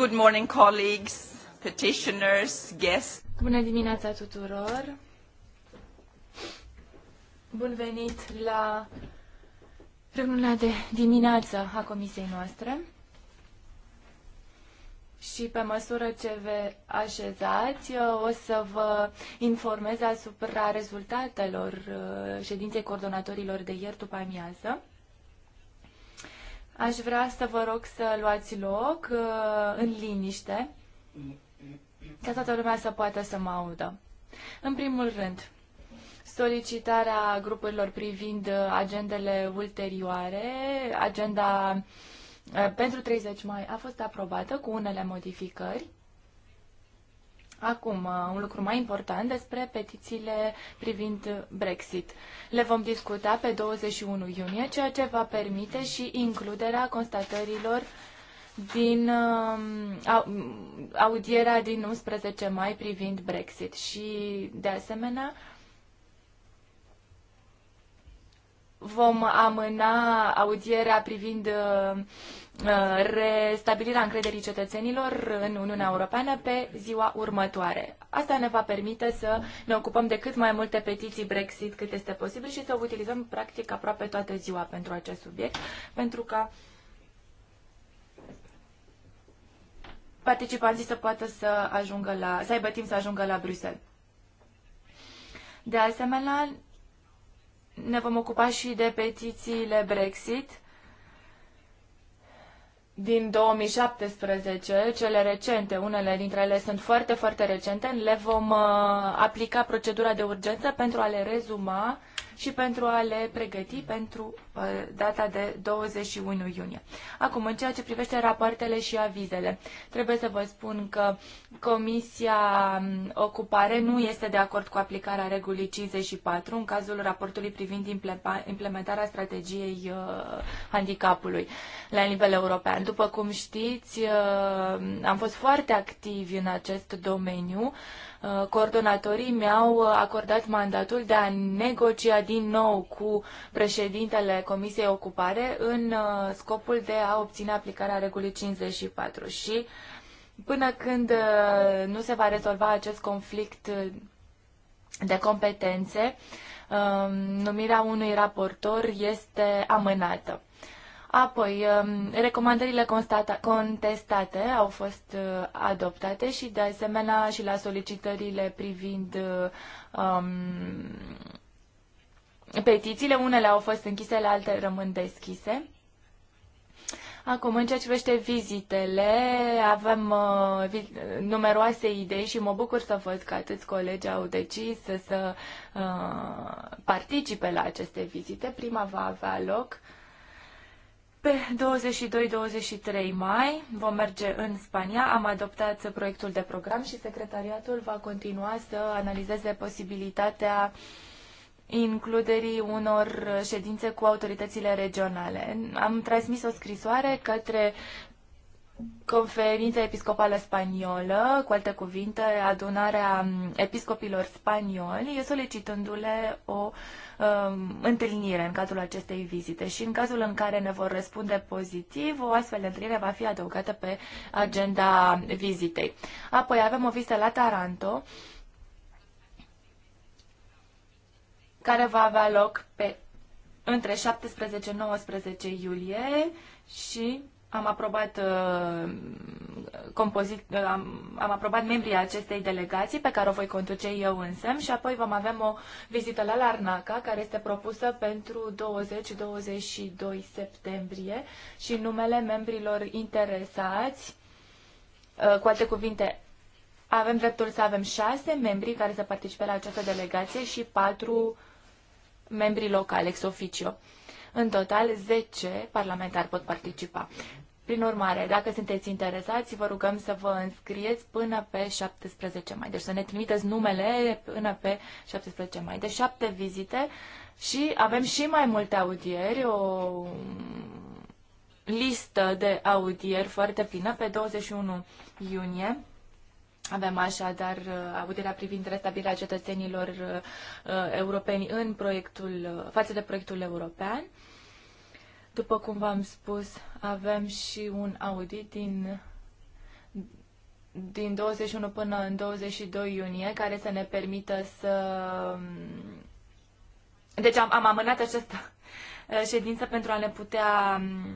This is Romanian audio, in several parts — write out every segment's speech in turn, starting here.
Good morning, colleagues, petitioners, guests. Bună dimineața tuturor. Bun venit la reuniunea de dimineață a comisiei noastre. Și pe măsură ce vă așezați, o să vă informez asupra rezultatelor uh, ședinței coordonatorilor de ieri după amiază. Aș vrea să vă rog să luați loc uh, în liniște, ca toată lumea să poată să mă audă. În primul rând, solicitarea grupurilor privind uh, agendele ulterioare, agenda uh, pentru 30 mai a fost aprobată cu unele modificări. Acum, uh, un lucru mai important despre petițiile privind Brexit. Le vom discuta pe 21 iunie, ceea ce va permite și includerea constatărilor din uh, um, audierea din 11 mai privind Brexit și, de asemenea, vom amâna audierea privind uh, Uh, restabilirea încrederii cetățenilor în Uniunea Europeană pe ziua următoare. Asta ne va permite să ne ocupăm de cât mai multe petiții Brexit cât este posibil și să utilizăm practic aproape toată ziua pentru acest subiect, pentru ca participanții să poată să ajungă la, să aibă timp să ajungă la Bruxelles. De asemenea, ne vom ocupa și de petițiile Brexit, din 2017, cele recente, unele dintre ele sunt foarte, foarte recente, le vom uh, aplica procedura de urgență pentru a le rezuma și pentru a le pregăti pentru Eh, data de 21 iunie. Acum, în ceea ce privește rapoartele și avizele, trebuie să vă spun că Comisia mm, Ocupare nu este de acord cu aplicarea regulii 54 în cazul raportului privind implementarea strategiei eh, handicapului la nivel european. După cum știți, eh, am fost foarte activi în acest domeniu coordonatorii mi-au acordat mandatul de a negocia din nou cu președintele Comisiei Ocupare în uh, scopul de a obține aplicarea regulii 54 și până când uh, nu se va rezolva acest conflict uh, de competențe, um, numirea unui raportor este amânată. Apoi, um, recomandările contestate au fost adoptate și, de asemenea, și la solicitările privind um, petițiile, unele au fost închise, la alte rămân deschise. Acum, în ceea ce privește vizitele, avem uh, vi numeroase idei și mă bucur să văd că atâți colegi au decis să, să uh, participe la aceste vizite. Prima va avea loc pe 22-23 mai. Vom merge în Spania. Am adoptat proiectul de program și secretariatul va continua să analizeze posibilitatea uh, includerii unor ședințe cu autoritățile regionale. Am transmis o scrisoare către conferința episcopală spaniolă, cu alte cuvinte, adunarea episcopilor spanioli, solicitându-le o um, întâlnire în cadrul acestei vizite și în cazul în care ne vor răspunde pozitiv, o astfel de întâlnire va fi adăugată pe agenda vizitei. Apoi avem o vizită la Taranto, uh, care va avea loc pe între 17-19 iulie și am aprobat, uh, compozit, uh, am, am aprobat membrii acestei delegații pe care o voi conduce eu însem și apoi vom avea o vizită la Larnaca care este propusă pentru 20-22 septembrie și numele membrilor interesați, uh, cu alte cuvinte, avem dreptul să avem șase membri care să participe la această delegație și patru uh, membrii locali, ex officio. În total, 10 parlamentari pot participa. Prin urmare, dacă sunteți interesați, vă rugăm să vă înscrieți până pe 17 mai. Deci să ne trimiteți numele până pe 17 mai. De deci, șapte vizite și avem și mai multe audieri, o listă de audieri foarte plină pe 21 iunie. Avem așadar uh, audierea privind restabilirea cetățenilor uh, uh, europeni în proiectul, față de proiectul european. După cum v-am spus, avem și un audit din din 21 până în 22 iunie, care să ne permită să... Um, deci am, am amânat această ședință pentru a ne putea um,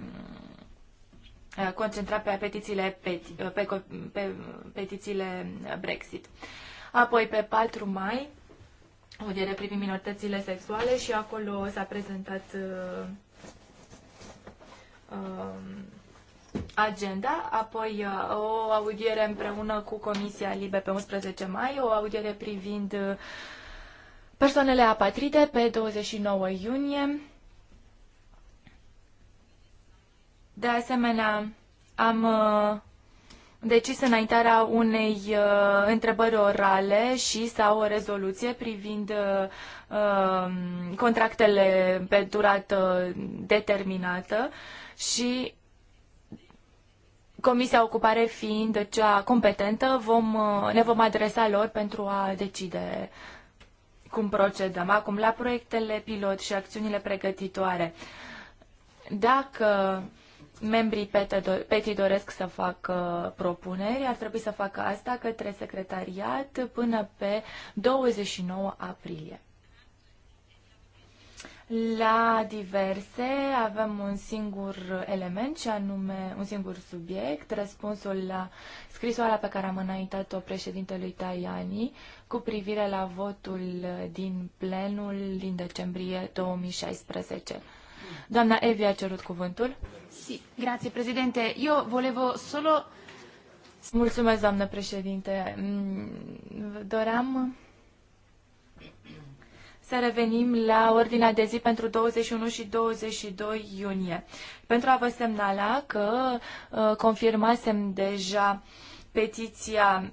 Uh, concentrat pe petițiile, peti, uh, pe, pe petițiile Brexit. Apoi, pe 4 mai, audiere privind minoritățile sexuale și acolo s-a prezentat uh, um, agenda, apoi uh, o audiere împreună cu Comisia Libe pe 11 mai, o audiere privind persoanele apatride pe 29 iunie, De asemenea, am uh, decis înaintarea unei uh, întrebări orale și sau o rezoluție privind uh, um, contractele pe durată determinată și Comisia Ocupare fiind cea competentă, vom, ne vom adresa lor pentru a decide cum procedăm. Acum, la proiectele pilot și acțiunile pregătitoare. Dacă membrii PETI doresc să facă propuneri, ar trebui să facă asta către secretariat până pe 29 aprilie. La diverse avem un singur element și anume un singur subiect, răspunsul la scrisoarea pe care am înaintat-o președintelui Tajani cu privire la votul din plenul din decembrie 2016. Doamna Evi a cerut cuvântul. Si, grazie, președinte. Eu volevo solo... Mulțumesc, doamnă președinte. Mm, doream să revenim la ordinea de zi pentru 21 și 22 iunie. Pentru a vă semnala că uh, confirmasem deja petiția 98-2015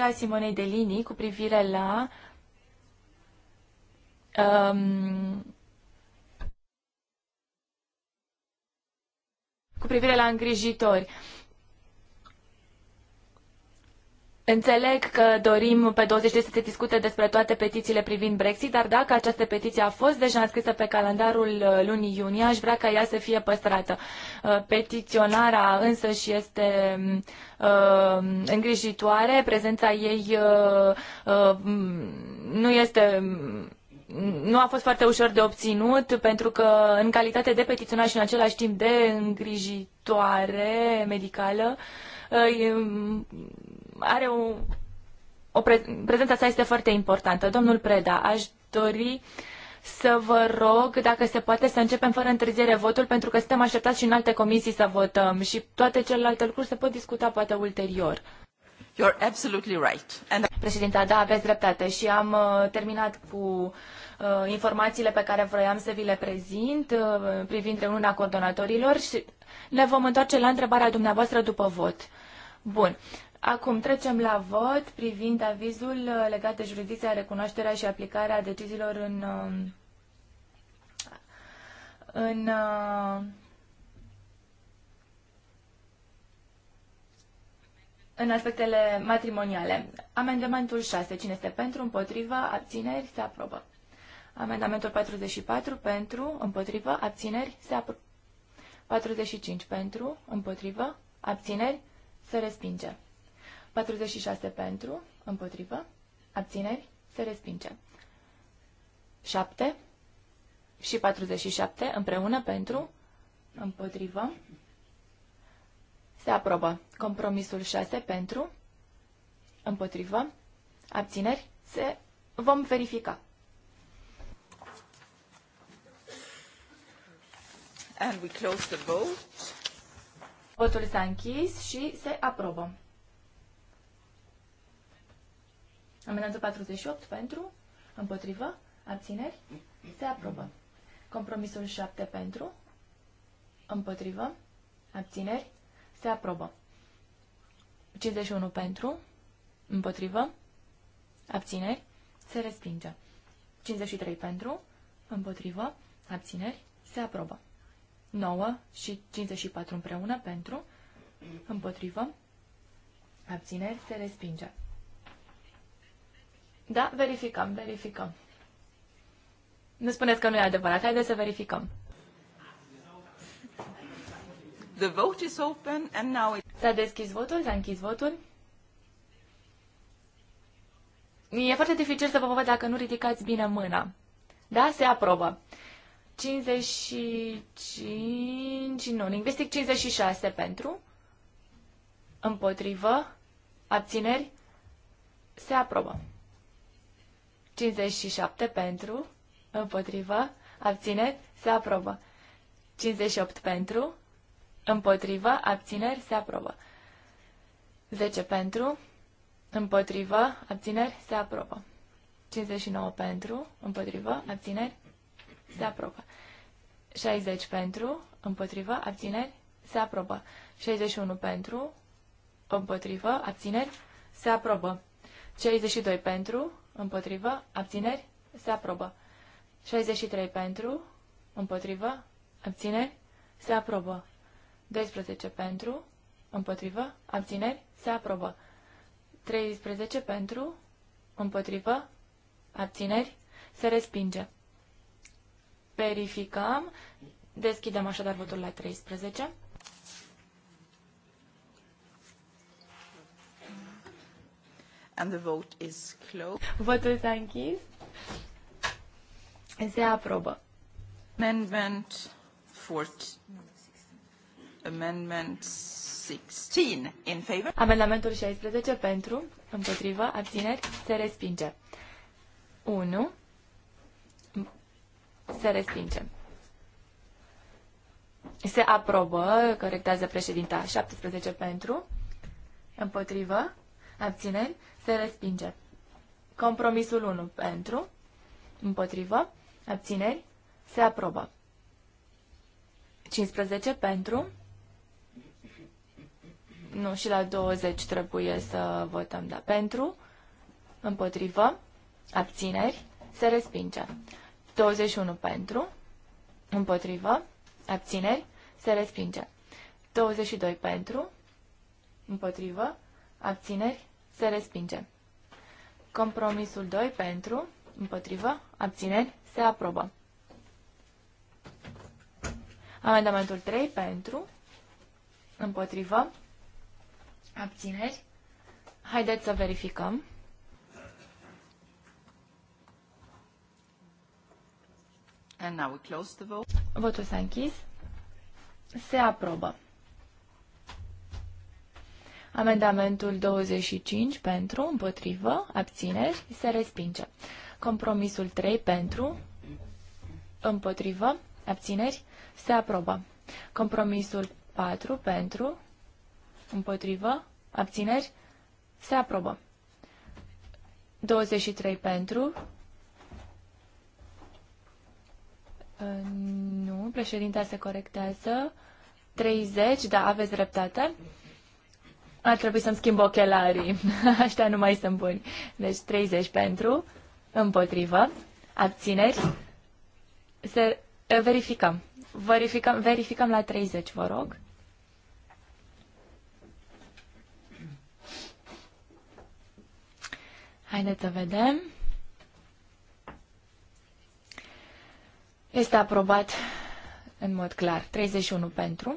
a Simonei Delini cu privire la um, cu privire la îngrijitori. Înțeleg că dorim pe 20 să se discute despre toate petițiile privind Brexit, dar dacă această petiție a fost deja înscrisă pe calendarul uh, lunii iunie, aș vrea ca ea să fie păstrată. Uh, Petiționarea însă și este mm, uh, îngrijitoare, prezența ei mm, nu este mm, nu a fost foarte ușor de obținut, pentru că în calitate de petiționar și în același timp de îngrijitoare medicală, are o, o pre, prezența sa este foarte importantă. Domnul Preda, aș dori să vă rog, dacă se poate, să începem fără întârziere votul, pentru că suntem așteptați și în alte comisii să votăm și toate celelalte lucruri se pot discuta poate ulterior. You're absolutely right. And... Președinta, da, aveți dreptate și am uh, terminat cu Uh, informațiile pe care vroiam să vi le prezint uh, privind reuniunea coordonatorilor și ne vom întoarce la întrebarea dumneavoastră după vot. Bun. Acum trecem la vot privind avizul uh, legat de jurisdicția, recunoașterea și aplicarea deciziilor în, în în aspectele matrimoniale. Amendamentul 6. Cine este pentru, împotrivă, abțineri, se aprobă. Amendamentul 44 pentru, împotrivă, abțineri, se apro... 45 pentru, împotrivă, abțineri, se respinge. 46 pentru, împotrivă, abțineri, se respinge. 7 și 47 împreună pentru, împotrivă, se aprobă. Compromisul 6 pentru, împotrivă, abțineri, se vom verifica. And we close the vote. Votul s-a închis și se aprobă. Amendamentul 48 pentru, împotrivă, abțineri, se aprobă. Compromisul 7 pentru, împotrivă, abțineri, se aprobă. 51 pentru, împotrivă, abțineri, se respinge. 53 pentru, împotrivă, abțineri, se aprobă. 9 și 54 împreună pentru, împotrivă, abțineri, se respinge. Da, verificăm, verificăm. Nu spuneți că nu e adevărat, haideți să verificăm. The vote is open and now it... S-a deschis votul, s-a închis votul. E foarte dificil să vă văd dacă nu ridicați bine mâna. Da, se aprobă. 55, nu, lingvistic 56 pentru, împotrivă, abțineri, se aprobă. 57 pentru, împotrivă, abțineri, se aprobă. 58 pentru, împotrivă, abțineri, se aprobă. 10 pentru, împotrivă, abțineri, se aprobă. 59 pentru, împotrivă, abțineri, se aprobă. 60 pentru, împotrivă, abțineri, se aprobă. 61 pentru, împotrivă, abțineri, se aprobă. 62 pentru, împotrivă, abțineri, se aprobă. 63 pentru, împotrivă, abțineri, se aprobă. 12 pentru, împotrivă, abțineri, se aprobă. 13 pentru, împotrivă, abțineri, se respinge verificăm. Deschidem așadar votul la 13. And the vote is closed. Votul s-a închis. Se aprobă. Amendment 14. Amendment 16 in favor. Amendamentul 16 pentru, împotrivă, abțineri, se respinge. 1 se respinge. Se aprobă, corectează președinta, 17 pentru, împotrivă, abțineri, se respinge. Compromisul 1 pentru, împotrivă, abțineri, se aprobă. 15 pentru, nu, și la 20 trebuie să votăm, da, pentru, împotrivă, abțineri, se respinge. 21 pentru, împotrivă, abțineri, se respinge. 22 pentru, împotrivă, abțineri, se respinge. Compromisul 2 pentru, împotrivă, abțineri, se aprobă. Amendamentul 3 pentru, împotrivă, abțineri. Haideți să verificăm. And now we close the vote. Votul s-a închis. Se aprobă. Amendamentul 25 pentru, împotrivă, abțineri, se respinge. Compromisul 3 pentru, împotrivă, abțineri, se aprobă. Compromisul 4 pentru, împotrivă, abțineri, se aprobă. 23 pentru, președinta se corectează. 30, da, aveți dreptate. Ar trebui să-mi schimb ochelarii. Aștia nu mai sunt buni. Deci 30 pentru, împotrivă, abțineri. Se, eh, verificăm. verificăm. Verificăm la 30, vă rog. Haideți să vedem. Este aprobat în mod clar. 31 pentru,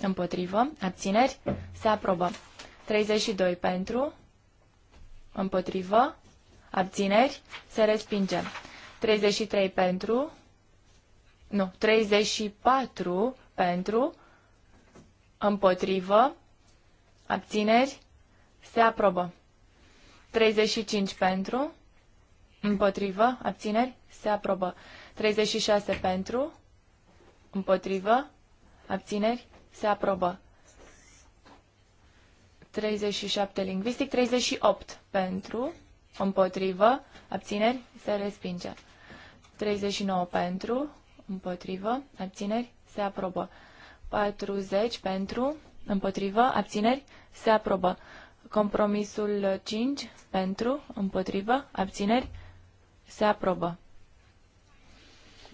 împotrivă, abțineri, se aprobă. 32 pentru, împotrivă, abțineri, se respinge. 33 pentru, nu, 34 pentru, împotrivă, abțineri, se aprobă. 35 pentru, împotrivă, abțineri, se aprobă. 36 pentru, Împotrivă? Abțineri? Se aprobă. 37 lingvistic, 38 pentru, împotrivă, abțineri, se respinge. 39 pentru, împotrivă, abțineri, se aprobă. 40 pentru, împotrivă, abțineri, se aprobă. Compromisul 5 pentru, împotrivă, abțineri, se aprobă.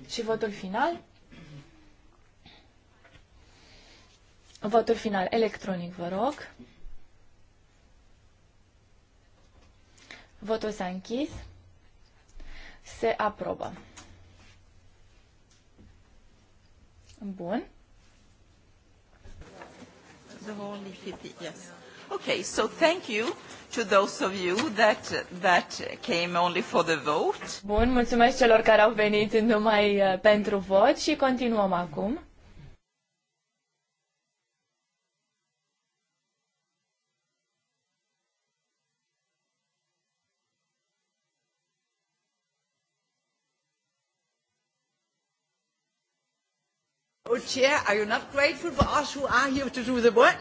Și votul final. Votul final electronic, vă rog. Votul s-a închis. Se aprobă. Bun. The whole yes. Okay, so thank you to those of you that, that came only for the vote. Bun, mulțumesc celor care au venit numai uh, pentru vot și continuăm acum. Oh, Chair, are you not grateful for us who are here to do the work?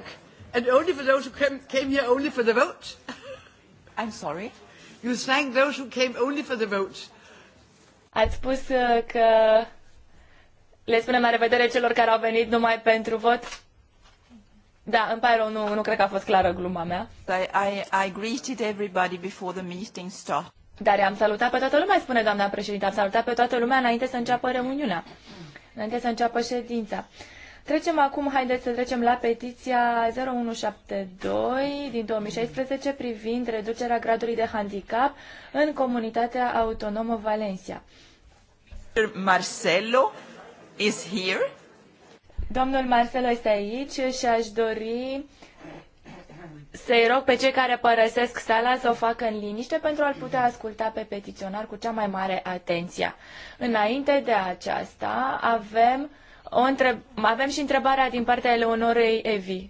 And only for those who came, came here only for the vote? I'm sorry? You thank those who came only for the vote. Ați spus uh, că le spunem la revedere celor care au venit numai pentru vot? Da, îmi pare rău, nu, nu cred că a fost clară gluma mea. I, I, I greeted everybody before the meeting started. Dar am salutat pe toată lumea, spune doamna președinte. Am salutat pe toată lumea înainte să înceapă reuniunea înainte să înceapă ședința. Trecem acum, haideți să trecem la petiția 0172 din 2016 privind reducerea gradului de handicap în comunitatea autonomă Valencia. Marcelo is here. Domnul Marcelo este aici și aș dori să-i rog pe cei care părăsesc sala să o facă în liniște pentru a-l putea asculta pe petiționar cu cea mai mare atenție. Înainte de aceasta avem, o întreb- avem și întrebarea din partea Eleonorei Evi.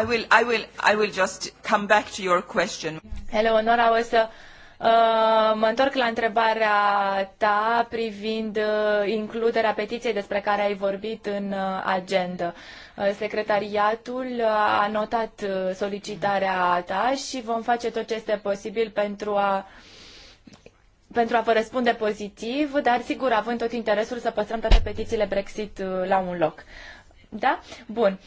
I will, I will, I will just come back to your question. Eleonora, o să Uh, mă întorc la întrebarea ta privind uh, includerea petiției despre care ai vorbit în uh, agenda. Secretariatul a notat solicitarea ta și vom face tot ce este posibil pentru a pentru a vă răspunde pozitiv, dar sigur, având tot interesul să păstrăm toate petițiile Brexit la un loc. Da? Bun.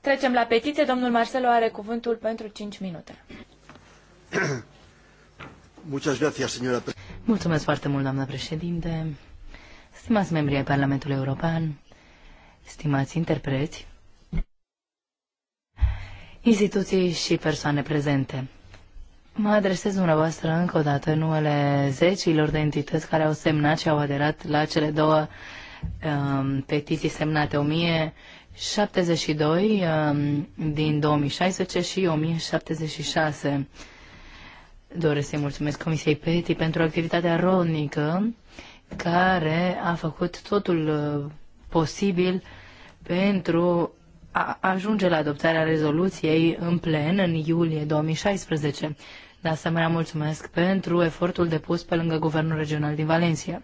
Trecem la petiție. Domnul Marcelo are cuvântul pentru 5 minute. Muchas Mulțumesc foarte mult, doamnă președinte. Stimați membri ai Parlamentului European, stimați interpreți, instituții și persoane prezente. Mă adresez dumneavoastră încă o dată în numele zecilor de entități care au semnat și au aderat la cele două um, petiții semnate, 1072 um, din 2016 și 1076 Doresc să-i mulțumesc Comisiei PETI pentru activitatea ronică care a făcut totul uh, posibil pentru a ajunge la adoptarea rezoluției în plen în iulie 2016. De asemenea, mulțumesc pentru efortul depus pe lângă Guvernul Regional din Valencia.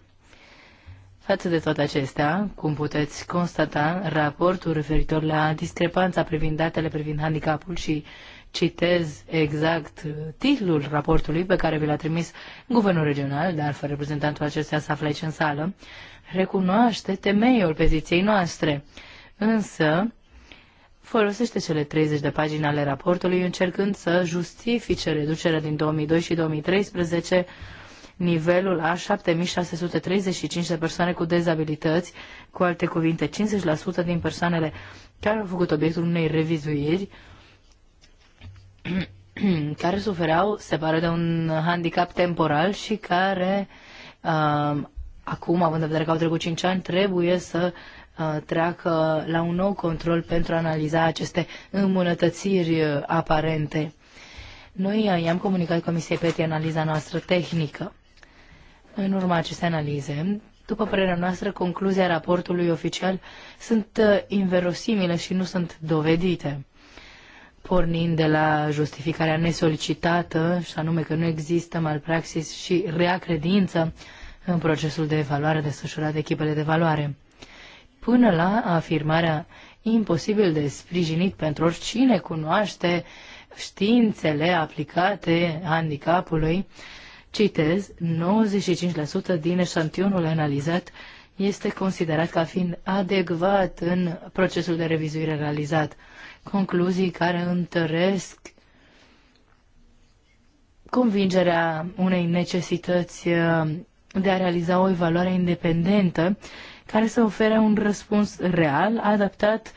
Față de toate acestea, cum puteți constata, raportul referitor la discrepanța privind datele privind handicapul și citez exact titlul raportului pe care vi l-a trimis Guvernul Regional, dar fără reprezentantul acestea să află aici în sală, recunoaște temeiul poziției noastre. Însă, folosește cele 30 de pagini ale raportului încercând să justifice reducerea din 2002 și 2013 nivelul a 7635 de persoane cu dezabilități, cu alte cuvinte 50% din persoanele care au făcut obiectul unei revizuiri, care sufereau, se pare, de un handicap temporal și care, uh, acum, având în vedere că au trecut 5 ani, trebuie să uh, treacă la un nou control pentru a analiza aceste îmbunătățiri uh, aparente. Noi uh, i-am comunicat Comisiei PETI analiza noastră tehnică. În urma acestei analize, după părerea noastră, concluzia raportului oficial sunt uh, inverosimile și nu sunt dovedite pornind de la justificarea nesolicitată, și anume că nu există malpraxis și rea credință în procesul de evaluare desfășurat de echipele de evaluare, până la afirmarea imposibil de sprijinit pentru oricine cunoaște științele aplicate handicapului, citez, 95% din eșantionul analizat este considerat ca fiind adecvat în procesul de revizuire realizat concluzii care întăresc convingerea unei necesități uh, de a realiza o evaluare independentă care să ofere un răspuns real adaptat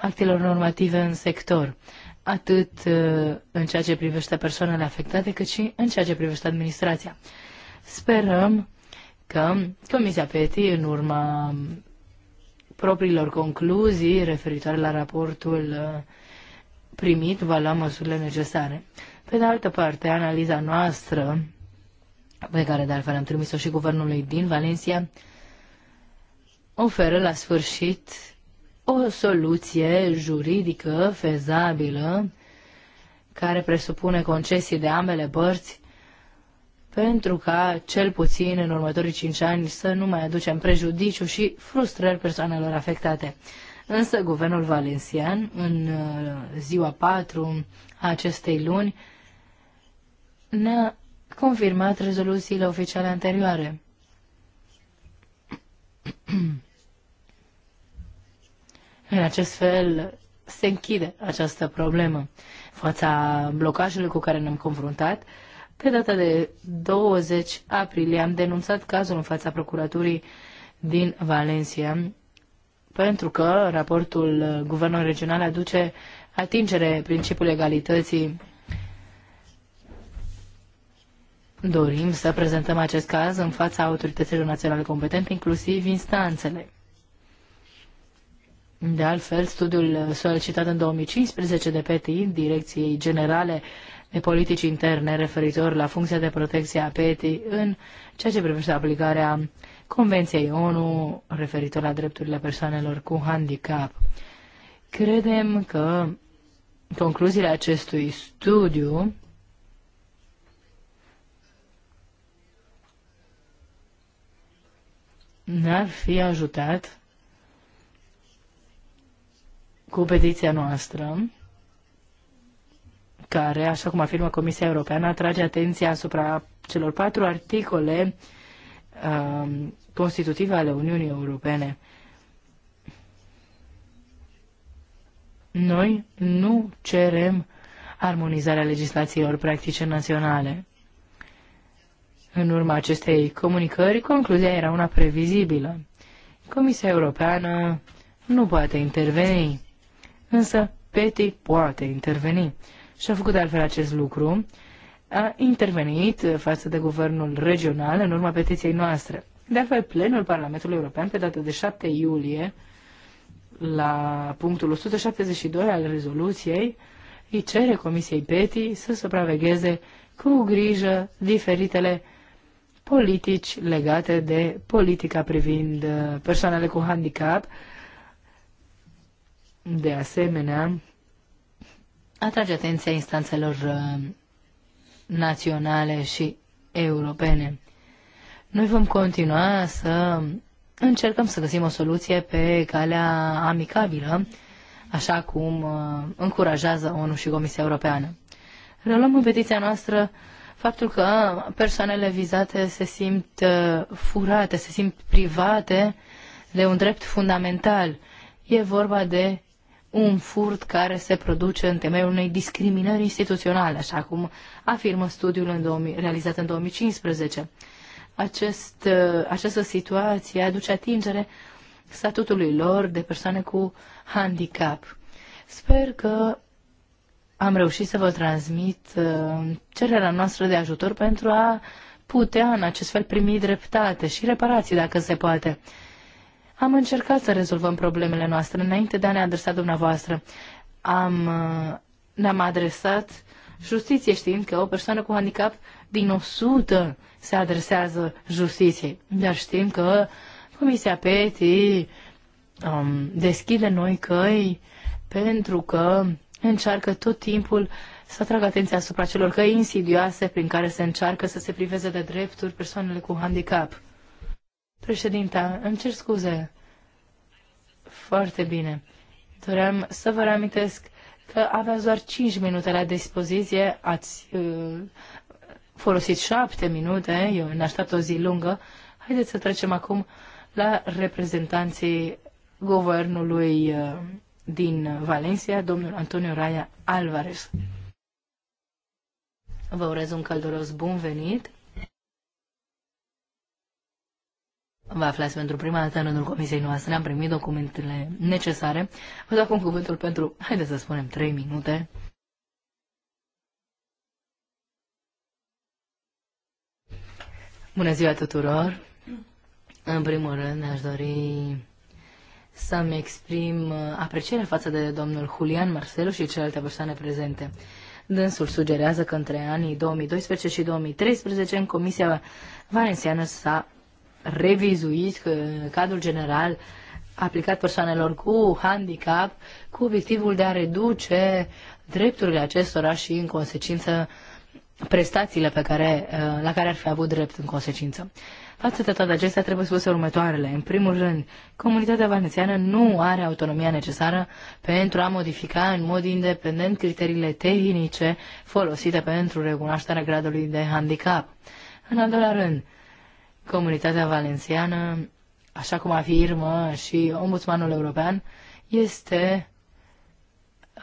actelor normative în sector, atât uh, în ceea ce privește persoanele afectate, cât și în ceea ce privește administrația. Sperăm că Comisia PETI, în urma propriilor concluzii referitoare la raportul uh, primit, va lua măsurile necesare. Pe de altă parte, analiza noastră, pe care de altfel am trimis-o și guvernului din Valencia, oferă la sfârșit o soluție juridică fezabilă care presupune concesii de ambele părți pentru ca, cel puțin în următorii 5 ani, să nu mai aducem prejudiciu și frustrări persoanelor afectate. Însă guvernul valencian, în uh, ziua 4 a acestei luni, ne-a confirmat rezoluțiile oficiale anterioare. în acest fel se închide această problemă. Fața blocajelor cu care ne-am confruntat, pe data de 20 aprilie am denunțat cazul în fața procuraturii din Valencia, pentru că raportul Guvernului Regional aduce atingere principiului egalității. Dorim să prezentăm acest caz în fața autorităților naționale competente, inclusiv instanțele. De altfel, studiul solicitat în 2015 de PTI, Direcției Generale de politici interne referitor la funcția de protecție a PETI în ceea ce privește aplicarea Convenției ONU referitor la drepturile persoanelor cu handicap. Credem că concluziile acestui studiu n ar fi ajutat cu petiția noastră care, așa cum afirmă Comisia Europeană, atrage atenția asupra celor patru articole um, constitutive ale Uniunii Europene. Noi nu cerem armonizarea legislațiilor practice naționale. În urma acestei comunicări, concluzia era una previzibilă. Comisia Europeană nu poate interveni, însă PETI poate interveni și a făcut de altfel acest lucru, a intervenit față de guvernul regional în urma petiției noastre. De altfel, plenul Parlamentului European, pe data de 7 iulie, la punctul 172 al rezoluției, îi cere Comisiei PETI să supravegheze cu grijă diferitele politici legate de politica privind uh, persoanele cu handicap. De asemenea, atrage atenția instanțelor uh, naționale și europene. Noi vom continua să încercăm să găsim o soluție pe calea amicabilă, așa cum uh, încurajează ONU și Comisia Europeană. Reluăm în petiția noastră faptul că persoanele vizate se simt uh, furate, se simt private de un drept fundamental. E vorba de un furt care se produce în temeiul unei discriminări instituționale, așa cum afirmă studiul în 2000, realizat în 2015. Acest, uh, această situație aduce atingere statutului lor de persoane cu handicap. Sper că am reușit să vă transmit uh, cererea noastră de ajutor pentru a putea în acest fel primi dreptate și reparații dacă se poate. Am încercat să rezolvăm problemele noastre înainte de a ne adresa dumneavoastră. Am, uh, ne-am adresat justiție știind că o persoană cu handicap din 100 se adresează justiției. Dar știm că Comisia PETI um, deschide noi căi pentru că încearcă tot timpul să atragă atenția asupra celor căi insidioase prin care se încearcă să se priveze de drepturi persoanele cu handicap. Președinta, îmi cer scuze. Foarte bine. Doream să vă reamintesc că aveați doar 5 minute la dispoziție, ați uh, folosit 7 minute, eu în aștept o zi lungă. Haideți să trecem acum la reprezentanții guvernului uh, din Valencia, domnul Antonio Raya Alvarez. Vă urez un călduros bun venit Vă aflați pentru prima dată în rândul comisiei noastre, am primit documentele necesare. Vă dau acum cuvântul pentru, haideți să spunem, trei minute. Bună ziua tuturor! În primul rând aș dori să-mi exprim aprecierea față de domnul Julian Marcelu și celelalte persoane prezente. Dânsul sugerează că între anii 2012 și 2013 în Comisia Valențiană s-a revizuit cadrul general aplicat persoanelor cu handicap cu obiectivul de a reduce drepturile acestora și, în consecință, prestațiile pe care, uh, la care ar fi avut drept în consecință. Față de toate acestea, trebuie spuse următoarele. În primul rând, comunitatea valenciană nu are autonomia necesară pentru a modifica în mod independent criteriile tehnice folosite pentru recunoașterea gradului de handicap. În al doilea rând, Comunitatea Valențiană, așa cum afirmă și Ombudsmanul European, este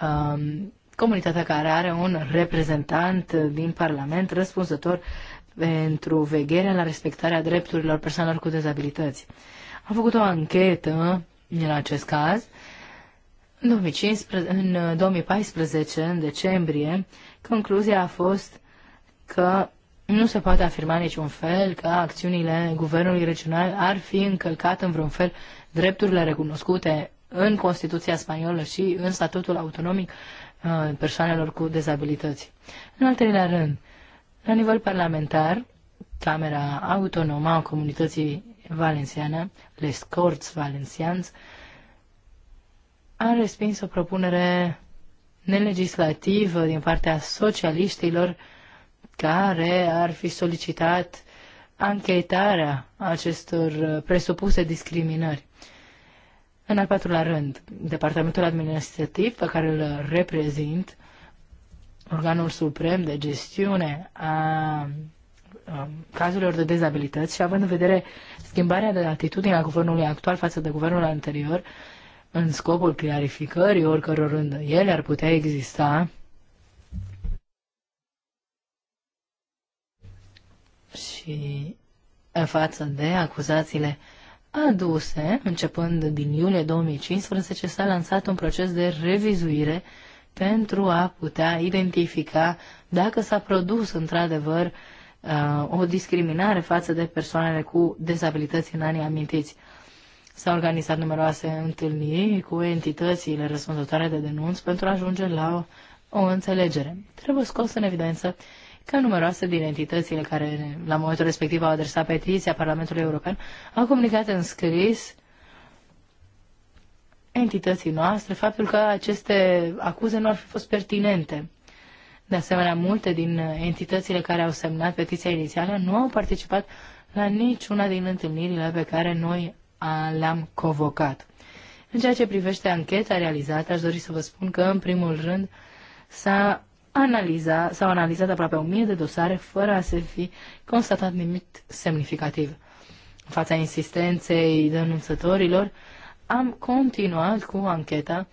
um, comunitatea care are un reprezentant din Parlament răspunzător pentru vegherea la respectarea drepturilor persoanelor cu dezabilități. Am făcut o anchetă în acest caz. În, 2015, în 2014, în decembrie, concluzia a fost că nu se poate afirma niciun fel că acțiunile guvernului regional ar fi încălcat în vreun fel drepturile recunoscute în Constituția spaniolă și în statutul autonomic uh, persoanelor cu dezabilități. În al treilea rând, la nivel parlamentar, Camera Autonomă a Comunității Valențiană, Les Corts Valencians, a respins o propunere nelegislativă din partea socialiștilor care ar fi solicitat anchetarea acestor uh, presupuse discriminări. În al patrulea rând, Departamentul Administrativ pe care îl reprezint, organul suprem de gestiune a um, cazurilor de dezabilități și având în vedere schimbarea de atitudine a guvernului actual față de guvernul anterior, în scopul clarificării oricăror ele ar putea exista, și față de acuzațiile aduse, începând din iulie 2015, s-a lansat un proces de revizuire pentru a putea identifica dacă s-a produs într-adevăr uh, o discriminare față de persoanele cu dezabilități în anii amintiți. S-au organizat numeroase întâlniri cu entitățile răspunzătoare de denunț pentru a ajunge la o, o înțelegere. Trebuie scos în evidență că numeroase din entitățile care la momentul respectiv au adresat petiția Parlamentului European au comunicat în scris entității noastre faptul că aceste acuze nu ar fi fost pertinente. De asemenea, multe din entitățile care au semnat petiția inițială nu au participat la niciuna din întâlnirile pe care noi le-am convocat. În ceea ce privește ancheta realizată, aș dori să vă spun că, în primul rând, s-a analiza, s-au analizat aproape 1000 de dosare fără a se fi constatat nimic semnificativ. În fața insistenței denunțătorilor, am continuat cu ancheta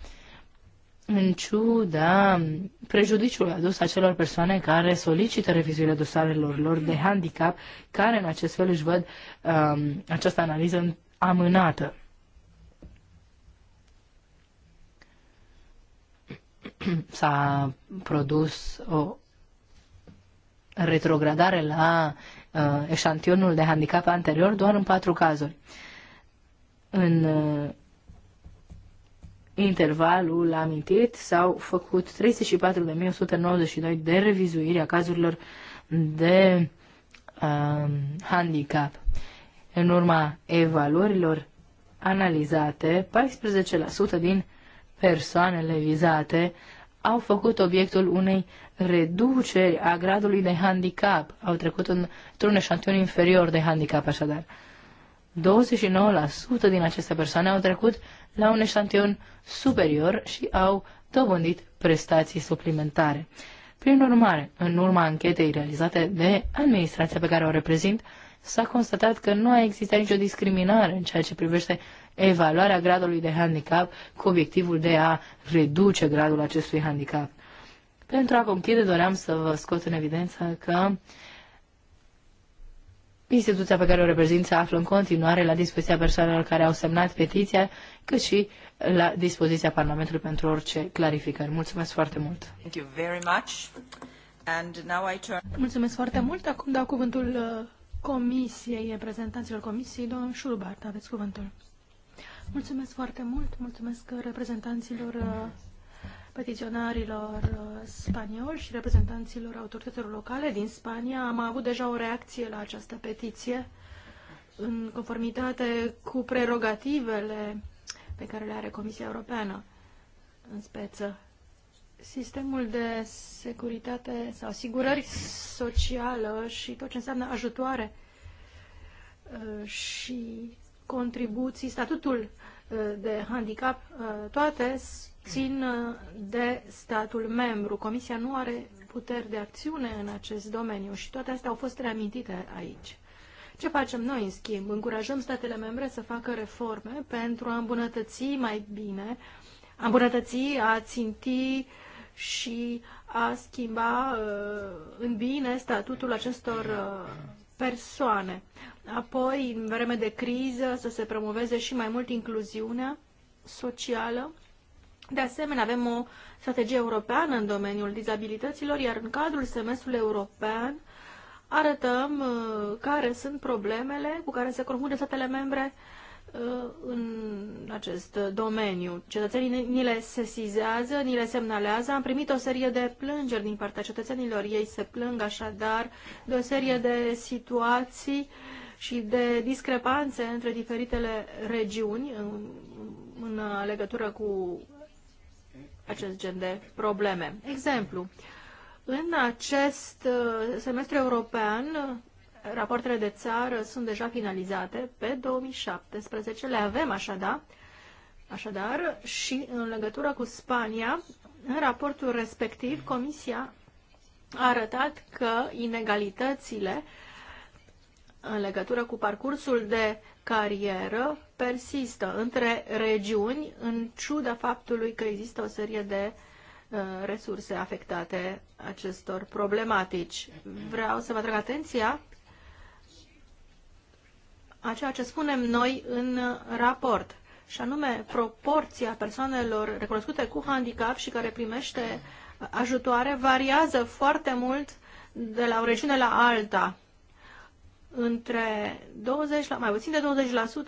în ciuda prejudiciului adus acelor persoane care solicită revizuirea dosarelor lor de handicap, care în acest fel își văd um, această analiză amânată. s-a produs o retrogradare la uh, eșantionul de handicap anterior doar în patru cazuri. În uh, intervalul amintit s-au făcut 34.192 de revizuiri a cazurilor de uh, handicap. În urma evaluărilor analizate, 14% din persoanele vizate au făcut obiectul unei reduceri a gradului de handicap. Au trecut într-un eșantion inferior de handicap, așadar. 29% din aceste persoane au trecut la un eșantion superior și au dobândit prestații suplimentare. Prin urmare, în urma anchetei realizate de administrația pe care o reprezint, s-a constatat că nu a existat nicio discriminare în ceea ce privește evaluarea gradului de handicap cu obiectivul de a reduce gradul acestui handicap. Pentru a conchide, doream să vă scot în evidență că instituția pe care o reprezint se află în continuare la dispoziția persoanelor care au semnat petiția, cât și la dispoziția Parlamentului pentru orice clarificări. Mulțumesc foarte mult! Thank you very much. And now I turn... Mulțumesc foarte mult! Acum dau cuvântul uh, Comisiei, reprezentanților Comisiei, domnul Șurubart, aveți cuvântul. Mulțumesc foarte mult, mulțumesc reprezentanților uh, petiționarilor uh, spanioli și reprezentanților autorităților locale din Spania. Am avut deja o reacție la această petiție în conformitate cu prerogativele pe care le are Comisia Europeană în speță. Sistemul de securitate sau asigurări socială și tot ce înseamnă ajutoare uh, și contribuții, statutul uh, de handicap, uh, toate țin uh, de statul membru. Comisia nu are puteri de acțiune în acest domeniu și toate astea au fost reamintite aici. Ce facem noi, în schimb? Încurajăm statele membre să facă reforme pentru a îmbunătăți mai bine, a îmbunătăți, a ținti și a schimba în bine statutul acestor persoane. Apoi, în vreme de criză, să se promoveze și mai mult incluziunea socială. De asemenea, avem o strategie europeană în domeniul dizabilităților, iar în cadrul semestrului european arătăm uh, care sunt problemele cu care se confruntă statele membre Uh, în acest domeniu. Cetățenii ni le sesizează, ni le semnalează. Am primit o serie de plângeri din partea cetățenilor. Ei se plâng așadar de o serie de situații și de discrepanțe între diferitele regiuni în, în legătură cu acest gen de probleme. Exemplu, în acest uh, semestru european Rapoartele de țară sunt deja finalizate pe 2017, le avem așadar, așadar și în legătură cu Spania, în raportul respectiv, Comisia a arătat că inegalitățile în legătură cu parcursul de carieră persistă între regiuni, în ciuda faptului că există o serie de uh, resurse afectate acestor problematici. Vreau să vă atrag atenția a ceea ce spunem noi în raport, și anume proporția persoanelor recunoscute cu handicap și care primește ajutoare variază foarte mult de la o regiune la alta, între 20, mai puțin de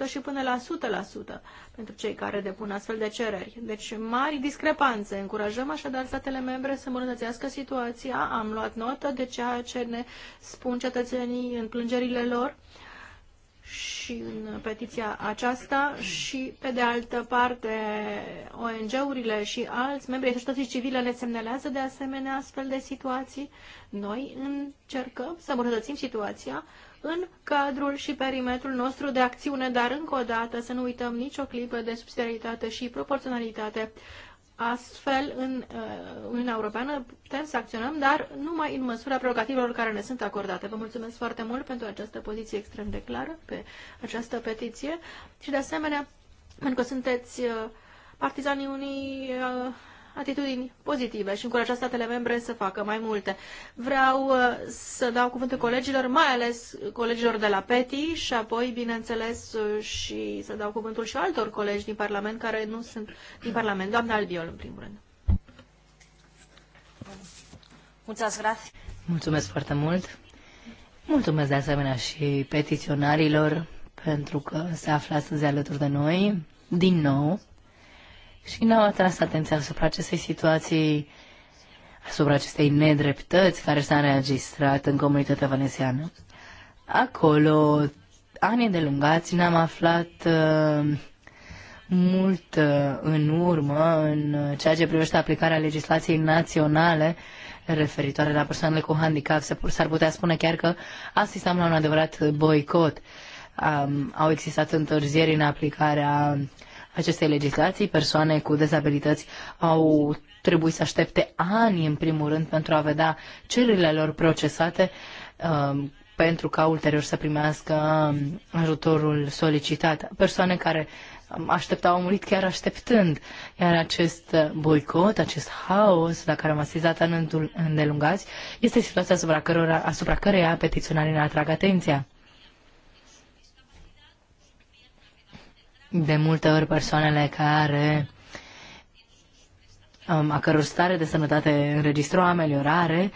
20% și până la 100% pentru cei care depun astfel de cereri. Deci mari discrepanțe. Încurajăm așadar statele membre să îmbunătățească situația. Am luat notă de ceea ce ne spun cetățenii în plângerile lor și în petiția aceasta și, pe de altă parte, ONG-urile și alți membri ai societății civile ne semnelează de asemenea astfel de situații. Noi încercăm să îmbunătățim situația în cadrul și perimetrul nostru de acțiune, dar încă o dată să nu uităm nicio clipă de subsidiaritate și proporționalitate Astfel, în uh, Uniunea Europeană putem să acționăm, dar numai în măsura prerogativelor care ne sunt acordate. Vă mulțumesc foarte mult pentru această poziție extrem de clară, pe această petiție și, de asemenea, pentru că sunteți uh, partizanii unii uh, atitudini pozitive și încuraja statele membre să facă mai multe. Vreau uh, să dau cuvântul colegilor, mai ales colegilor de la PETI și apoi, bineînțeles, uh, și să dau cuvântul și altor colegi din Parlament care nu sunt din Parlament. Doamna Albiol, în primul rând. Mulțumesc foarte mult. Mulțumesc de asemenea și petiționarilor pentru că se află astăzi alături de noi, din nou și n-au atras atenția asupra acestei situații, asupra acestei nedreptăți care s-a înregistrat în comunitatea veneziană. Acolo, ani lungați, ne-am aflat uh, mult uh, în urmă în ceea ce privește aplicarea legislației naționale referitoare la persoanele cu handicap. S-ar putea spune chiar că asistăm la un adevărat boicot. Um, au existat întârzieri în aplicarea uh, acestei legislații. Persoane cu dezabilități au trebuit să aștepte ani, în primul rând, pentru a vedea cererile lor procesate um, pentru ca ulterior să primească um, ajutorul solicitat. Persoane care um, așteptau, au murit chiar așteptând. Iar acest boicot, acest haos la care am asistat anul îndelungați, este situația asupra, cărora, asupra căreia petiționarii ne atrag atenția. De multe ori persoanele care um, a căror stare de sănătate înregistră o ameliorare,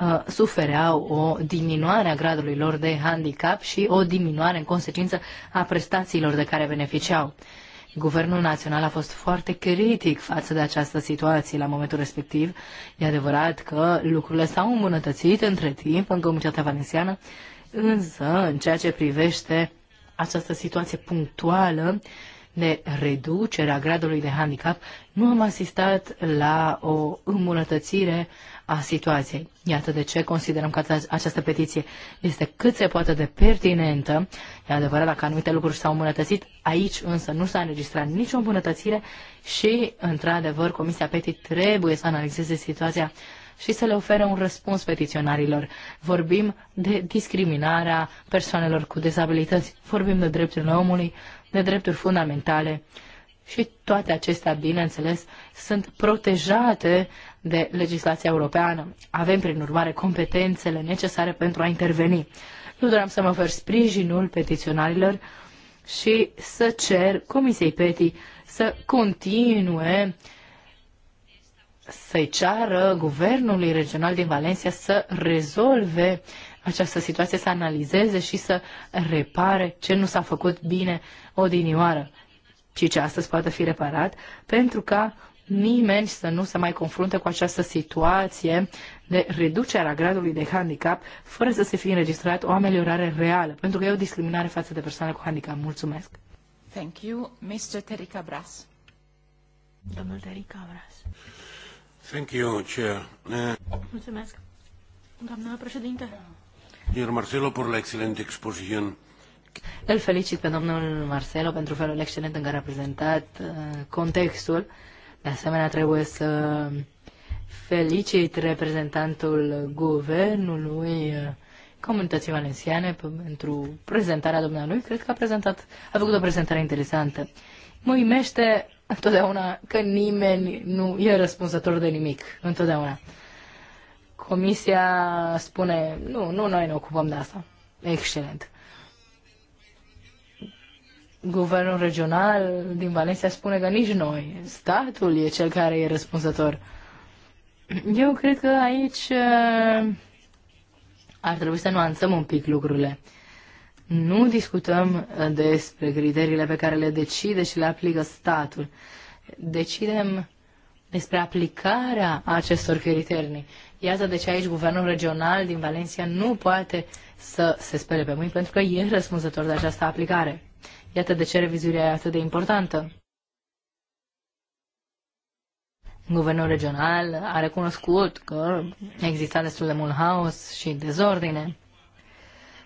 uh, sufereau o diminuare a gradului lor de handicap și o diminuare în consecință a prestațiilor de care beneficiau. Guvernul național a fost foarte critic față de această situație la momentul respectiv. E adevărat că lucrurile s-au îmbunătățit între timp în Comunitatea Valenciană, însă în ceea ce privește această situație punctuală de reducere a gradului de handicap, nu am asistat la o îmbunătățire a situației. Iată de ce considerăm că această petiție este cât se poate de pertinentă. E adevărat dacă anumite lucruri s-au îmbunătățit, aici însă nu s-a înregistrat nicio îmbunătățire și, într-adevăr, Comisia Petit trebuie să analizeze situația și să le ofere un răspuns petiționarilor. Vorbim de discriminarea persoanelor cu dezabilități, vorbim de drepturile omului, de drepturi fundamentale și toate acestea, bineînțeles, sunt protejate de legislația europeană. Avem, prin urmare, competențele necesare pentru a interveni. Nu doream să mă ofer sprijinul petiționarilor și să cer Comisiei PETI să continue uh, să-i ceară guvernului regional din Valencia să rezolve această situație, să analizeze și să repare ce nu s-a făcut bine odinioară și ce astăzi poate fi reparat, pentru ca nimeni să nu se mai confrunte cu această situație de reducerea gradului de handicap fără să se fie înregistrat o ameliorare reală, pentru că e o discriminare față de persoane cu handicap. Mulțumesc! Thank you, Mr. Terica Bras. Domnul Terica Bras. Mulțumesc. președinte. Marcelo, Îl felicit pe domnul Marcelo pentru felul excelent în care a prezentat uh, contextul. De asemenea, trebuie să felicit reprezentantul guvernului uh, comunității valenciane pentru prezentarea domnului, Cred că a prezentat, a făcut o prezentare interesantă. Mă uimește întotdeauna că nimeni nu e răspunzător de nimic, întotdeauna. Comisia spune, nu, nu noi ne ocupăm de asta. Excelent. Guvernul regional din Valencia spune că nici noi, statul e cel care e răspunzător. Eu cred că aici uh, ar trebui să nuanțăm un pic lucrurile. Nu discutăm uh, despre criteriile pe care le decide și le aplică statul. Decidem despre aplicarea acestor criterii. Iată de ce aici guvernul regional din Valencia nu poate să se spere pe mâini, pentru că e răspunzător de această aplicare. Iată de ce revizuirea e atât de importantă. Guvernul regional a recunoscut că exista destul de mult haos și dezordine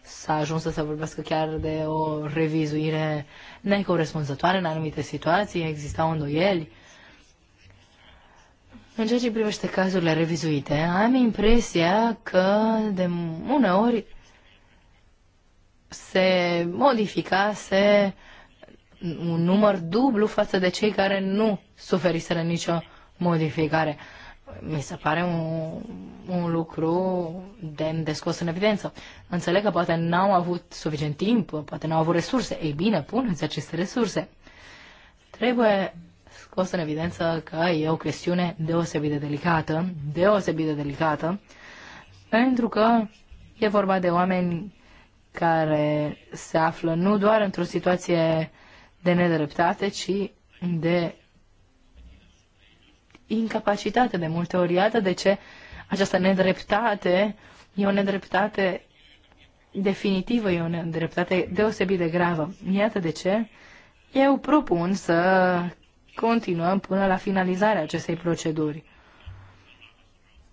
s-a ajuns să se vorbească chiar de o revizuire necorespunzătoare în anumite situații, existau îndoieli. În ceea ce privește cazurile revizuite, am impresia că de uneori se modificase un număr dublu față de cei care nu suferiseră nicio modificare mi se pare un, un lucru demn de scos în evidență. Înțeleg că poate n-au avut suficient timp, poate n-au avut resurse. Ei bine, puneți aceste resurse. Trebuie scos în evidență că e o chestiune deosebit de delicată, deosebit de delicată, pentru că e vorba de oameni care se află nu doar într-o situație de nedreptate, ci de incapacitate de multe ori. Iată de ce această nedreptate e o nedreptate definitivă, e o nedreptate deosebit de gravă. Iată de ce eu propun să continuăm până la finalizarea acestei proceduri.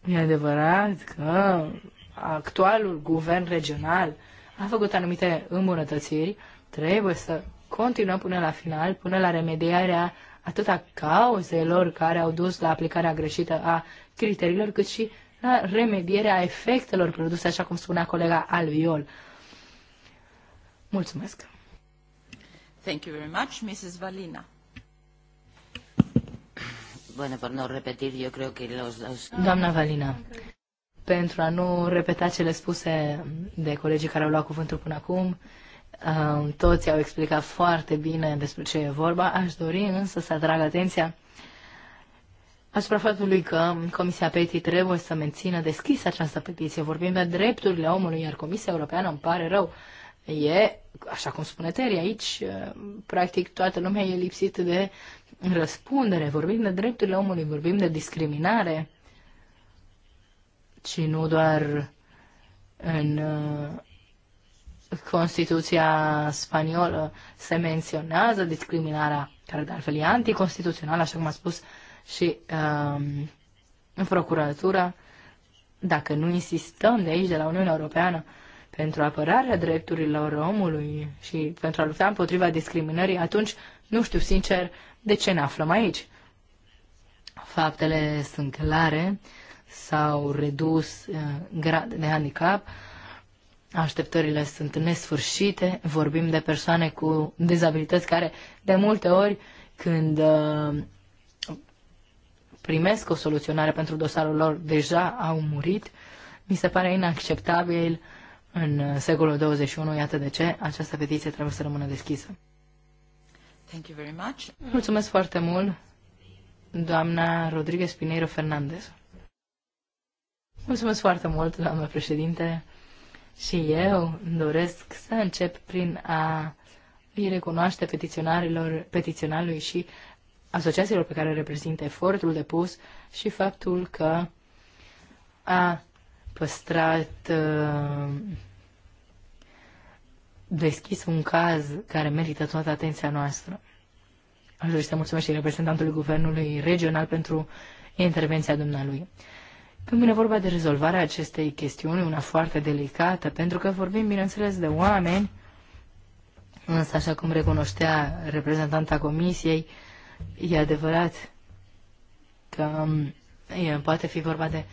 E adevărat că actualul guvern regional a făcut anumite îmbunătățiri, trebuie să continuăm până la final, până la remediarea atâta cauzelor care au dus la aplicarea greșită a criteriilor, cât și la remedierea efectelor produse, așa cum spunea colega Alviol. Mulțumesc! Thank you very much, Mrs. Valina. Bueno, por no repetir, yo creo que los, los... Doamna Valina, pentru a nu repeta cele spuse de colegii care au luat cuvântul până acum, toți au explicat foarte bine despre ce e vorba. Aș dori însă să atrag atenția asupra faptului că Comisia PETI trebuie să mențină deschisă această petiție. Vorbim de drepturile omului, iar Comisia Europeană îmi pare rău. E, așa cum spune Terry aici, practic toată lumea e lipsită de răspundere. Vorbim de drepturile omului, vorbim de discriminare, Și nu doar în Constituția spaniolă se menționează discriminarea, care de altfel e anticonstituțională, așa cum a spus și um, în procuratura. Dacă nu insistăm de aici, de la Uniunea Europeană, pentru apărarea drepturilor omului și pentru a lupta împotriva discriminării, atunci nu știu sincer de ce ne aflăm aici. Faptele sunt clare, s-au redus uh, grad de handicap, uh, Așteptările sunt nesfârșite, vorbim de persoane cu dizabilități care de multe ori când uh, primesc o soluționare pentru dosarul lor, deja au murit. Mi se pare inacceptabil în uh, secolul 21, iată de ce această petiție trebuie să rămână deschisă. Thank you very much. Mulțumesc foarte mult, doamna Rodriguez Pineiro Fernandez. Mulțumesc foarte mult, doamna președinte și eu doresc să încep prin a îi recunoaște petiționarilor, petiționarului și asociațiilor pe care reprezintă efortul depus și faptul că a păstrat uh, deschis un caz care merită toată atenția noastră. Aș dori să mulțumesc și reprezentantului Guvernului Regional pentru intervenția dumnealui. Pe mine vorba de rezolvarea acestei chestiuni, una foarte delicată, pentru că vorbim, bineînțeles, de oameni, însă, așa cum recunoștea reprezentanta comisiei, e adevărat că um, e, poate fi vorba de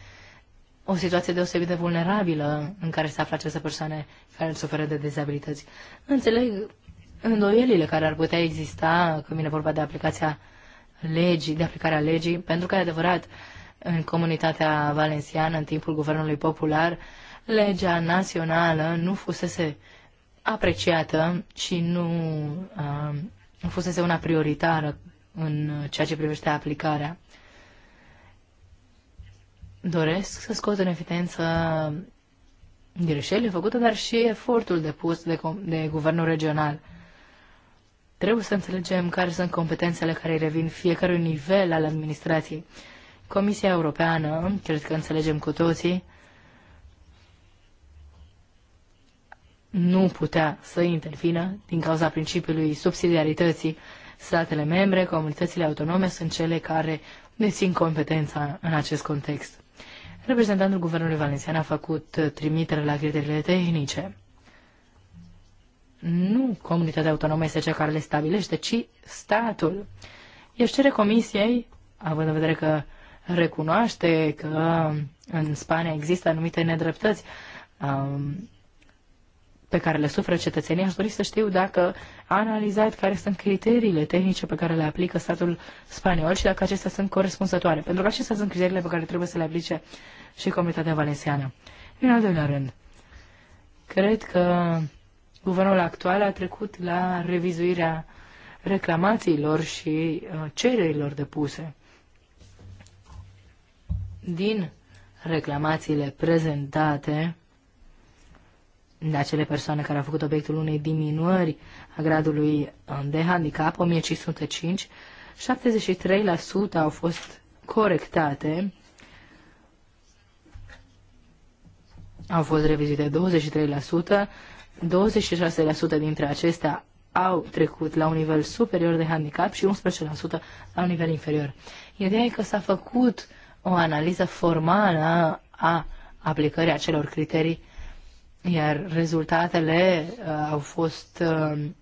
o situație deosebit de vulnerabilă în care se află aceste persoane care suferă de dizabilități. Înțeleg îndoielile care ar putea exista când vine vorba de aplicația legii, de aplicarea legii, pentru că, e adevărat, uh, în comunitatea valenciană, în timpul guvernului popular, legea națională nu fusese apreciată și nu uh, fusese una prioritară în ceea ce privește aplicarea. Doresc să scot în evidență greșelile făcute, dar și efortul depus de, de guvernul regional. Trebuie să înțelegem care sunt competențele care revin fiecărui nivel al administrației. Uh, Comisia Europeană, cred că înțelegem cu toții, nu putea să intervină din cauza principiului subsidiarității. Statele membre, comunitățile autonome sunt cele care dețin competența în acest context. Reprezentantul Guvernului Valențian a făcut trimitere la criteriile tehnice. Nu comunitatea autonomă este cea care le stabilește, ci statul. Ești cere comisiei, având în vedere că recunoaște că în Spania există anumite nedreptăți um, pe care le suferă cetățenii, aș dori să știu dacă a analizat care sunt criteriile tehnice pe care le aplică statul spaniol și dacă acestea sunt corespunzătoare. Pentru că acestea sunt criteriile pe care trebuie să le aplice și comunitatea valenciană. În al doilea rând, cred că guvernul actual a trecut la revizuirea reclamațiilor și uh, cererilor depuse din reclamațiile prezentate de acele persoane care au făcut obiectul unei diminuări a gradului um, de handicap, 1505, 73% au fost corectate, au fost revizite 23%, 26% dintre acestea au trecut la un nivel superior de handicap și 11% la un nivel inferior. Ideea e că s-a făcut o analiză formală a aplicării acelor criterii, iar rezultatele uh, au fost um,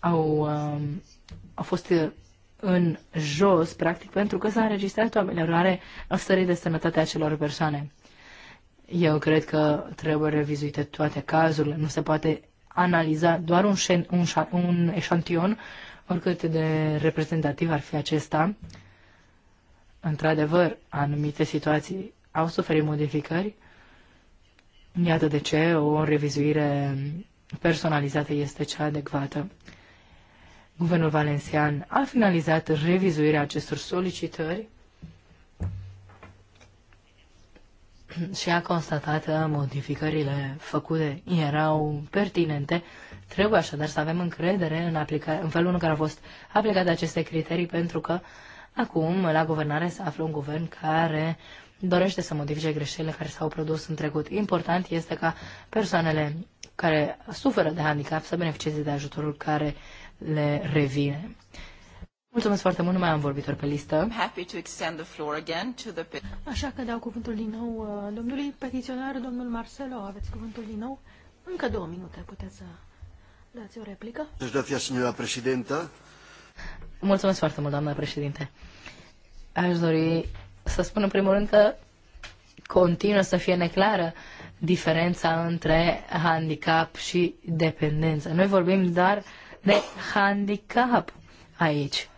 au, um, au fost în jos, practic, pentru că s-a înregistrat o ameliorare a stării de sănătate a celor persoane. Eu cred că trebuie revizuite toate cazurile, nu se poate analiza doar un, șen, un, un eșantion oricât de reprezentativ ar fi acesta, într-adevăr, anumite situații au suferit modificări. Iată de ce o revizuire personalizată este cea adecvată. Guvernul Valencian a finalizat revizuirea acestor solicitări și a constatat că modificările făcute erau pertinente Trebuie așadar să avem încredere în, aplica- în felul în care au fost aplicate aceste criterii, pentru că acum la guvernare se află un guvern care dorește să modifice greșelile care s-au produs în trecut. Important este ca persoanele care suferă de handicap să beneficieze de ajutorul care le revine. Mulțumesc foarte mult, nu mai am vorbitor pe listă. Așa că dau cuvântul din nou uh, domnului petiționar, domnul Marcelo, aveți cuvântul din nou. Încă două minute puteți să Dați o replică. Mulțumesc foarte mult, doamna președinte. Aș dori să spun în primul rând că continuă să fie neclară diferența între handicap și dependență. Noi vorbim doar de handicap aici.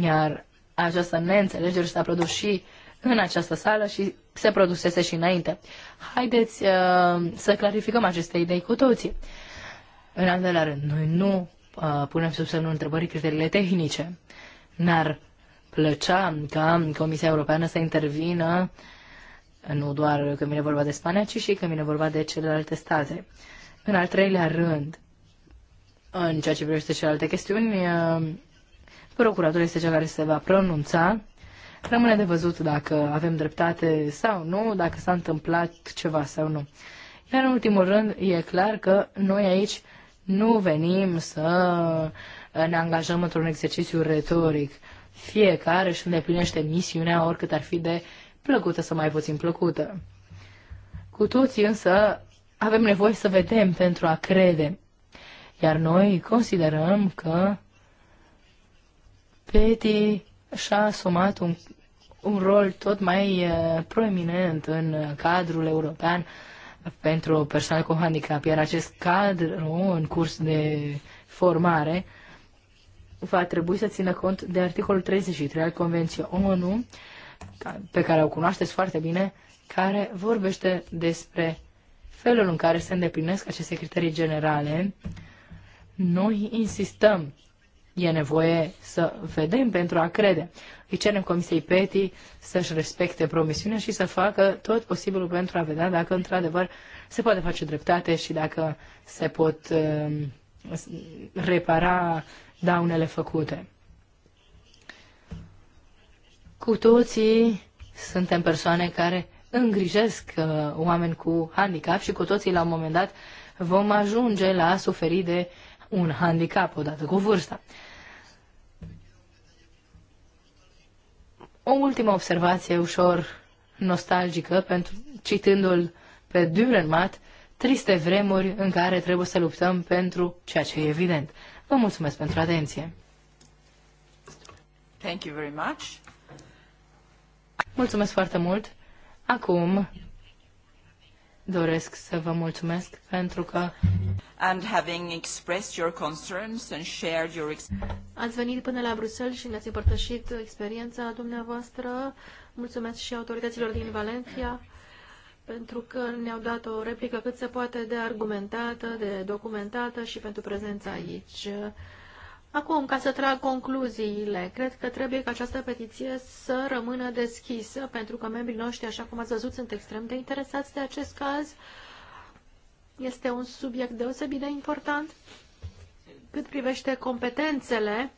Iar această neînțelegere s-a produs și în această sală și se produsese și înainte. Haideți uh, să clarificăm aceste idei cu toții. Uh, în al doilea rând, noi nu uh, punem sub semnul întrebării criteriile tehnice. n ar plăcea ca Comisia Europeană să intervină nu doar când vine vorba de Spania, ci și când vine vorba de celelalte state. În al treilea rând, în ceea ce privește celelalte chestiuni, uh, procuratorul este cel care se va pronunța. Rămâne de văzut dacă avem dreptate sau nu, dacă s-a întâmplat ceva sau nu. Iar în ultimul rând, e clar că noi aici nu venim să ne angajăm într-un exercițiu retoric. Fiecare își îndeplinește misiunea oricât ar fi de plăcută sau mai puțin plăcută. Cu toții însă avem nevoie să vedem pentru a crede. Iar noi considerăm că Peti și-a asumat un, un rol tot mai eh, proeminent în eh, cadrul european pentru persoane cu handicap, iar acest cadru în curs de formare va trebui să țină cont de articolul 33 al Convenției ONU, pe care o cunoașteți foarte bine, care vorbește despre felul în care se îndeplinesc aceste criterii generale. Noi insistăm e nevoie să vedem pentru a crede. Îi cerem Comisiei PETI să-și respecte promisiunea și să facă tot posibilul pentru a vedea dacă într-adevăr se poate face dreptate și dacă se pot uh, repara daunele făcute. Cu toții suntem persoane care îngrijesc uh, oameni cu handicap și cu toții la un moment dat vom ajunge la a suferi de un handicap odată cu vârsta. O ultimă observație ușor nostalgică, pentru, citându-l pe Dürrenmatt, triste vremuri în care trebuie să luptăm pentru ceea ce e evident. Vă mulțumesc pentru atenție. Thank you very much. Mulțumesc foarte mult. Acum doresc să vă mulțumesc pentru că and having expressed your concerns and shared your Ați venit până la Bruxelles și ne-ați împărtășit experiența dumneavoastră. Mulțumesc și autorităților din Valencia pentru că ne-au dat o replică cât se poate de argumentată, de documentată și pentru prezența aici. Acum, ca să trag concluziile, cred că trebuie ca această petiție să rămână deschisă, pentru că membrii noștri, așa cum ați văzut, sunt extrem de interesați de acest caz. Este un subiect deosebit de important. Cât privește competențele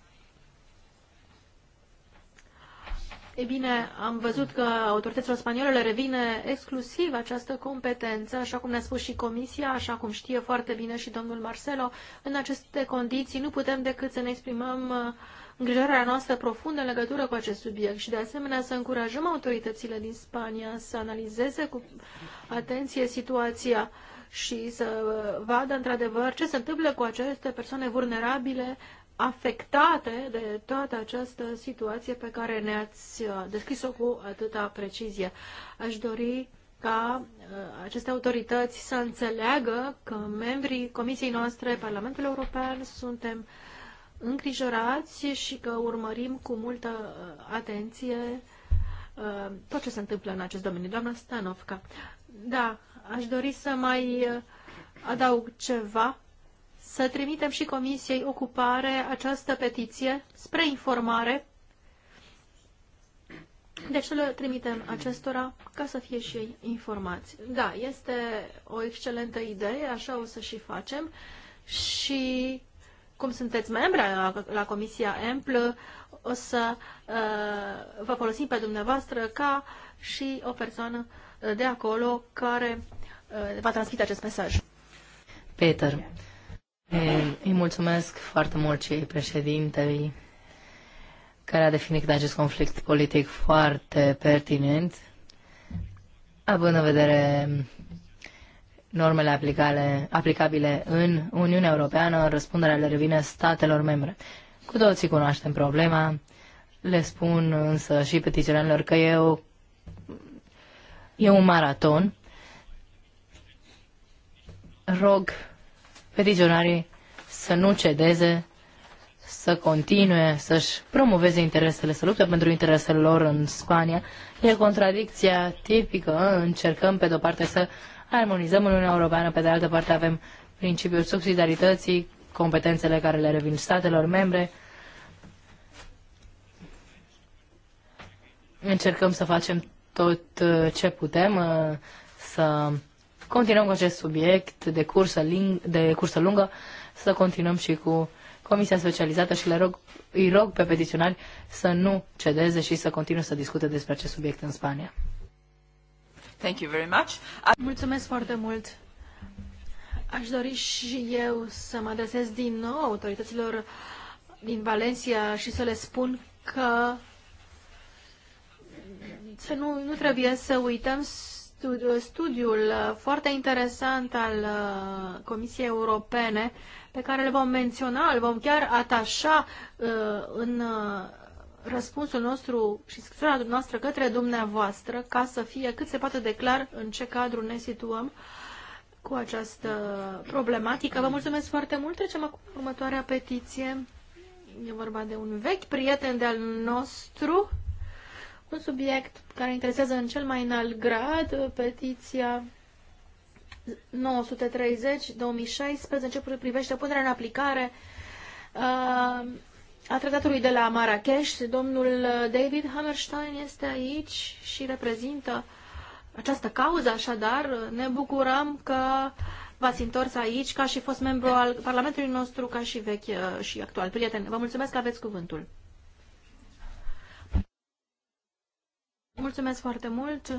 E bine, am văzut că autorităților spaniole le revine exclusiv această competență, așa cum ne-a spus și Comisia, așa cum știe foarte bine și domnul Marcelo. În aceste condiții nu putem decât să ne exprimăm uh, îngrijorarea noastră profundă în legătură cu acest subiect și de asemenea să încurajăm autoritățile din Spania să analizeze cu atenție situația și să uh, vadă într-adevăr ce se întâmplă cu aceste persoane vulnerabile afectate de toată această situație pe care ne-ați uh, descris-o cu atâta precizie. Aș dori ca uh, aceste autorități să înțeleagă că membrii Comisiei noastre, Parlamentul European, suntem îngrijorați și că urmărim cu multă uh, atenție tot ce se întâmplă în acest domeniu. Doamna Stanovca, da, aș dori să mai adaug ceva să trimitem și Comisiei Ocupare această petiție spre informare. Deci să le trimitem acestora ca să fie și ei informați. Da, este o excelentă idee, așa o să și facem. Și cum sunteți membra la, la Comisia EMPL, o să uh, vă folosim pe dumneavoastră ca și o persoană de acolo care uh, va transmite acest mesaj. Peter, îi mulțumesc foarte mult și președintei care a definit acest conflict politic foarte pertinent, având în vedere normele aplicale, aplicabile în Uniunea Europeană, răspunderea le revine statelor membre. Cu toții cunoaștem problema, le spun însă și petiționerilor că e o, e un maraton. Rog petiționarii să nu cedeze, să continue, să-și promoveze interesele, să lupte pentru interesele lor în Spania. E contradicția tipică. Încercăm, pe de-o parte, să armonizăm Uniunea Europeană, pe de altă parte avem principiul subsidiarității, competențele care le revin statelor membre. Încercăm să facem tot uh, ce putem, uh, să continuăm cu acest subiect de cursă, ling- de cursă lungă, să continuăm și cu Comisia Specializată și le rog, îi rog pe petiționari să nu cedeze și să continue să discute despre acest subiect în Spania. Thank you very much. I Mulțumesc foarte mult. Aș dori și eu să mă adresez din nou autorităților din Valencia și să le spun că să nu, nu trebuie să uităm studiul uh, foarte interesant al uh, Comisiei Europene, pe care îl vom menționa, îl vom chiar atașa uh, în răspunsul nostru și scrisoarea noastră către dumneavoastră, ca să fie cât se poate de clar în ce cadru ne situăm cu această problematică. Vă mulțumesc foarte mult. Trecem acum următoarea petiție. E vorba de un vechi prieten de-al nostru, un subiect care interesează în cel mai înalt grad petiția 930-2016 privește punerea în aplicare uh, a tratatului de la Marrakesh. Domnul uh, David Hammerstein este aici și reprezintă această cauză, așadar ne bucurăm că v-ați întors aici ca și fost membru al Parlamentului nostru, ca și vechi uh, și actual prieten. Vă mulțumesc că aveți cuvântul. Mulțumesc foarte mult!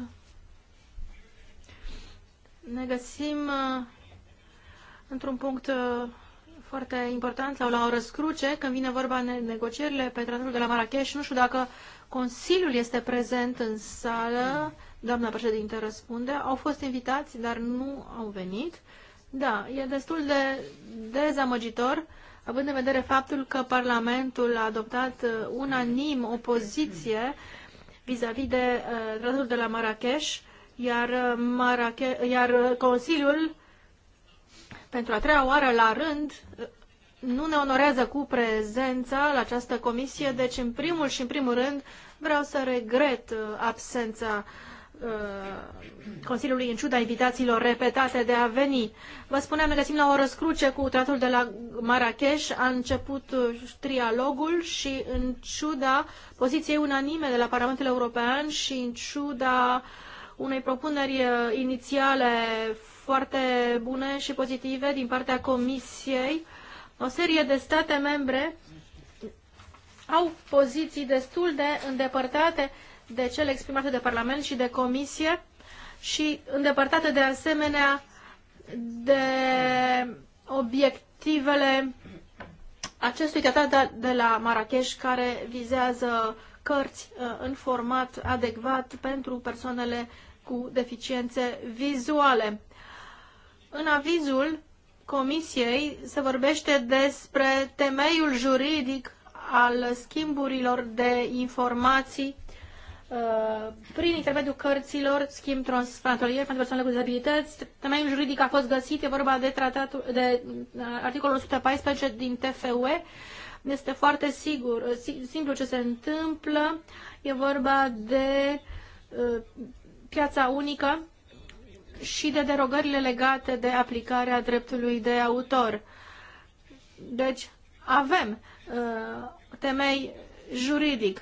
Ne găsim uh, într-un punct uh, foarte important sau la o răscruce când vine vorba de negocierile pe tratatul de la Marrakeș. Nu știu dacă Consiliul este prezent în sală. Doamna președinte răspunde. Au fost invitați, dar nu au venit. Da, e destul de dezamăgitor, având în vedere faptul că Parlamentul a adoptat uh, unanim o poziție uh, vis-a-vis de uh, tratatul de la Marrakesh, iar, uh, Marrake- iar uh, Consiliul, pentru a treia oară la rând, uh, nu ne onorează cu prezența la această comisie, deci în primul și în primul rând vreau să regret absența uh, Uh, Consiliului în ciuda invitațiilor repetate de a veni. Vă spuneam, ne găsim la o răscruce cu tratul de la Marrakesh. A început uh, trialogul și în ciuda poziției unanime de la Parlamentul European și în ciuda unei propuneri uh, inițiale foarte bune și pozitive din partea Comisiei, o serie de state membre au poziții destul de îndepărtate de cele exprimate de Parlament și de Comisie și îndepărtate de asemenea de obiectivele acestui tratat de la Marrakeș care vizează cărți uh, în format adecvat pentru persoanele cu deficiențe vizuale. În avizul Comisiei se vorbește despre temeiul juridic al schimburilor de informații Uh, prin intermediul cărților schimb transfrontalier pentru persoanele cu dizabilități. Temeiul juridic a fost găsit, e vorba de, tratatul, de uh, articolul 114 din TFUE. Este foarte sigur, uh, simplu ce se întâmplă. E vorba de piața unică și de derogările legate de aplicarea dreptului de autor. Deci avem temei juridic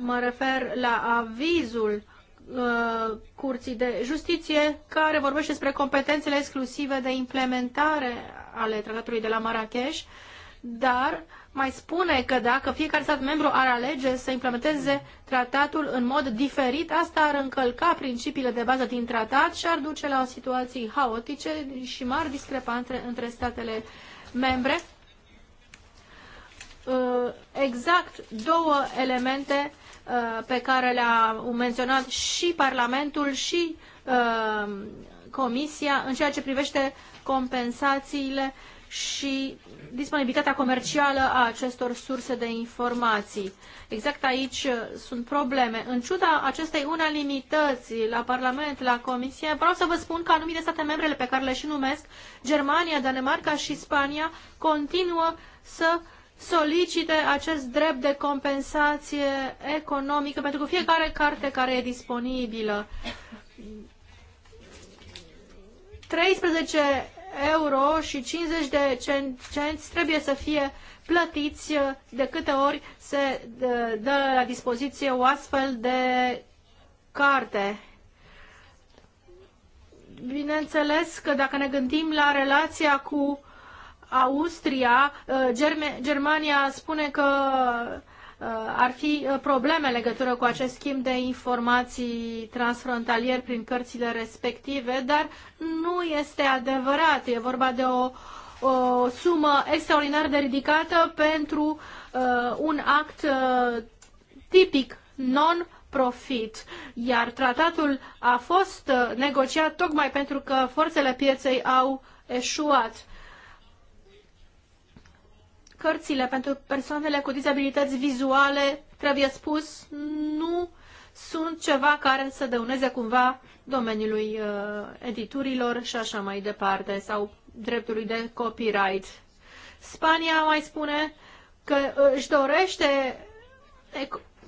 mă refer la avizul uh, Curții de Justiție, care vorbește despre competențele exclusive de implementare ale tratatului de la Marrakesh, dar mai spune că dacă fiecare stat membru ar alege să implementeze tratatul în mod diferit, asta ar încălca principiile de bază din tratat și ar duce la situații haotice și mari discrepanțe între statele membre uh, exact două elemente Uh, pe care le-a menționat și Parlamentul și uh, Comisia în ceea ce privește compensațiile și disponibilitatea comercială a acestor surse de informații. Exact aici uh, sunt probleme. În ciuda acestei unanimități la Parlament, la Comisie, vreau să vă spun că anumite state membrele pe care le și numesc, Germania, Danemarca și Spania, continuă să uh, solicite acest drept de compensație economică pentru fiecare carte care e disponibilă. 13 euro și 50 de cenți trebuie să fie plătiți de câte ori se dă la dispoziție o astfel de carte. Bineînțeles că dacă ne gândim la relația cu Austria, uh, Germe, Germania spune că uh, ar fi uh, probleme în legătură cu acest schimb de informații transfrontalier prin cărțile respective, dar nu este adevărat. E vorba de o, o sumă extraordinar de ridicată pentru uh, un act uh, tipic non-profit. Iar tratatul a fost negociat tocmai pentru că forțele pieței au eșuat. Cărțile pentru persoanele cu dizabilități vizuale, trebuie spus, nu sunt ceva care să dăuneze cumva domeniului uh, editurilor și așa mai departe, sau dreptului de copyright. Spania mai spune că își dorește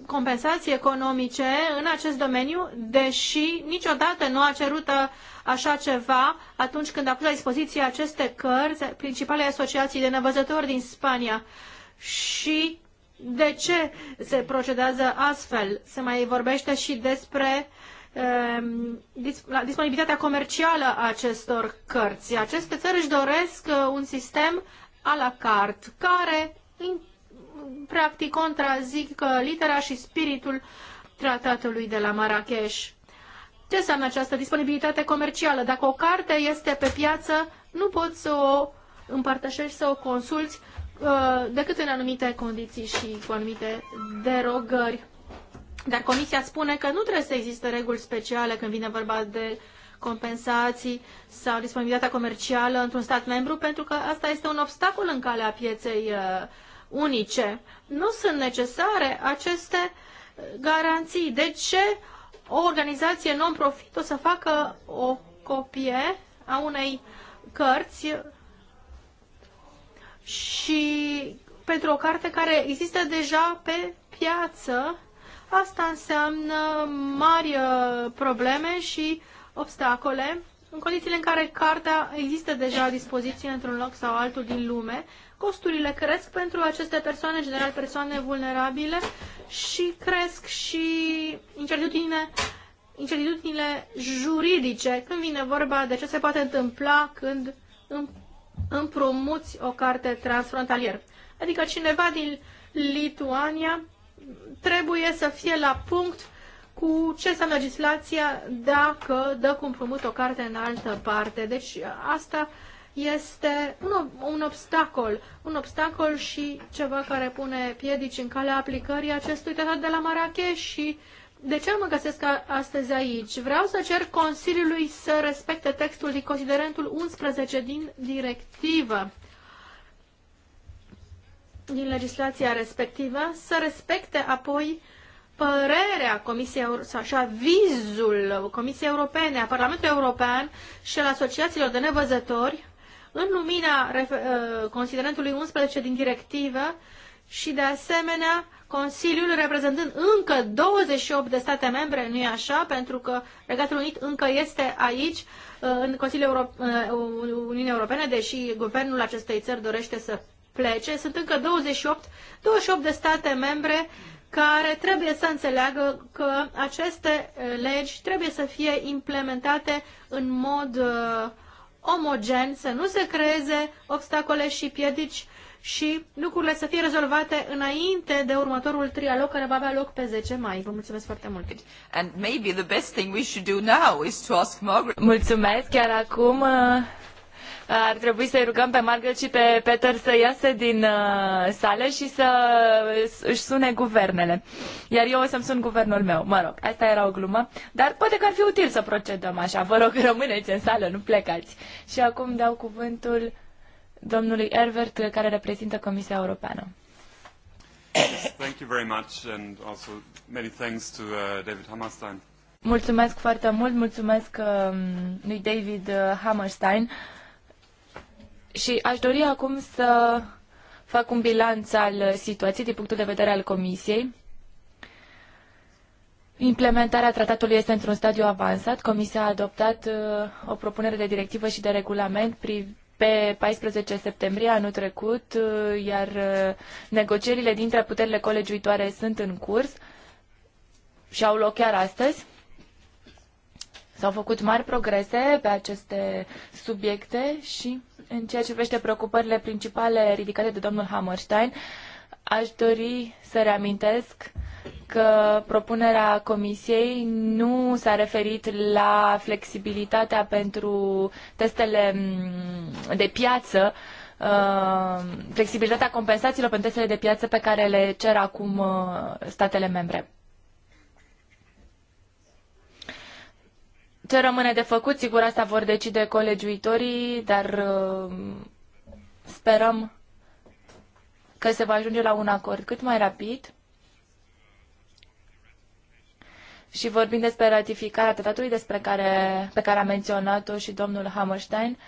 compensații economice în acest domeniu, deși niciodată nu a cerut uh, așa ceva atunci când a pus la dispoziție aceste cărți principalei asociații de nevăzători din Spania. Și de ce se procedează astfel? Se mai vorbește și despre um, disponibilitatea comercială a acestor cărți. Aceste țări își doresc uh, un sistem a la carte care practic contrazic uh, litera și spiritul tratatului de la Marrakech. Ce înseamnă această disponibilitate comercială? Dacă o carte este pe piață, nu poți să o împărtășești, să o consulți uh, decât în anumite condiții și cu anumite derogări. Dar Comisia spune că nu trebuie să existe reguli speciale când vine vorba de compensații sau disponibilitatea comercială într-un stat membru, pentru că asta este un obstacol în calea pieței uh, unice. Nu sunt necesare aceste uh, garanții. De ce o organizație non-profit o să facă o copie a unei cărți și pentru o carte care există deja pe piață, asta înseamnă mari uh, probleme și obstacole în condițiile în care cartea există deja la dispoziție într-un loc sau altul din lume costurile cresc pentru aceste persoane, în general persoane vulnerabile, și cresc și incertitudine incertitudinile juridice când vine vorba de ce se poate întâmpla când împrumuți o carte transfrontalier. Adică cineva din Lituania trebuie să fie la punct cu ce înseamnă legislația dacă dă cu împrumut o carte în altă parte. Deci asta uh, este un, un obstacol, un obstacol și ceva care pune piedici în calea aplicării acestui tratat de la Marrakesh și de ce mă găsesc astăzi aici? Vreau să cer Consiliului să respecte textul din considerentul 11 din directivă din legislația respectivă, să respecte apoi părerea Comisiei sau așa vizul Comisiei Europene, a Parlamentului European și al asociațiilor de nevăzători în lumina ă, considerentului 11 din directivă și, de asemenea, Consiliul reprezentând încă 28 de state membre, nu-i așa, pentru că Regatul Unit încă este aici ă, în Consiliul Euro- ă, Uniunii Europene, deși guvernul acestei țări dorește să plece. Sunt încă 28, 28 de state membre care trebuie să înțeleagă că aceste legi trebuie să fie implementate în mod uh, omogen, să nu se creeze obstacole și piedici și lucrurile să fie rezolvate înainte de următorul trialog care va avea loc pe 10 mai. Vă mulțumesc foarte mult. And maybe the best thing we should do now is to ask Margaret. Mulțumesc chiar acum. Uh ar trebui să-i rugăm pe Margaret și pe Peter să iasă din uh, sală și să își sune guvernele. Iar eu o să-mi sun guvernul meu. Mă rog, asta era o glumă. Dar poate că ar fi util să procedăm așa. Vă rog, rămâneți în sală, nu plecați. Și acum dau cuvântul domnului Ervert, care reprezintă Comisia Europeană. Thank you very much and also many thanks to uh, David Hammerstein. Mulțumesc foarte mult, mulțumesc uh, lui David uh, Hammerstein. Uh, și aș dori acum să fac un bilanț al situației din punctul de vedere al Comisiei. Implementarea tratatului este într-un stadiu avansat. Comisia a adoptat uh, o propunere de directivă și de regulament pe 14 septembrie anul trecut, uh, iar uh, negocierile dintre puterile colegiuitoare sunt în curs și au loc chiar astăzi. S-au făcut mari progrese pe aceste subiecte și în ceea ce privește preocupările principale ridicate de domnul Hammerstein, aș dori să reamintesc că propunerea Comisiei nu s-a referit la flexibilitatea pentru testele mm, de piață, uh, flexibilitatea compensațiilor pentru testele de piață pe care le cer acum uh, statele membre. Ce rămâne de făcut, sigur, asta vor decide colegiuitorii, dar uh, sperăm că se va ajunge la un acord cât mai rapid. Și vorbim despre ratificarea tratatului despre care, pe care a menționat-o și domnul Hammerstein,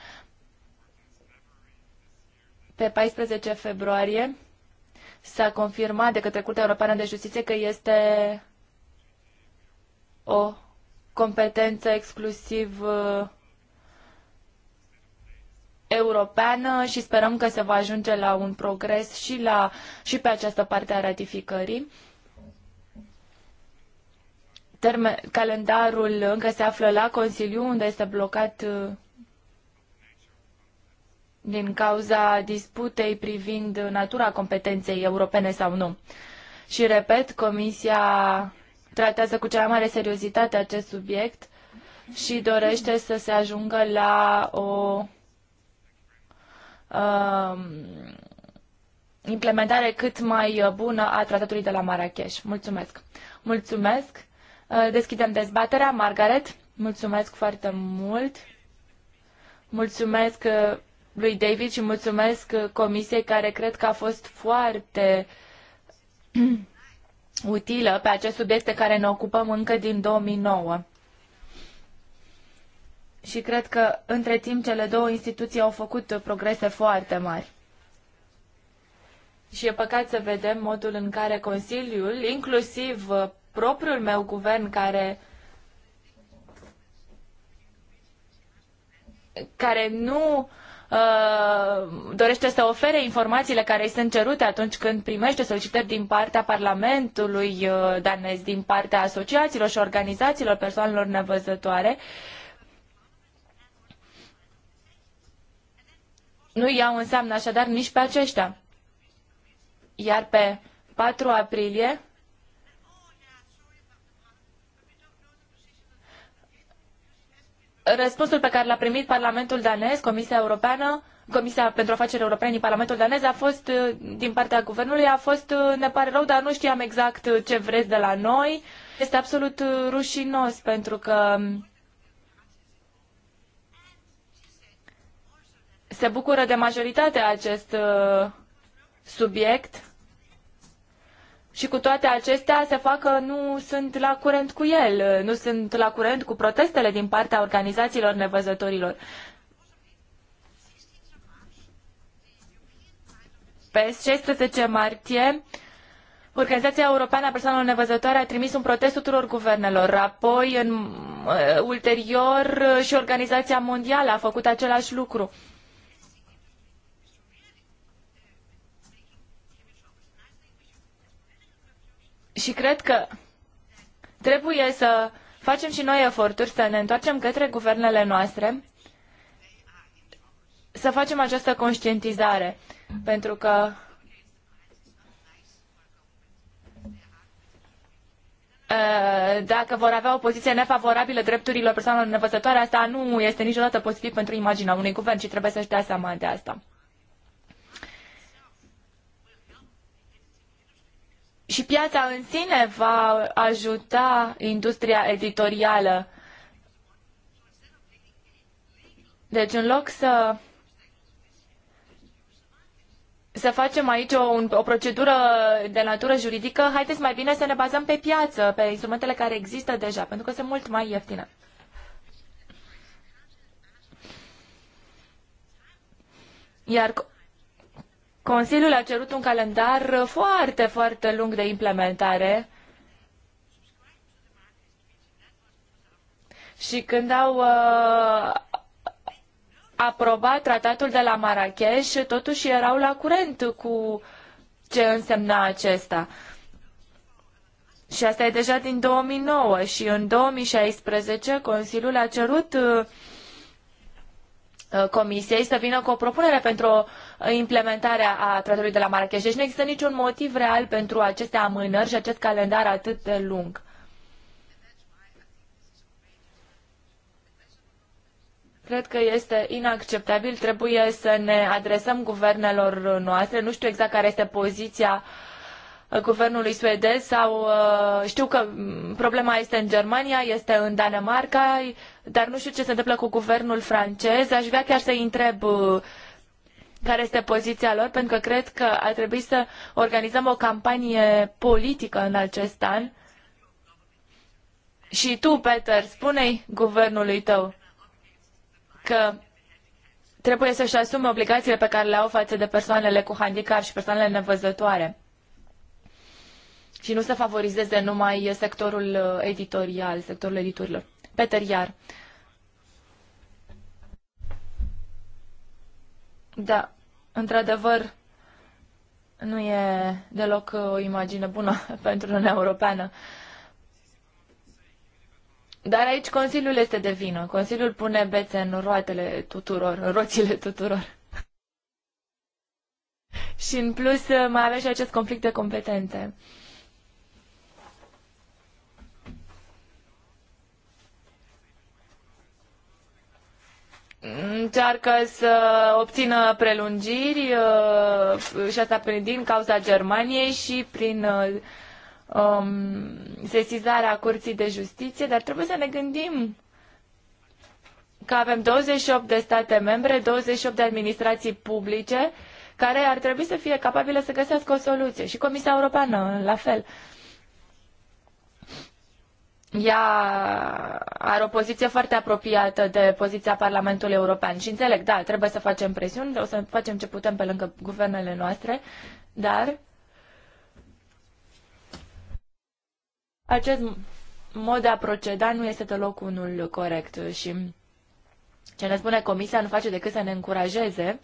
pe 14 februarie s-a confirmat de către Curtea Europeană de Justiție că este o competență exclusiv uh, europeană și sperăm că se va ajunge la un progres și, la, și pe această parte a ratificării. calendarul încă se află la Consiliu, unde este blocat uh, din cauza disputei privind natura competenței europene sau nu. Și repet, Comisia tratează cu cea mai mare seriozitate acest subiect și dorește să se ajungă la o uh, implementare cât mai bună a tratatului de la Marrakesh. Mulțumesc! Mulțumesc! Uh, deschidem dezbaterea. Margaret, mulțumesc foarte mult! Mulțumesc uh, lui David și mulțumesc uh, comisiei care cred că a fost foarte utilă pe acest subiect pe care ne ocupăm încă din 2009. Și cred că între timp cele două instituții au făcut progrese foarte mari. Și e păcat să vedem modul în care Consiliul, inclusiv uh, propriul meu guvern care care nu Uh, dorește să ofere informațiile care îi sunt cerute atunci când primește solicitări din partea Parlamentului uh, danez, din partea asociațiilor și organizațiilor persoanelor nevăzătoare. Nu iau în seamnă așadar nici pe aceștia. Iar pe 4 aprilie răspunsul pe care l-a primit Parlamentul danez, Comisia Europeană, Comisia pentru Afaceri Europene din Parlamentul danez a fost, uh, din partea guvernului, a fost, uh, ne pare rău, dar nu știam exact uh, ce vreți de la noi. Este absolut rușinos pentru că um, se bucură de majoritate acest subiect și cu toate acestea se facă nu sunt la curent cu el, nu sunt la curent cu protestele din partea organizațiilor nevăzătorilor. Pe 16 martie, Organizația Europeană a Persoanelor Nevăzătoare a trimis un protest tuturor guvernelor. Apoi, în, ulterior, și Organizația Mondială a făcut același lucru. Și cred că trebuie să facem și noi eforturi să ne întoarcem către guvernele noastre, să facem această conștientizare, pentru că ă, dacă vor avea o poziție nefavorabilă drepturilor persoanelor nevăzătoare, asta nu este niciodată pozitiv pentru imaginea unui guvern ci trebuie să-și dea seama de asta. Și piața în sine va ajuta industria editorială. Deci, în loc să să facem aici o, o procedură de natură juridică, haideți mai bine să ne bazăm pe piață, pe instrumentele care există deja, pentru că sunt mult mai ieftine. Iar Consiliul a cerut un calendar foarte, foarte lung de implementare și când au uh, aprobat tratatul de la Marrakech, totuși erau la curent cu ce însemna acesta. Și asta e deja din 2009 și în 2016 Consiliul a cerut uh, Uh, comisiei să vină cu o propunere pentru implementarea a tratatului de la Marrakech. Deci nu există niciun motiv real pentru aceste amânări și acest calendar atât de lung. Cred că este inacceptabil. Trebuie să ne adresăm guvernelor noastre. Nu știu exact care este poziția uh, Uh, guvernului suedez sau uh, știu că problema este în Germania, este în Danemarca, dar nu știu ce se întâmplă cu guvernul francez. Aș vrea chiar să-i întreb uh, care este poziția lor, pentru că cred că ar trebui să organizăm o campanie politică în acest an. Și tu, Peter, spune-i guvernului tău că trebuie să-și asume obligațiile pe care le au față de persoanele cu handicap și persoanele nevăzătoare și nu să favorizeze numai sectorul uh, editorial, sectorul editorilor. Peter Iar. Da, într-adevăr, nu e deloc uh, o imagine bună pentru Uniunea Europeană. Dar aici Consiliul este de vină. Consiliul pune bețe în roatele tuturor, în roțile tuturor. și în plus uh, mai avem și acest conflict de competențe. încearcă să obțină prelungiri uh, și asta din cauza Germaniei și prin uh, um, sesizarea Curții de Justiție, dar trebuie să ne gândim că avem 28 de state membre, 28 de administrații publice care ar trebui să fie capabile să găsească o soluție și Comisia Europeană la fel. Uh, ea are o poziție foarte apropiată de poziția Parlamentului European și înțeleg, da, trebuie să facem presiuni, o să facem ce putem pe lângă guvernele noastre, dar acest mod de a proceda nu este deloc unul corect și ce ne spune Comisia nu face decât să ne încurajeze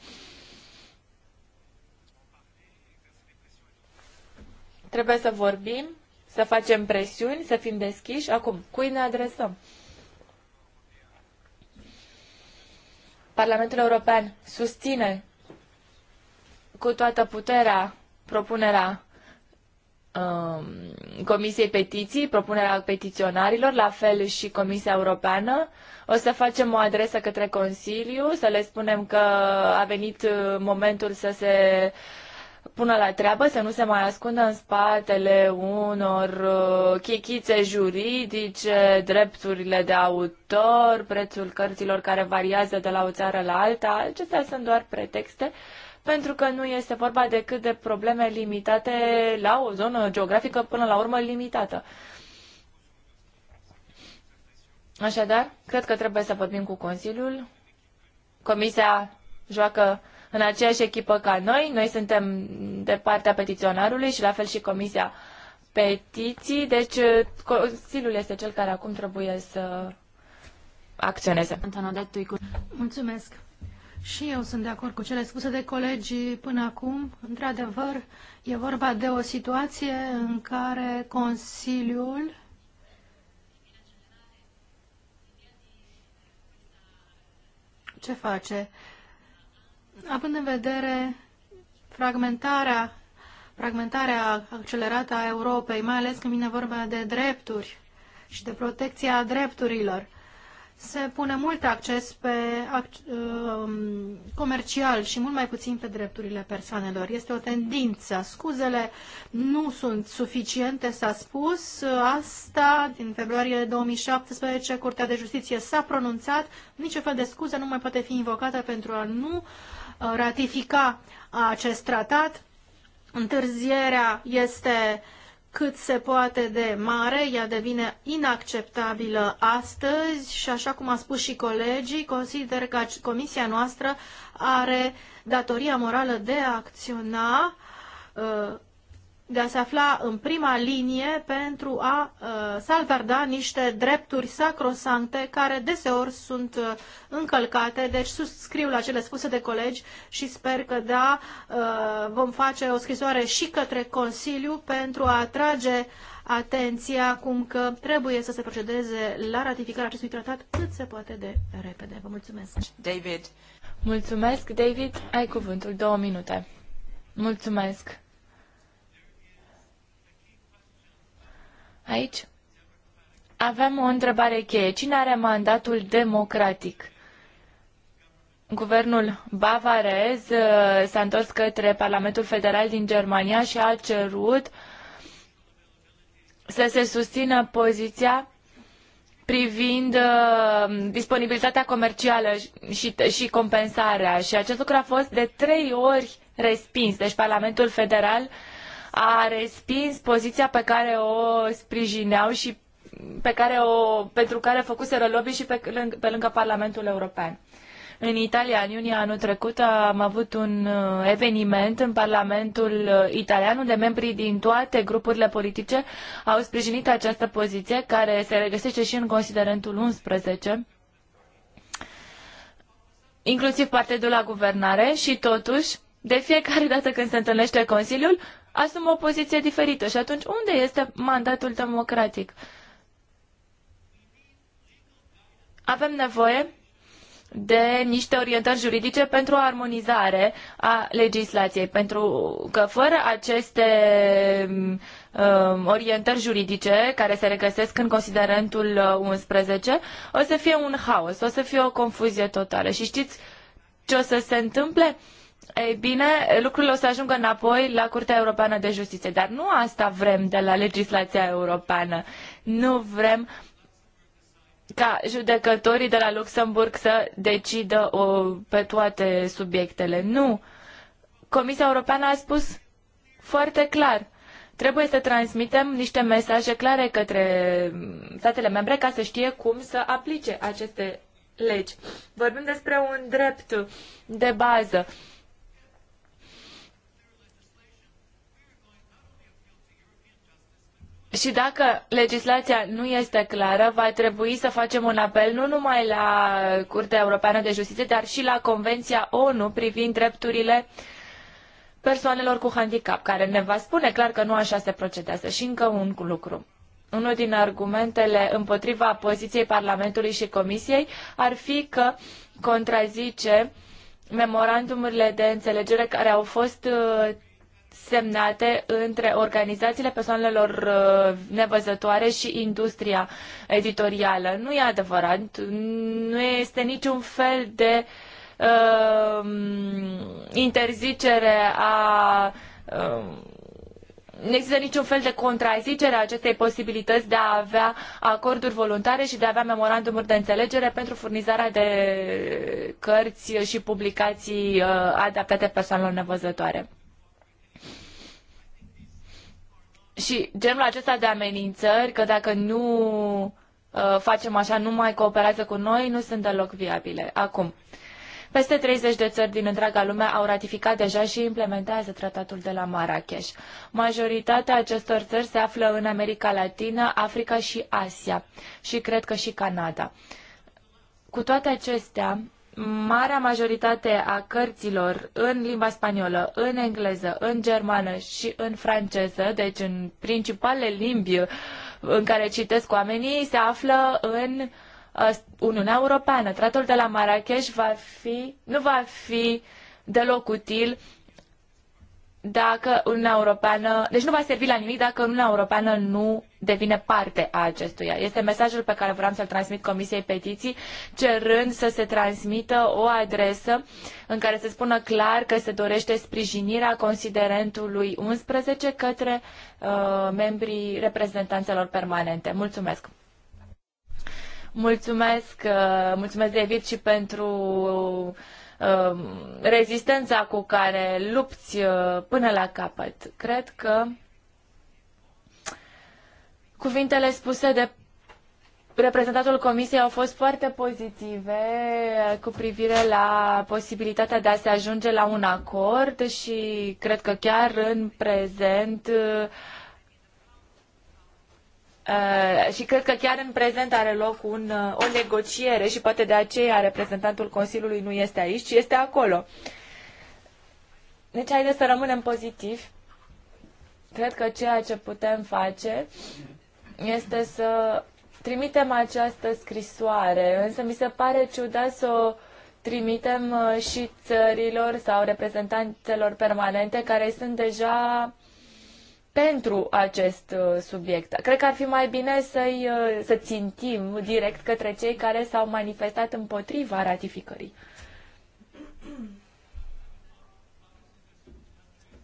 Trebuie să vorbim să facem presiuni, să fim deschiși. Acum, cui ne adresăm? Parlamentul European susține cu toată puterea propunerea um, Comisiei Petiții, propunerea petiționarilor, la fel și Comisia Europeană. O să facem o adresă către Consiliu, să le spunem că a venit uh, momentul să se uh, pună la treabă, să nu se mai ascundă în spatele unor uh, chichițe juridice, drepturile de autor, prețul cărților care variază de la o țară la alta. Acestea sunt doar pretexte pentru că nu este vorba decât de probleme limitate la o zonă geografică până la urmă limitată. Așadar, cred că trebuie să vorbim cu Consiliul. Comisia joacă în aceeași echipă ca noi. Noi suntem de partea petiționarului și la fel și Comisia Petiții, deci uh, Consiliul este cel care acum trebuie să acționeze. Mulțumesc! Și eu sunt de acord cu cele spuse de colegii până acum. Într-adevăr, e vorba de o situație în care Consiliul ce face? având în vedere fragmentarea, fragmentarea accelerată a Europei, mai ales când vine vorba de drepturi și de protecția drepturilor, se pune mult acces pe uh, comercial și mult mai puțin pe drepturile persoanelor. Este o tendință. Scuzele nu sunt suficiente, s-a spus. Asta, din februarie 2017, Curtea de Justiție s-a pronunțat. Nici fel de scuză nu mai poate fi invocată pentru a nu Uh, ratifica acest tratat. Întârzierea este cât se poate de mare, ea devine inacceptabilă astăzi și așa cum a spus și colegii, consider că comisia noastră are datoria morală de a acționa uh, de a se afla în prima linie pentru a uh, salvarda niște drepturi sacrosancte care deseori sunt uh, încălcate. Deci suscriu la cele spuse de colegi și sper că da, uh, vom face o scrisoare și către Consiliu pentru a atrage atenția cum că trebuie să se procedeze la ratificarea acestui tratat cât se poate de repede. Vă mulțumesc. David. Mulțumesc, David. Ai cuvântul. Două minute. Mulțumesc. Aici avem o întrebare cheie. Cine are mandatul democratic? Guvernul bavarez uh, s-a întors către Parlamentul Federal din Germania și a cerut să se susțină poziția privind uh, disponibilitatea comercială și, și compensarea. Și acest lucru a fost de trei ori respins. Deci Parlamentul Federal a respins poziția pe care o sprijineau și pe care o, pentru care făcuseră lobby și pe, lângă, pe lângă Parlamentul European. În Italia, în iunie anul trecut, am avut un uh, eveniment în Parlamentul uh, Italian, unde membrii din toate grupurile politice au sprijinit această poziție, care se regăsește și în considerentul 11, inclusiv partidul la guvernare și totuși, de fiecare dată când se întâlnește Consiliul, asumă o poziție diferită. Și atunci, unde este mandatul democratic? Avem nevoie de niște orientări juridice pentru o armonizare a legislației, pentru că fără aceste um, orientări juridice care se regăsesc în considerentul 11, o să fie un haos, o să fie o confuzie totală. Și știți ce o să se întâmple? Uh, ei bine, lucrurile o să ajungă înapoi la Curtea Europeană de Justiție. Dar nu asta vrem de la legislația europeană. Nu vrem ca judecătorii de la Luxemburg să decidă o, pe toate subiectele. Nu. Comisia Europeană a spus foarte clar. Trebuie să transmitem niște mesaje clare către statele membre ca să știe cum să aplice aceste legi. Vorbim despre un drept de bază Și dacă legislația nu este clară, va trebui să facem un apel nu numai la Curtea Europeană de Justiție, dar și la Convenția ONU privind drepturile persoanelor cu handicap, care ne va spune clar că nu așa se procedează. Și încă un lucru. Unul din argumentele împotriva poziției Parlamentului și Comisiei ar fi că contrazice memorandumurile de înțelegere care au fost uh, semnate între organizațiile persoanelor uh, nevăzătoare și industria editorială. Nu e adevărat, nu este niciun fel de uh, interzicere a uh, nu există niciun fel de contrazicere a acestei posibilități de a avea acorduri voluntare și de a avea memorandumuri de înțelegere pentru furnizarea de cărți și publicații uh, adaptate persoanelor nevăzătoare. Și genul acesta de amenințări, că dacă nu uh, facem așa, nu mai cooperează cu noi, nu sunt deloc viabile. Acum, peste 30 de țări din întreaga lume au ratificat deja și implementează tratatul de la Marrakesh. Majoritatea acestor țări se află în America Latină, Africa și Asia și cred că și Canada. Cu toate acestea, marea majoritate a cărților în limba spaniolă, în engleză, în germană și în franceză, deci în principalele limbi în care citesc oamenii, se află în uh, Uniunea Europeană. Tratul de la Marrakech va fi, nu va fi deloc util dacă Uniunea Europeană, deci nu va servi la nimic dacă Uniunea Europeană nu devine parte a acestuia. Este mesajul pe care vreau să-l transmit Comisiei Petiții, cerând să se transmită o adresă în care se spună clar că se dorește sprijinirea considerentului 11 către uh, membrii reprezentanțelor permanente. Mulțumesc! Mulțumesc, uh, mulțumesc David și pentru uh, Um, rezistența cu care lupți uh, până la capăt. Cred că cuvintele spuse de reprezentantul Comisiei au fost foarte pozitive uh, cu privire la posibilitatea de a se ajunge la un acord și cred că chiar în prezent uh, Uh, și cred că chiar în prezent are loc un, uh, o negociere și poate de aceea reprezentantul Consiliului nu este aici, ci este acolo. Deci haideți să rămânem pozitivi. Cred că ceea ce putem face este să trimitem această scrisoare, însă mi se pare ciudat să o trimitem uh, și țărilor sau reprezentanțelor permanente care sunt deja pentru acest uh, subiect. Cred că ar fi mai bine să-i, uh, să țintim direct către cei care s-au manifestat împotriva ratificării.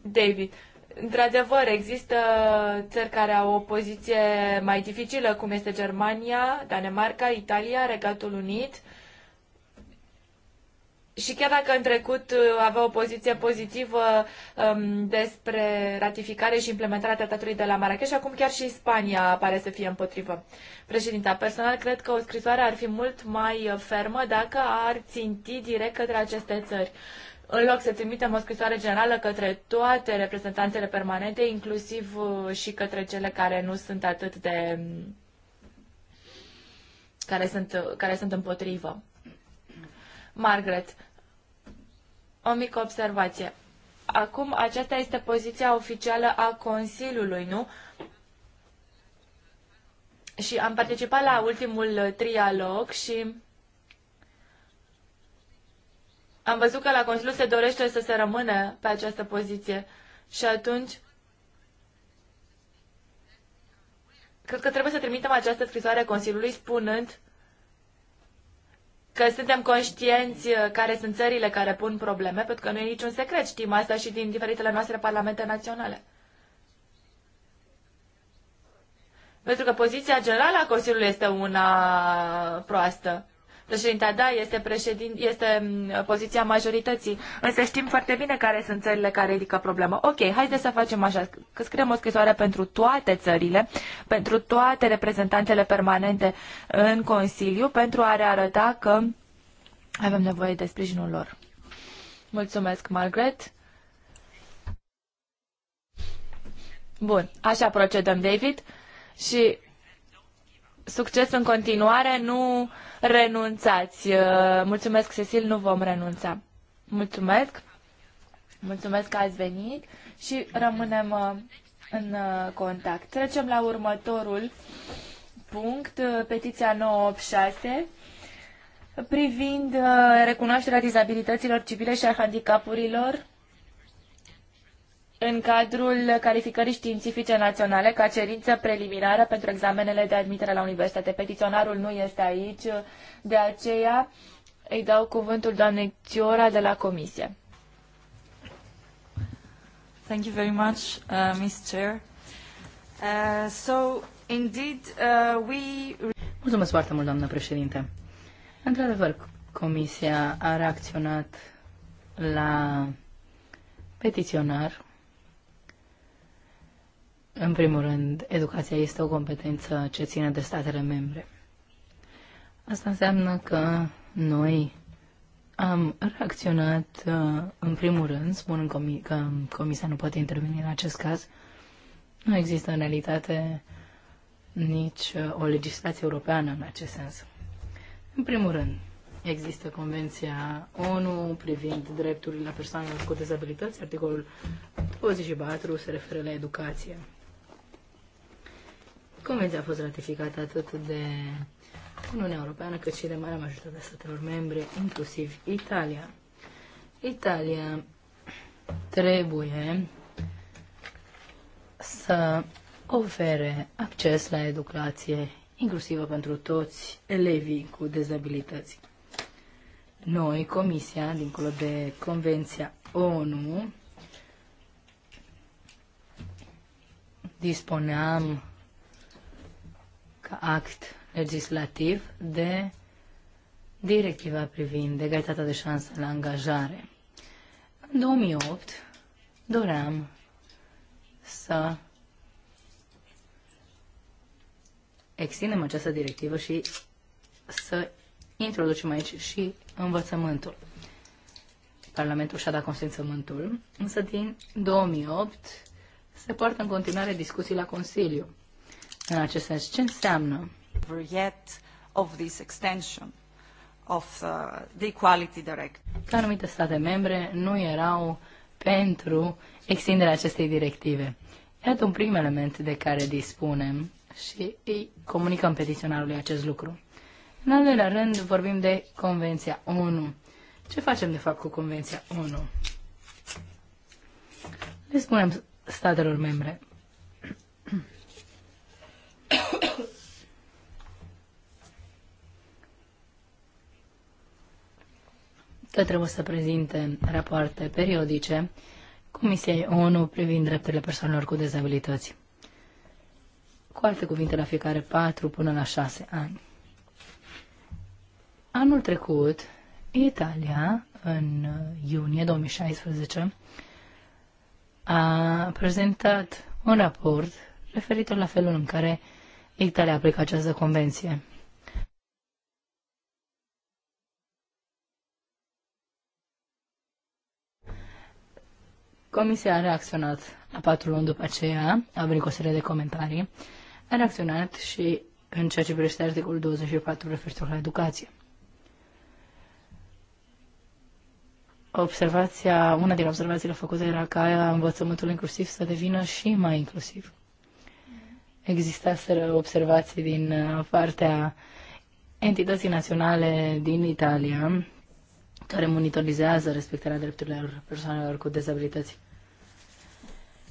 David, într-adevăr, există țări care au o poziție mai dificilă, cum este Germania, Danemarca, Italia, Regatul Unit și chiar dacă în trecut uh, avea o poziție pozitivă um, despre ratificare și implementarea tratatului de la Marrakesh, acum chiar și Spania pare să fie împotrivă. Președinta, personal cred că o scrisoare ar fi mult mai uh, fermă dacă ar ținti direct către aceste țări. În loc să trimitem o scrisoare generală către toate reprezentanțele permanente, inclusiv uh, și către cele care nu sunt atât de. Um, care sunt, care sunt împotrivă. Margaret, o mică observație. Acum aceasta este poziția oficială a Consiliului, nu? Și am participat la ultimul trialog și am văzut că la Consiliu se dorește să se rămână pe această poziție. Și atunci, cred că trebuie să trimitem această scrisoare Consiliului spunând că suntem conștienți uh, care sunt țările care pun probleme, pentru că nu e niciun secret, știm asta și din diferitele noastre parlamente naționale. Pentru că poziția generală a Consiliului este una proastă. Președinta, da, este, președin, este mm, poziția majorității, însă știm foarte bine care sunt țările care ridică problemă. Ok, haideți să facem așa, că scriem o scrisoare pentru toate țările, pentru toate reprezentantele permanente în Consiliu, pentru a arăta că avem nevoie de sprijinul lor. Mulțumesc, Margaret. Bun, așa procedăm, David. Și succes în continuare, nu renunțați. Uh, mulțumesc, Cecil, nu vom renunța. Mulțumesc. Mulțumesc că ați venit și rămânem uh, în uh, contact. Trecem la următorul punct, petiția 986 privind recunoașterea dizabilităților civile și a handicapurilor în cadrul calificării științifice naționale ca cerință preliminară pentru examenele de admitere la universitate. Petiționarul nu este aici, de aceea îi dau cuvântul doamnei Ciora de la Comisie. Thank you very much, uh, Ms. Chair. Uh, so, indeed, uh, we... Mulțumesc foarte mult, doamnă președinte. Într-adevăr, Comisia a reacționat la petiționar în primul rând, educația este o competență ce ține de statele membre. Asta înseamnă că noi am reacționat, uh, în primul rând, spunând că Comisia nu poate interveni în acest caz. Nu există în realitate nici uh, o legislație europeană în acest sens. În primul rând, există Convenția ONU privind drepturile la persoanelor cu dezabilități, articolul 24 se referă la educație. Convenția a fost ratificată atât de Uniunea Europeană cât și de marea majoritate a statelor membre, inclusiv Italia. Italia trebuie să ofere acces la educație inclusivă pentru toți elevii cu dezabilități. Noi, Comisia, dincolo de Convenția ONU, disponeam ca act legislativ de directiva privind egalitatea de șanse la angajare. În 2008 doream să extindem această directivă și să introducem aici și învățământul. Parlamentul și-a dat consimțământul, însă din 2008 se poartă în continuare discuții la Consiliu în acest sens. Ce înseamnă? Yet of this extension of uh, the Equality Directive. Că anumite state membre nu erau pentru extinderea acestei directive. Iată un prim element de care dispunem și îi comunicăm petiționarului acest lucru. În al doilea rând, vorbim de Convenția 1. Ce facem, de fapt, cu Convenția 1? Le spunem statelor membre, că trebuie să prezinte rapoarte periodice Comisiei ONU privind drepturile persoanelor cu dezabilități. Cu alte cuvinte, la fiecare 4 până la 6 ani. Anul trecut, Italia, în iunie 2016, a prezentat un raport referitor la felul în care Italia aplică această convenție. Comisia a reacționat a patru luni după aceea, a venit cu o serie de comentarii, a reacționat și în ceea ce privește articolul 24 referitor la educație. Observația, una din observațiile făcute era ca învățământul inclusiv să devină și mai inclusiv. Existaseră observații din partea entității naționale din Italia care monitorizează respectarea drepturilor persoanelor cu dezabilități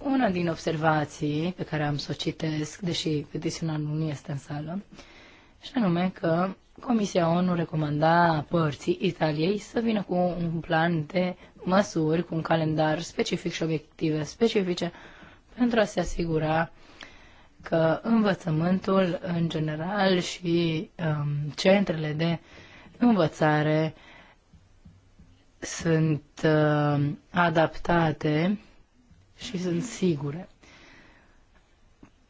una din observații pe care am să o citesc, deși petiționarul nu este în sală, și anume că Comisia ONU recomanda părții Italiei să vină cu un plan de măsuri, cu un calendar specific și obiective specifice pentru a se asigura că învățământul în general și um, centrele de învățare sunt uh, adaptate și sunt sigure.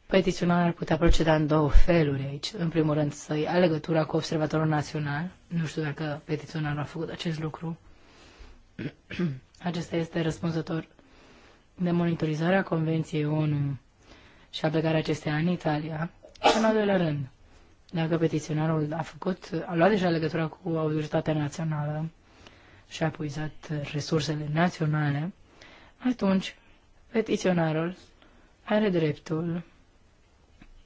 Petiționarea ar putea proceda în două feluri aici. În primul rând să ia legătura cu Observatorul Național. Nu știu dacă petiționarul a făcut acest lucru. Acesta este răspunzător de monitorizarea Convenției ONU și a aplicarea acesteia în Italia. Și în al doilea rând, dacă petiționarul a făcut, a luat deja legătura cu autoritatea națională și a puizat resursele naționale, atunci Petiționarul are dreptul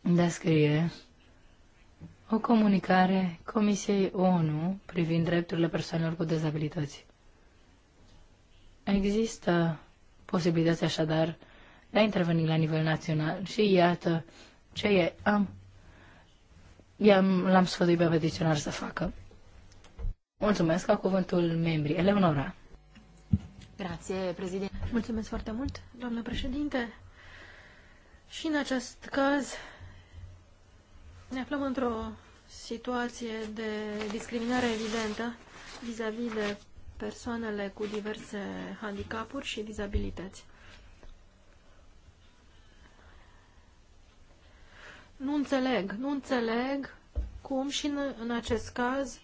de a scrie o comunicare Comisiei ONU privind drepturile persoanelor cu dezabilități. Există posibilitatea așadar de a interveni la nivel național și iată ce am, i-am, l-am sfătuit pe petiționar să facă. Mulțumesc, ca cuvântul membrii. Eleonora. Grație, președinte. Mulțumesc foarte mult, doamnă președinte. Și în acest caz ne aflăm într-o situație de discriminare evidentă vis-a-vis -vis de persoanele cu diverse handicapuri și dizabilități. Nu înțeleg, nu înțeleg cum și în, în acest caz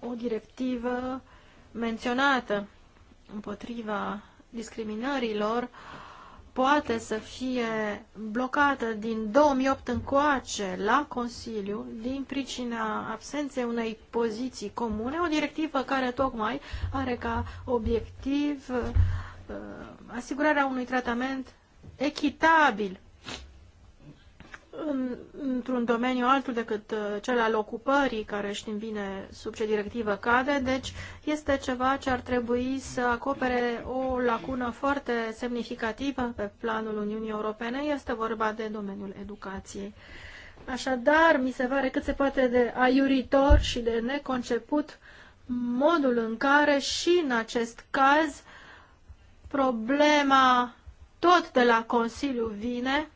o directivă menționată împotriva discriminărilor poate să fie blocată din 2008 încoace la Consiliu din pricina absenței unei poziții comune, o directivă care tocmai are ca obiectiv uh, asigurarea unui tratament echitabil într-un domeniu altul decât uh, cel al ocupării, care știm bine sub ce directivă cade, deci este ceva ce ar trebui să acopere o lacună foarte semnificativă pe planul Uniunii Europene, este vorba de domeniul educației. Așadar, mi se pare cât se poate de aiuritor și de neconceput modul în care și în acest caz problema tot de la Consiliu vine,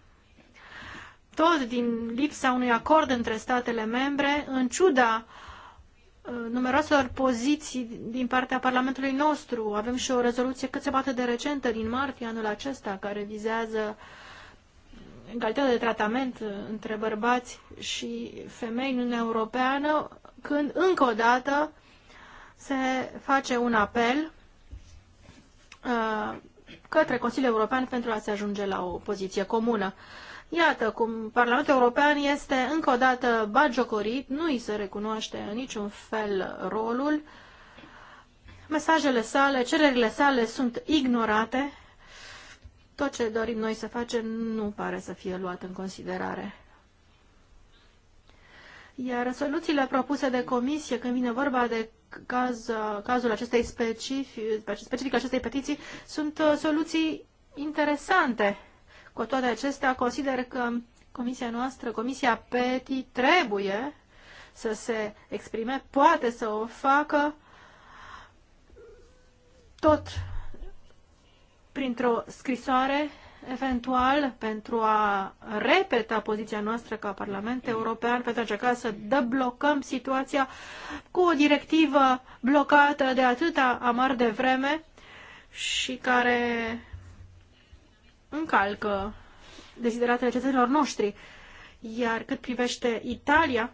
tot din lipsa unui acord între statele membre, în ciuda uh, numeroaselor poziții din partea Parlamentului nostru. Avem și o rezoluție cât se poate de recentă din martie anul acesta care vizează egalitatea de tratament uh, între bărbați și femei în Uniunea Europeană, când încă o dată se face un apel uh, către Consiliul European pentru a se ajunge la o poziție comună. Uh, Iată cum Parlamentul European este încă o dată bagiocorit, nu îi se recunoaște în niciun fel rolul, mesajele sale, cererile sale sunt ignorate, tot ce dorim noi să facem nu pare să fie luat în considerare. Iar soluțiile propuse de comisie când vine vorba de caz, cazul acestei specific, specific acestei petiții sunt uh, soluții interesante. Cu toate acestea, consider că comisia noastră, comisia PETI, trebuie să se exprime, poate să o facă tot printr-o scrisoare, eventual, pentru a repeta poziția noastră ca Parlament European, pentru a încerca să deblocăm situația cu o directivă blocată de atâta amar de vreme și care încalcă dezideratele cetățenilor noștri. Iar cât privește Italia,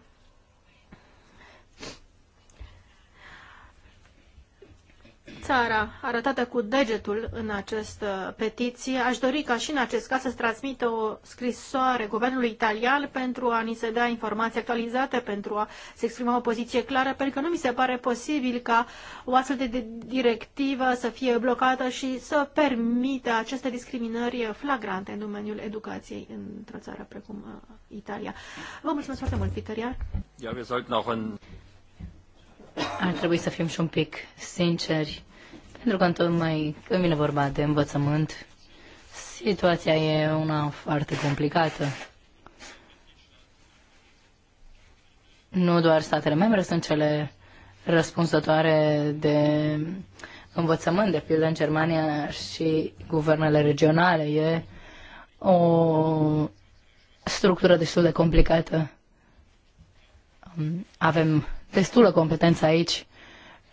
țara arătată cu degetul în această petiție. Aș dori ca și în acest caz să transmită o scrisoare guvernului italian pentru a ni se da informații actualizate, pentru a se exprima o poziție clară, pentru că nu mi se pare posibil ca o astfel de directivă să fie blocată și să permită aceste discriminări flagrante în domeniul educației într-o țară precum uh, Italia. Vă mulțumesc foarte mult, Peter Iar. ar trebui să fim și un pic sinceri. Pentru că mai când vine vorba de învățământ, situația e una foarte complicată. Nu doar statele membre sunt cele răspunsătoare de învățământ, de pildă în Germania și guvernele regionale. E o structură destul de complicată. Avem destulă competență aici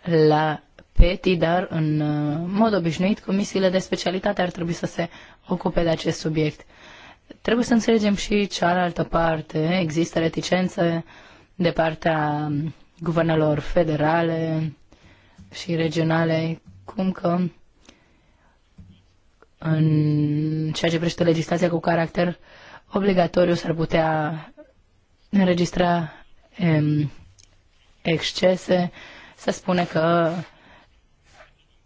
la PETI, dar în uh, mod obișnuit comisiile de specialitate ar trebui să se ocupe de acest subiect. Trebuie să înțelegem și cealaltă parte. Există reticențe de partea um, guvernelor federale și regionale, cum că în ceea ce privește legislația cu caracter obligatoriu s-ar putea înregistra em, um, excese. Se spune că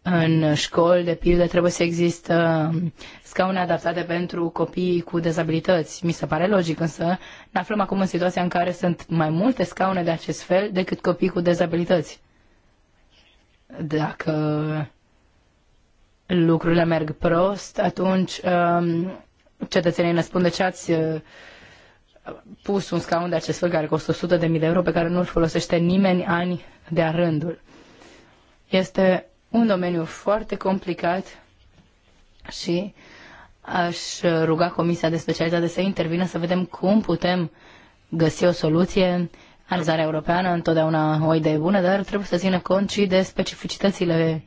în școli, de pildă, trebuie să există scaune adaptate pentru copiii cu dezabilități. Mi se pare logic, însă ne aflăm acum în situația în care sunt mai multe scaune de acest fel decât copii cu dezabilități. Dacă lucrurile merg prost, atunci um, cetățenii ne spun de ce ați uh, pus un scaun de acest fel care costă 100.000 de de euro pe care nu-l folosește nimeni ani de-a rândul. Este un domeniu foarte complicat și aș ruga Comisia de Specialitate să intervină să vedem cum putem găsi o soluție. Analizarea europeană întotdeauna o idee bună, dar trebuie să țină cont și de specificitățile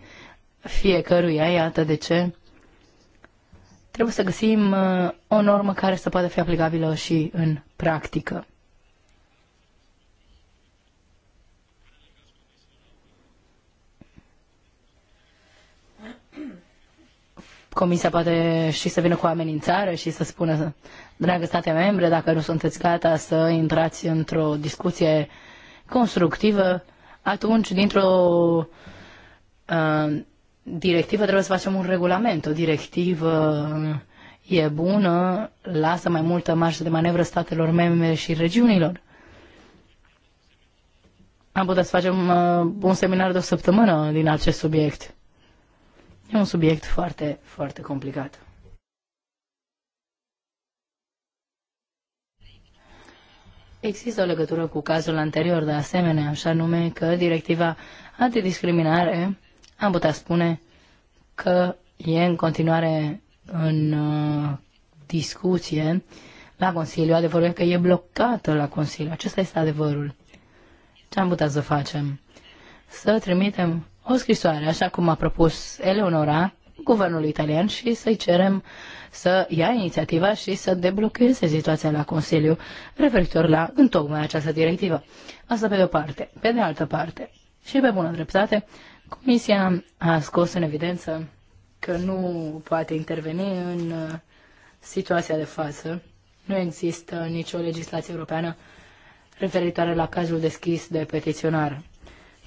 fiecăruia. Iată de ce trebuie să găsim uh, o normă care să poată fi aplicabilă și în practică. Comisia poate și să vină cu amenințare și să spună, dragă state membre, dacă nu sunteți gata să intrați într-o discuție constructivă, atunci, dintr-o uh, directivă, trebuie să facem un regulament. O directivă uh, e bună, lasă mai multă marjă de manevră statelor membre și regiunilor. Am putea să facem uh, un seminar de o săptămână din acest subiect. E un subiect foarte, foarte complicat. Există o legătură cu cazul anterior, de asemenea, așa nume că directiva antidiscriminare, am putea spune că e în continuare în uh, discuție la Consiliu. Adevărul e că e blocată la Consiliu. Acesta este adevărul. Ce am putea să facem? Să trimitem o scrisoare, așa cum a propus Eleonora, guvernul italian și să-i cerem să ia inițiativa și să deblocheze situația la Consiliu referitor la întocmai această directivă. Asta pe de o parte. Pe de altă parte, și pe bună dreptate, Comisia a scos în evidență că nu poate interveni în uh, situația de față. Nu există nicio legislație europeană referitoare la cazul deschis de petiționar.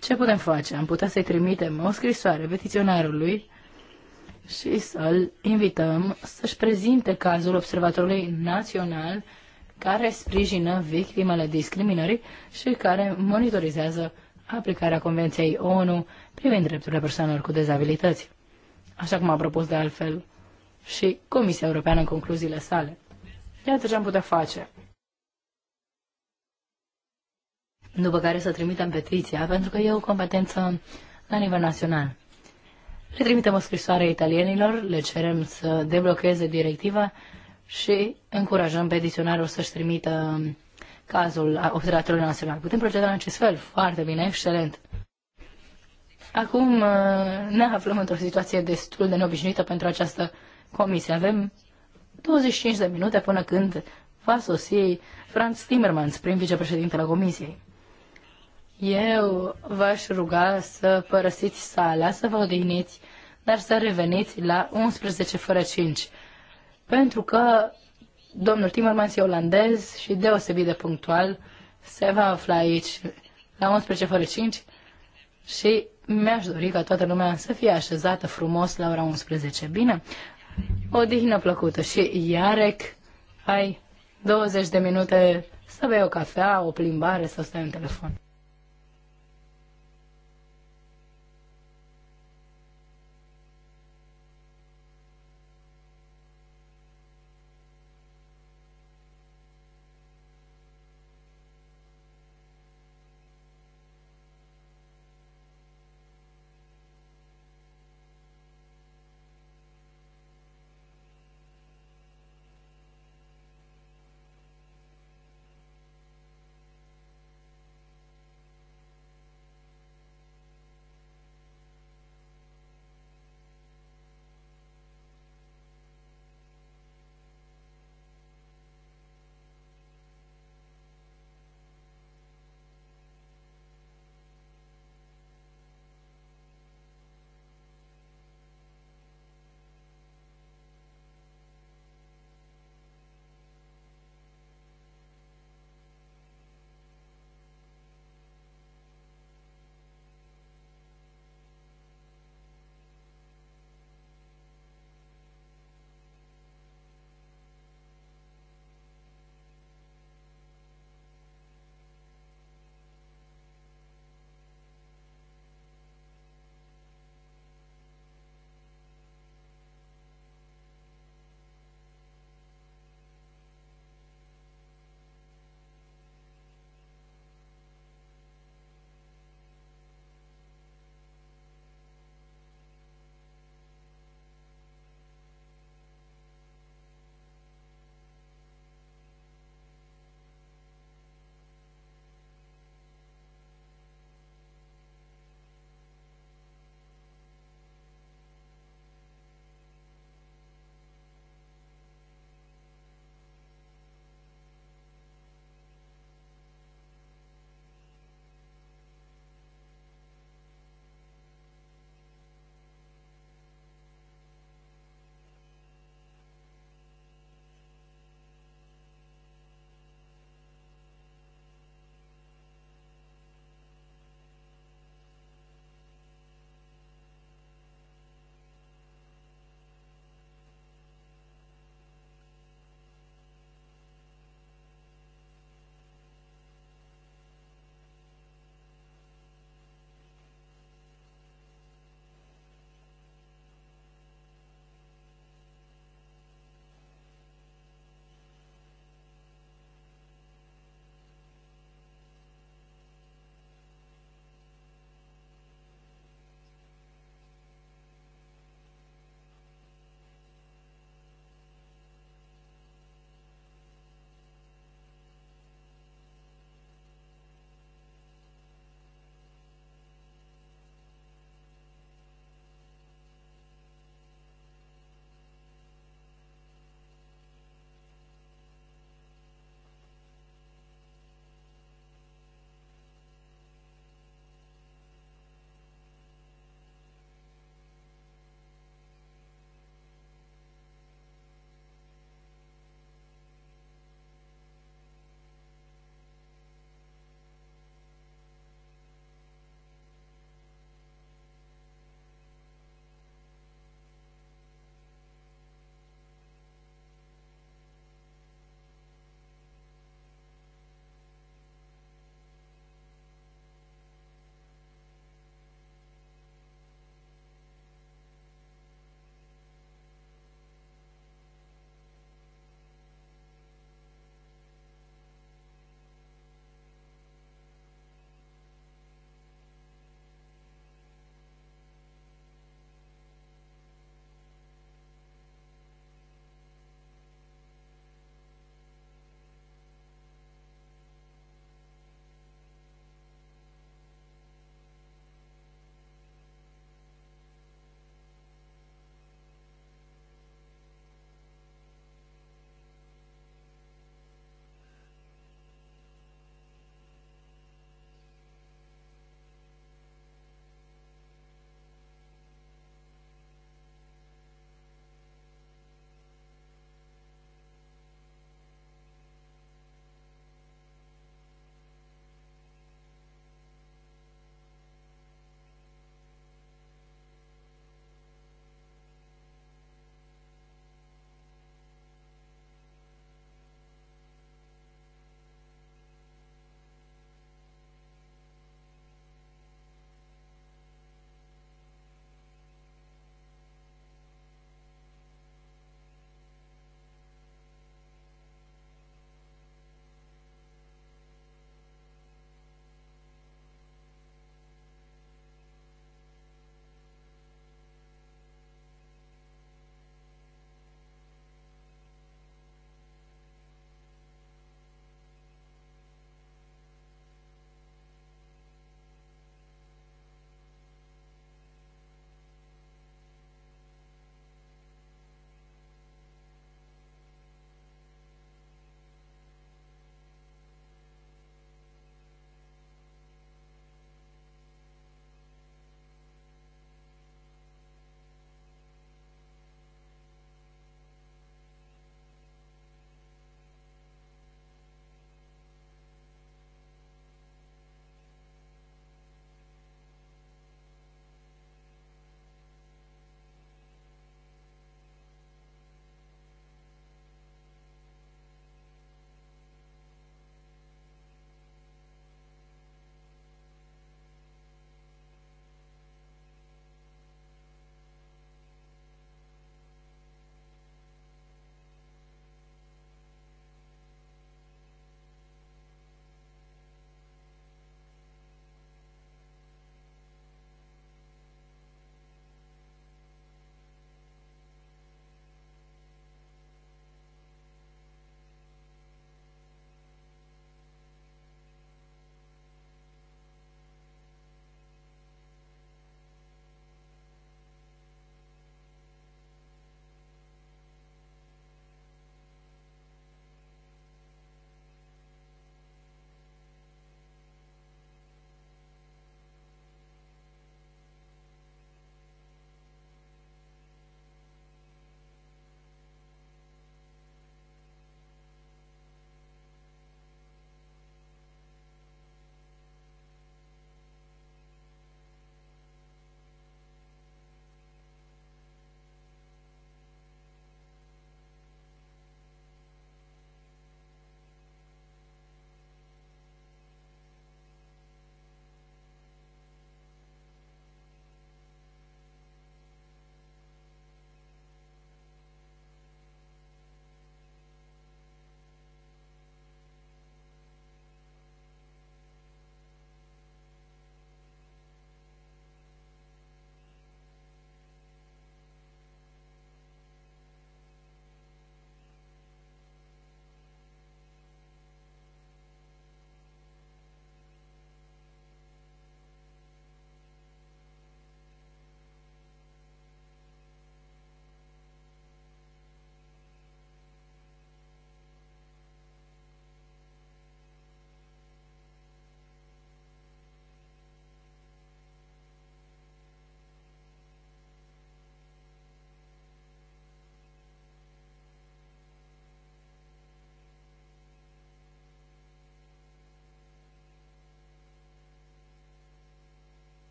Ce putem face? Am putea să-i trimitem o scrisoare petiționarului și să-l invităm să-și prezinte cazul Observatorului Național care sprijină victimele discriminării și care monitorizează aplicarea Convenției ONU privind drepturile persoanelor cu dezabilități, așa cum a propus de altfel și Comisia Europeană în concluziile sale. Iată ce am putea face. după care să trimitem petiția, pentru că e o competență la nivel național. Le trimitem o scrisoare italienilor, le cerem să deblocheze directiva și încurajăm petiționarul să-și trimită cazul Observatorului Național. Putem proceda în acest fel. Foarte bine, excelent. Acum uh, ne aflăm într-o situație destul de neobișnuită pentru această comisie. Avem 25 de minute până când va sosi Franz Timmermans, prim vicepreședintele Comisiei. Eu v-aș ruga să părăsiți sala, să vă odihniți, dar să reveniți la 11 fără 5. Pentru că domnul Timmermans e olandez și deosebit de punctual, se va afla aici la 11 fără 5 și mi-aș dori ca toată lumea să fie așezată frumos la ora 11. Bine? O dihnă plăcută și Iarec, ai 20 de minute să bei o cafea, o plimbare sau să stai în telefon.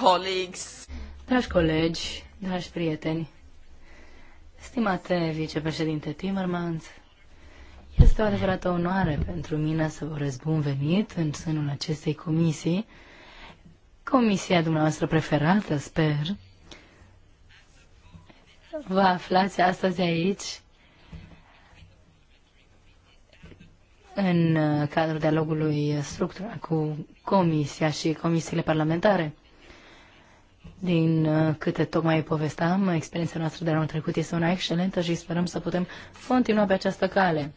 colleagues. Dragi colegi, dragi prieteni, stimate vicepreședinte Timmermans, este o adevărată onoare pentru mine să vă urez bun venit în sânul acestei comisii, comisia dumneavoastră preferată, sper. Vă aflați astăzi aici în cadrul dialogului structural cu Comisia și comisiile parlamentare. Din uh, câte tocmai povesteam, experiența noastră de anul trecut este una excelentă și sperăm să putem continua pe această cale.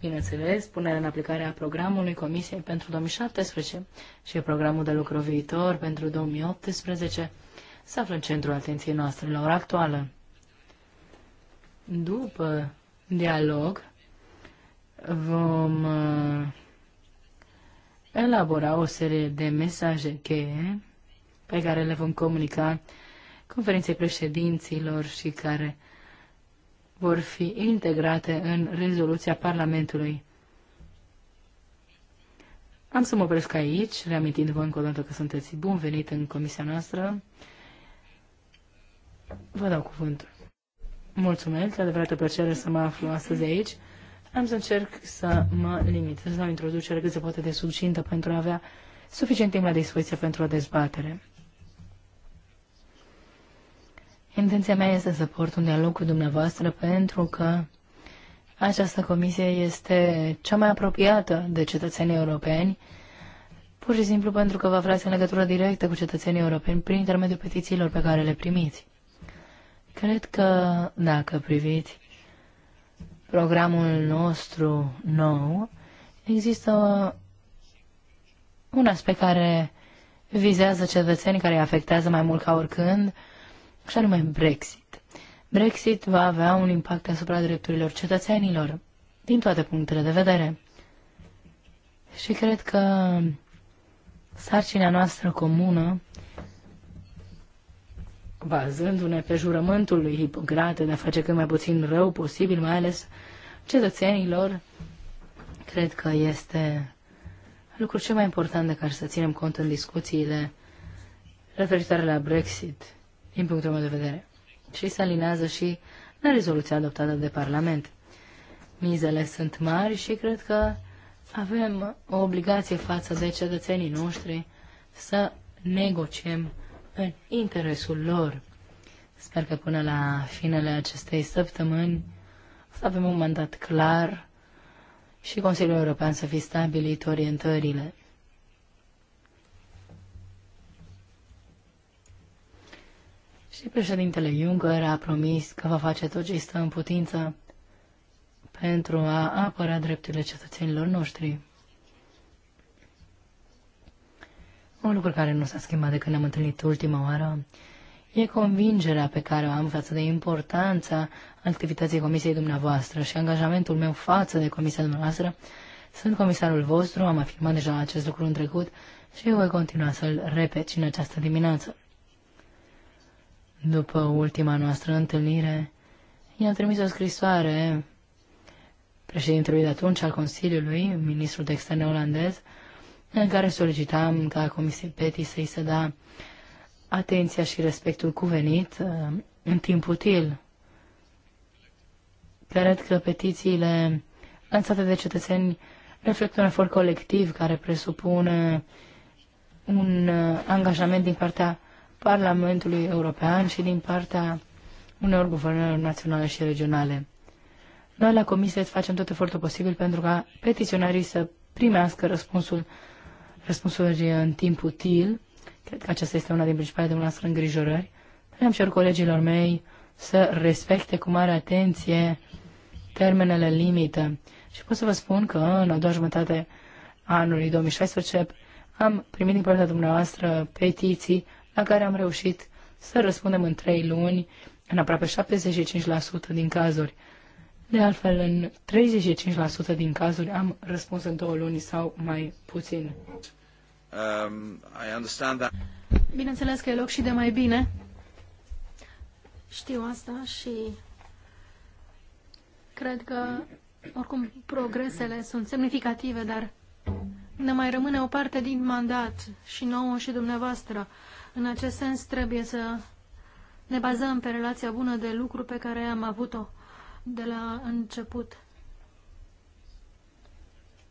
Bineînțeles, punerea în aplicare a programului Comisiei pentru 2017 și programul de lucru viitor pentru 2018 se află în centrul atenției noastre la ora actuală. După dialog, vom uh, elabora o serie de mesaje cheie pe care le vom comunica conferinței președinților și care vor fi integrate în rezoluția Parlamentului. Am să mă opresc aici, reamintindu-vă încă o dată că sunteți bun venit în comisia noastră. Vă dau cuvântul. Mulțumesc, adevărată plăcere să mă aflu astăzi aici. Am să încerc să mă limitez la o introducere cât se poate de succintă pentru a avea suficient timp la dispoziție pentru o dezbatere. Intenția mea este să port un dialog cu dumneavoastră pentru că această comisie este cea mai apropiată de cetățenii europeni, pur și simplu pentru că vă aflați în legătură directă cu cetățenii europeni prin intermediul petițiilor pe care le primiți. Cred că dacă priviți programul nostru nou, există un aspect care vizează cetățenii care îi afectează mai mult ca oricând, și nume Brexit. Brexit va avea un impact asupra drepturilor cetățenilor, din toate punctele de vedere. Și cred că sarcina noastră comună, bazându-ne pe jurământul lui Hipocrate de a face cât mai puțin rău posibil, mai ales cetățenilor, cred că este lucrul cel mai important de care să ținem cont în discuțiile referitoare la Brexit din punctul meu de vedere, și se alinează și la rezoluția adoptată de Parlament. Mizele sunt mari și cred că avem o obligație față de cetățenii noștri să negociem în interesul lor. Sper că până la finele acestei săptămâni să avem un mandat clar și Consiliul European să fi stabilit orientările. Și președintele Juncker a promis că va face tot ce stă în putință pentru a apăra drepturile cetățenilor noștri. Un lucru care nu s-a schimbat de când ne-am întâlnit ultima oară e convingerea pe care o am față de importanța activității comisiei dumneavoastră și angajamentul meu față de comisia dumneavoastră. Sunt comisarul vostru, am afirmat deja acest lucru în trecut și eu voi continua să-l repet și în această dimineață. După ultima noastră întâlnire, i-am trimis o scrisoare președintelui de atunci al Consiliului, ministrul de externe olandez, în care solicitam ca Comisiei PETI să-i se da atenția și respectul cuvenit uh, în timp util. Cred că petițiile lansate de cetățeni reflectă un efort colectiv care presupune un uh, angajament din partea Parlamentului European și din partea unor guvernări naționale și regionale. Noi la comisie îți facem tot efortul posibil pentru ca petiționarii să primească răspunsul, răspunsuri în timp util. Cred că aceasta este una din principalele noastre îngrijorări. Le-am cer colegilor mei să respecte cu mare atenție termenele limită. Și pot să vă spun că în a doua jumătate a anului 2016 am primit din partea dumneavoastră petiții la care am reușit să răspundem în trei luni, în aproape 75% din cazuri. De altfel, în 35% din cazuri am răspuns în două luni sau mai puțin. Um, I understand that. Bineînțeles că e loc și de mai bine. Știu asta și cred că oricum progresele sunt semnificative, dar ne mai rămâne o parte din mandat și nouă și dumneavoastră. În acest sens trebuie să ne bazăm pe relația bună de lucru pe care am avut-o de la început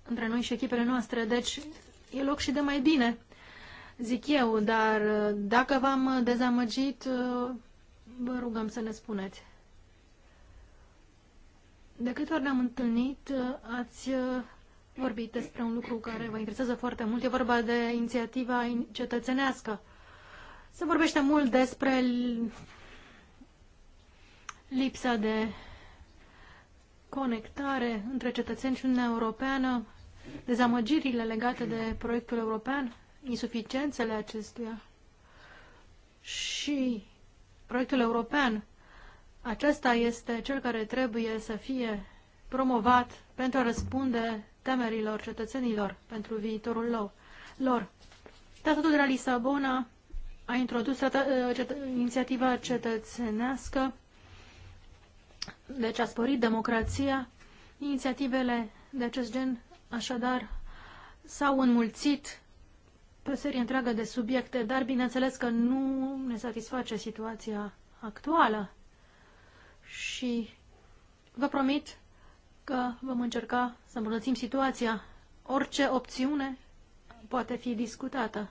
între noi și echipele noastre. Deci e loc și de mai bine, zic eu, dar uh, dacă v-am dezamăgit, uh, vă rugăm să ne spuneți. De câte ori ne-am întâlnit, uh, ați vorbit despre un lucru care vă interesează foarte mult. E vorba de inițiativa cetățenească. Se vorbește mult despre lipsa de conectare între cetățeni și Uniunea Europeană, dezamăgirile legate de proiectul european, insuficiențele acestuia și proiectul european. Acesta este cel care trebuie să fie promovat pentru a răspunde temerilor cetățenilor pentru viitorul lor. Statutul de la Lisabona a introdus uh, inițiativa cetățenească, deci a sporit democrația. Inițiativele de acest gen, așadar, s-au înmulțit pe o serie întreagă de subiecte, dar bineînțeles că nu ne satisface situația actuală. Și vă promit că vom încerca să îmbunătățim situația. Orice opțiune poate fi discutată.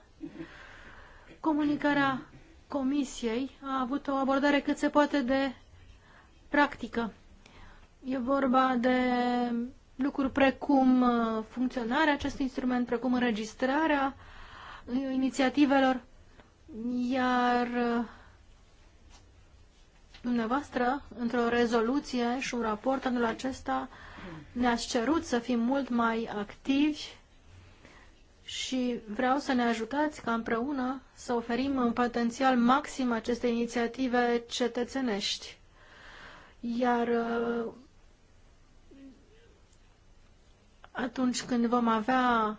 Comunicarea Comisiei a avut o abordare cât se poate de practică. E vorba de lucruri precum uh, funcționarea acestui instrument, precum înregistrarea uh, inițiativelor, iar uh, dumneavoastră, într-o rezoluție și un raport anul acesta, ne-ați cerut să fim mult mai activi și vreau să ne ajutați ca împreună să oferim un potențial maxim aceste inițiative cetățenești. Iar uh, atunci când vom avea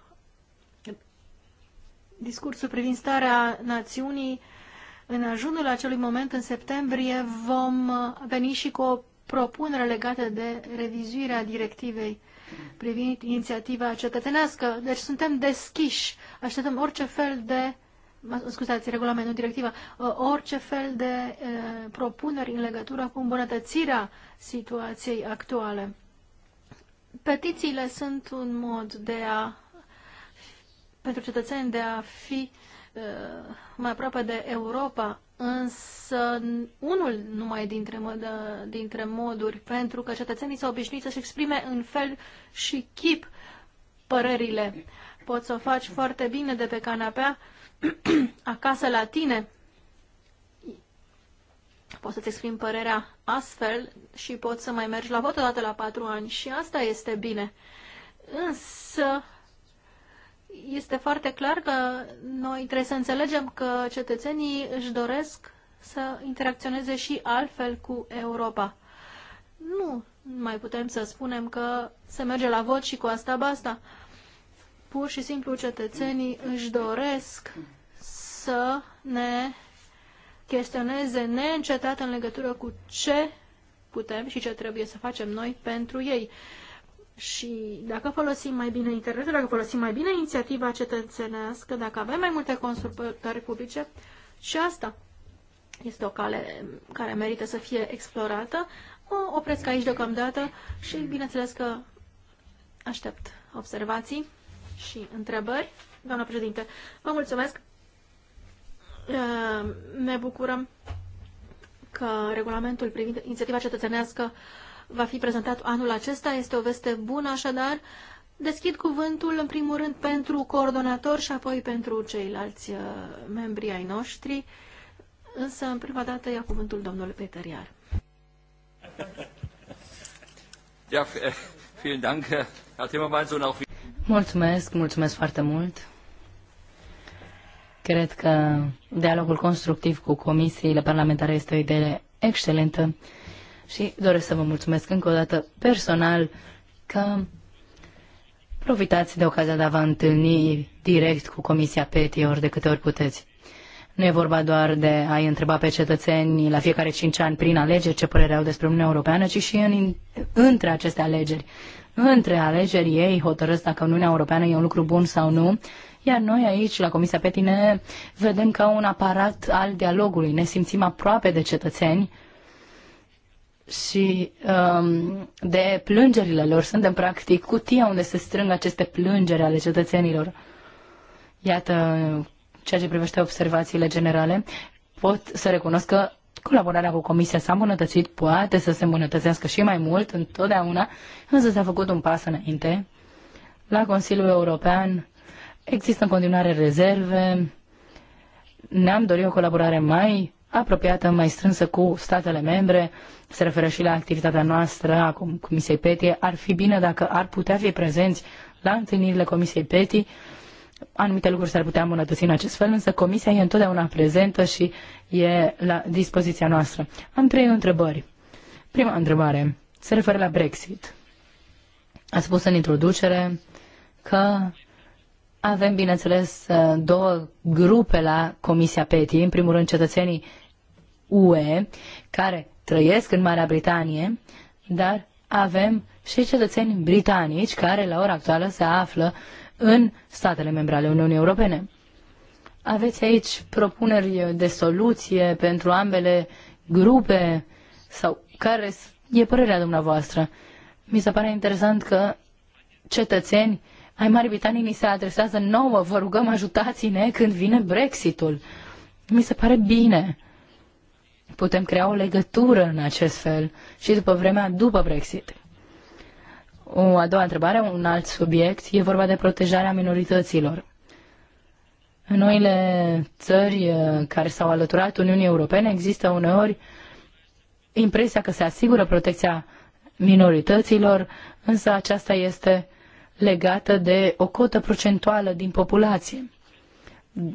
discursul privind starea națiunii, în ajunul acelui moment, în septembrie, vom veni și cu o propunere legată de revizuirea directivei privind inițiativa cetățenească. Deci suntem deschiși, așteptăm orice fel de scuzați, nu directiva, uh, orice fel de uh, propuneri în legătură cu îmbunătățirea situației actuale. Petițiile sunt un mod de a, pentru cetățeni de a fi uh, mai aproape de Europa, însă unul numai dintre, mod, dintre moduri, pentru că cetățenii s-au obișnuit să-și exprime în fel și chip părerile. Poți să o faci foarte bine de pe canapea, acasă la tine. Poți să-ți exprimi părerea astfel și poți să mai mergi la vot odată la patru ani și asta este bine. Însă, este foarte clar că noi trebuie să înțelegem că cetățenii își doresc să interacționeze și altfel cu Europa. Nu mai putem să spunem că se merge la vot și cu asta basta. Pur și simplu cetățenii își doresc să ne chestioneze neîncetat în legătură cu ce putem și ce trebuie să facem noi pentru ei. Și dacă folosim mai bine internetul, dacă folosim mai bine inițiativa cetățenească, dacă avem mai multe consultări publice, și asta este o cale care merită să fie explorată. O opresc aici deocamdată și bineînțeles că aștept observații și întrebări. Doamna președinte, vă mulțumesc. Ehm, ne bucurăm că regulamentul privind inițiativa cetățenească va fi prezentat anul acesta. Este o veste bună, așadar. Deschid cuvântul, în primul rând, pentru coordonator și apoi pentru ceilalți uh, membri ai noștri. Însă, în prima dată, ia cuvântul domnul Peter Iar. Eh, mulțumesc, mulțumesc foarte mult. Cred că dialogul constructiv cu comisiile parlamentare este o idee excelentă și doresc să vă mulțumesc încă o dată personal că profitați de ocazia de a vă întâlni direct cu Comisia PETI ori de câte ori puteți. Nu e vorba doar de a-i întreba pe cetățeni la fiecare cinci ani prin alegeri ce părere au despre Uniunea Europeană, ci și în, între aceste alegeri. Între alegeri ei hotărăsc dacă Uniunea Europeană e un lucru bun sau nu, iar noi aici, la Comisia Petine, vedem ca un aparat al dialogului. Ne simțim aproape de cetățeni și um, de plângerile lor. Suntem practic cutia unde se strâng aceste plângeri ale cetățenilor. Iată, ceea ce privește observațiile generale, pot să recunosc că colaborarea cu Comisia s-a îmbunătățit, poate să se îmbunătățească și mai mult întotdeauna, însă s-a făcut un pas înainte. La Consiliul European există în continuare rezerve, ne-am dorit o colaborare mai apropiată, mai strânsă cu statele membre, se referă și la activitatea noastră a Comisiei PETI, ar fi bine dacă ar putea fi prezenți la întâlnirile Comisiei PETI, anumite lucruri s-ar putea îmbunătăți în acest fel, însă comisia e întotdeauna prezentă și e la dispoziția noastră. Am trei întrebări. Prima întrebare se referă la Brexit. A spus în introducere că avem, bineînțeles, două grupe la Comisia PETI. În primul rând, cetățenii UE care trăiesc în Marea Britanie, dar avem și cetățeni britanici care la ora actuală se află în statele membre ale Uniunii Europene. Aveți aici propuneri de soluție pentru ambele grupe sau care e părerea dumneavoastră? Mi se pare interesant că cetățeni ai Marii Britanii ni se adresează nouă, vă rugăm ajutați-ne când vine Brexitul. Mi se pare bine. Putem crea o legătură în acest fel și după vremea după Brexit. O a doua întrebare, un alt subiect, e vorba de protejarea minorităților. În noile țări uh, care s-au alăturat Uniunii Europene există uneori impresia că se asigură protecția minorităților, însă aceasta este legată de o cotă procentuală din populație.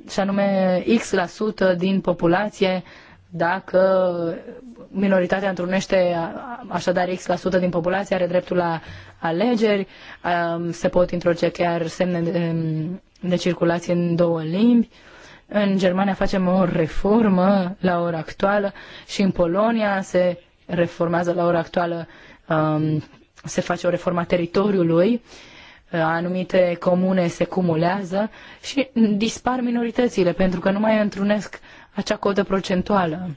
Și anume X% din populație dacă minoritatea întrunește așadar X% din populație, are dreptul la alegeri, se pot introduce chiar semne de, de circulație în două limbi. În Germania facem o reformă la ora actuală și în Polonia se reformează la ora actuală, se face o reformă a teritoriului anumite comune se cumulează și dispar minoritățile pentru că nu mai întrunesc acea cotă procentuală.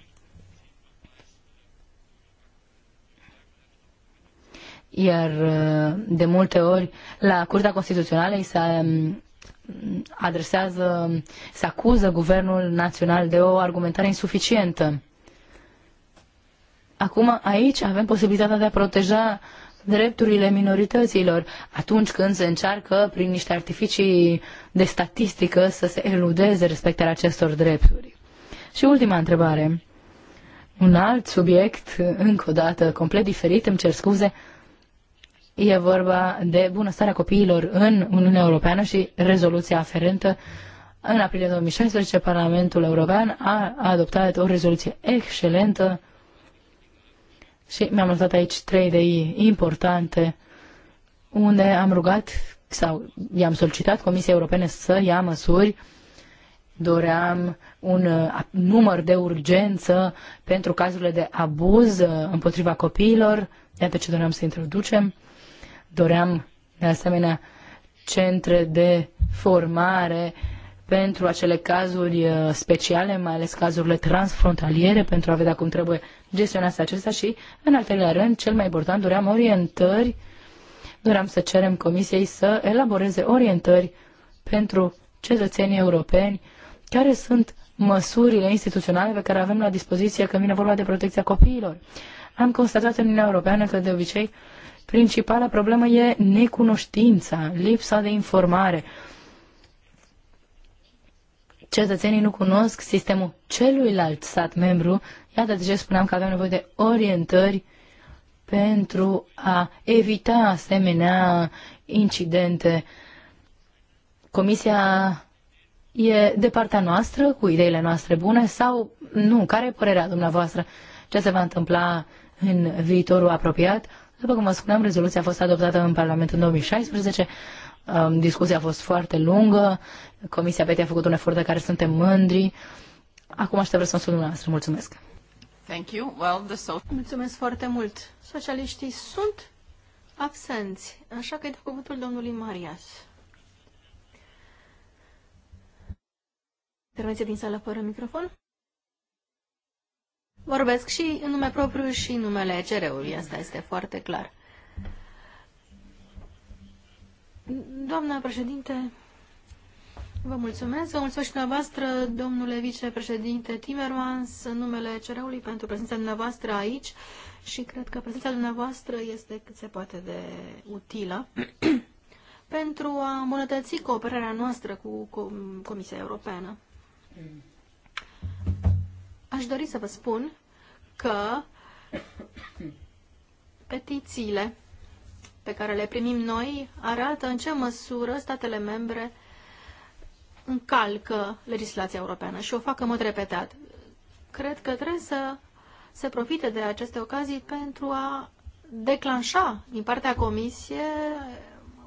Iar uh, de multe ori la Curtea Constituțională îi se um, adresează, se acuză Guvernul Național de o argumentare insuficientă. Acum aici avem posibilitatea de a proteja drepturile minorităților atunci când se încearcă prin niște artificii de statistică să se eludeze respectarea acestor drepturi. Și ultima întrebare. Un alt subiect, încă o dată, complet diferit, îmi cer scuze, e vorba de bunăstarea copiilor în Uniunea Europeană și rezoluția aferentă. În aprilie 2016, Parlamentul European a adoptat o rezoluție excelentă și mi-am notat aici trei idei importante unde am rugat sau i-am solicitat Comisiei Europene să ia măsuri doream un uh, număr de urgență pentru cazurile de abuz uh, împotriva copiilor, iată ce doream să introducem. Doream, de asemenea, centre de formare pentru acele cazuri uh, speciale, mai ales cazurile transfrontaliere, pentru a vedea cum trebuie gestionați acestea și, în al treilea rând, cel mai important, doream orientări, doream să cerem Comisiei să elaboreze orientări pentru cetățenii europeni care sunt măsurile instituționale pe care avem la dispoziție când vine vorba de protecția copiilor. Am constatat în Uniunea Europeană că de obicei principala problemă e necunoștința, lipsa de informare. Cetățenii nu cunosc sistemul celuilalt stat membru. Iată de ce spuneam că avem nevoie de orientări pentru a evita asemenea incidente. Comisia e de partea noastră, cu ideile noastre bune sau nu? Care e părerea dumneavoastră? Ce se va întâmpla în viitorul apropiat? După cum vă spuneam, rezoluția a fost adoptată în Parlament în 2016, um, discuția a fost foarte lungă, Comisia PETI a făcut un efort de care suntem mândri. Acum aștept răspunsul dumneavoastră. Mulțumesc! Thank you. Well, the social... Mulțumesc foarte mult! Socialiștii sunt absenți, așa că e de cuvântul domnului Marias. Intervenție din sală fără microfon. Vorbesc și în nume propriu și în numele CR-ului, asta este foarte clar. Doamna președinte, vă mulțumesc. Vă mulțumesc și dumneavoastră, domnule vicepreședinte Timmermans, în numele CR-ului pentru prezența dumneavoastră aici și cred că prezența dumneavoastră este cât se poate de utilă pentru a îmbunătăți cooperarea noastră cu Comisia Europeană. Aș dori să vă spun că petițiile pe care le primim noi arată în ce măsură statele membre încalcă legislația europeană și o fac în mod repetat. Cred că trebuie să se profite de aceste ocazii pentru a declanșa din partea Comisiei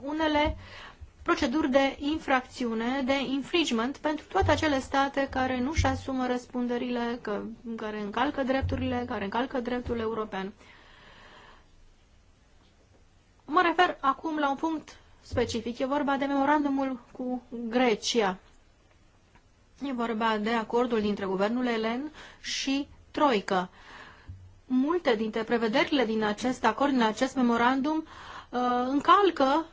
unele proceduri de infracțiune, de infringement pentru toate acele state care nu și asumă răspunderile, că, care încalcă drepturile, care încalcă dreptul european. Mă refer acum la un punct specific. E vorba de memorandumul cu Grecia. E vorba de acordul dintre guvernul elen și Troică. Multe dintre prevederile din acest acord, din acest memorandum, uh, încalcă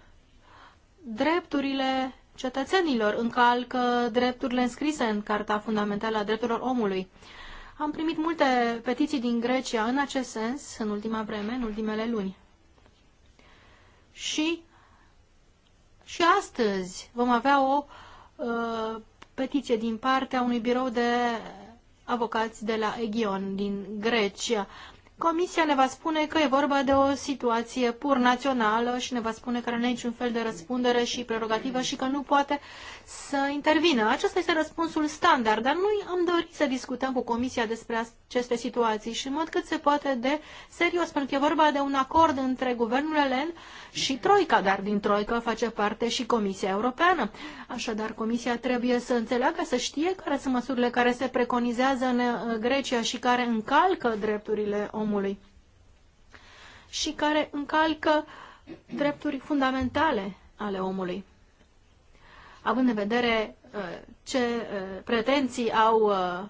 drepturile cetățenilor, încalcă drepturile înscrise în Carta Fundamentală a Drepturilor Omului. Am primit multe petiții din Grecia în acest sens în ultima vreme, în ultimele luni. Și, și astăzi vom avea o uh, petiție din partea unui birou de avocați de la Egion, din Grecia. Comisia ne va spune că e vorba de o situație pur națională și ne va spune că nu are niciun fel de răspundere și prerogativă și că nu poate să intervină. Acesta este răspunsul standard, dar noi am dorit să discutăm cu Comisia despre aceste situații și în mod cât se poate de serios, pentru că e vorba de un acord între guvernul elen și Troica, dar din Troica face parte și Comisia Europeană. Așadar, Comisia trebuie să înțeleagă, să știe care sunt măsurile care se preconizează în uh, Grecia și care încalcă drepturile omului și care încalcă drepturi fundamentale ale omului având în vedere uh, ce uh, pretenții au uh,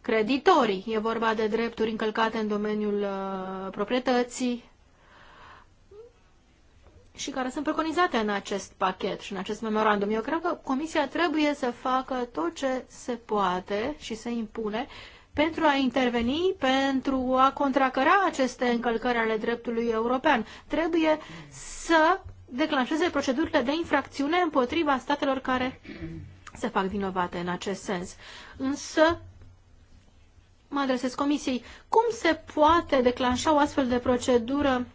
creditorii. E vorba de drepturi încălcate în domeniul proprietății și care sunt preconizate în acest pachet și în acest memorandum. Eu cred că Comisia trebuie să facă tot ce se poate și se impune pentru a interveni, pentru a contracăra aceste încălcări ale dreptului european. Trebuie să declanșeze procedurile de infracțiune împotriva statelor care se fac vinovate în acest sens. Însă, mă adresez comisiei, cum se poate declanșa o astfel de procedură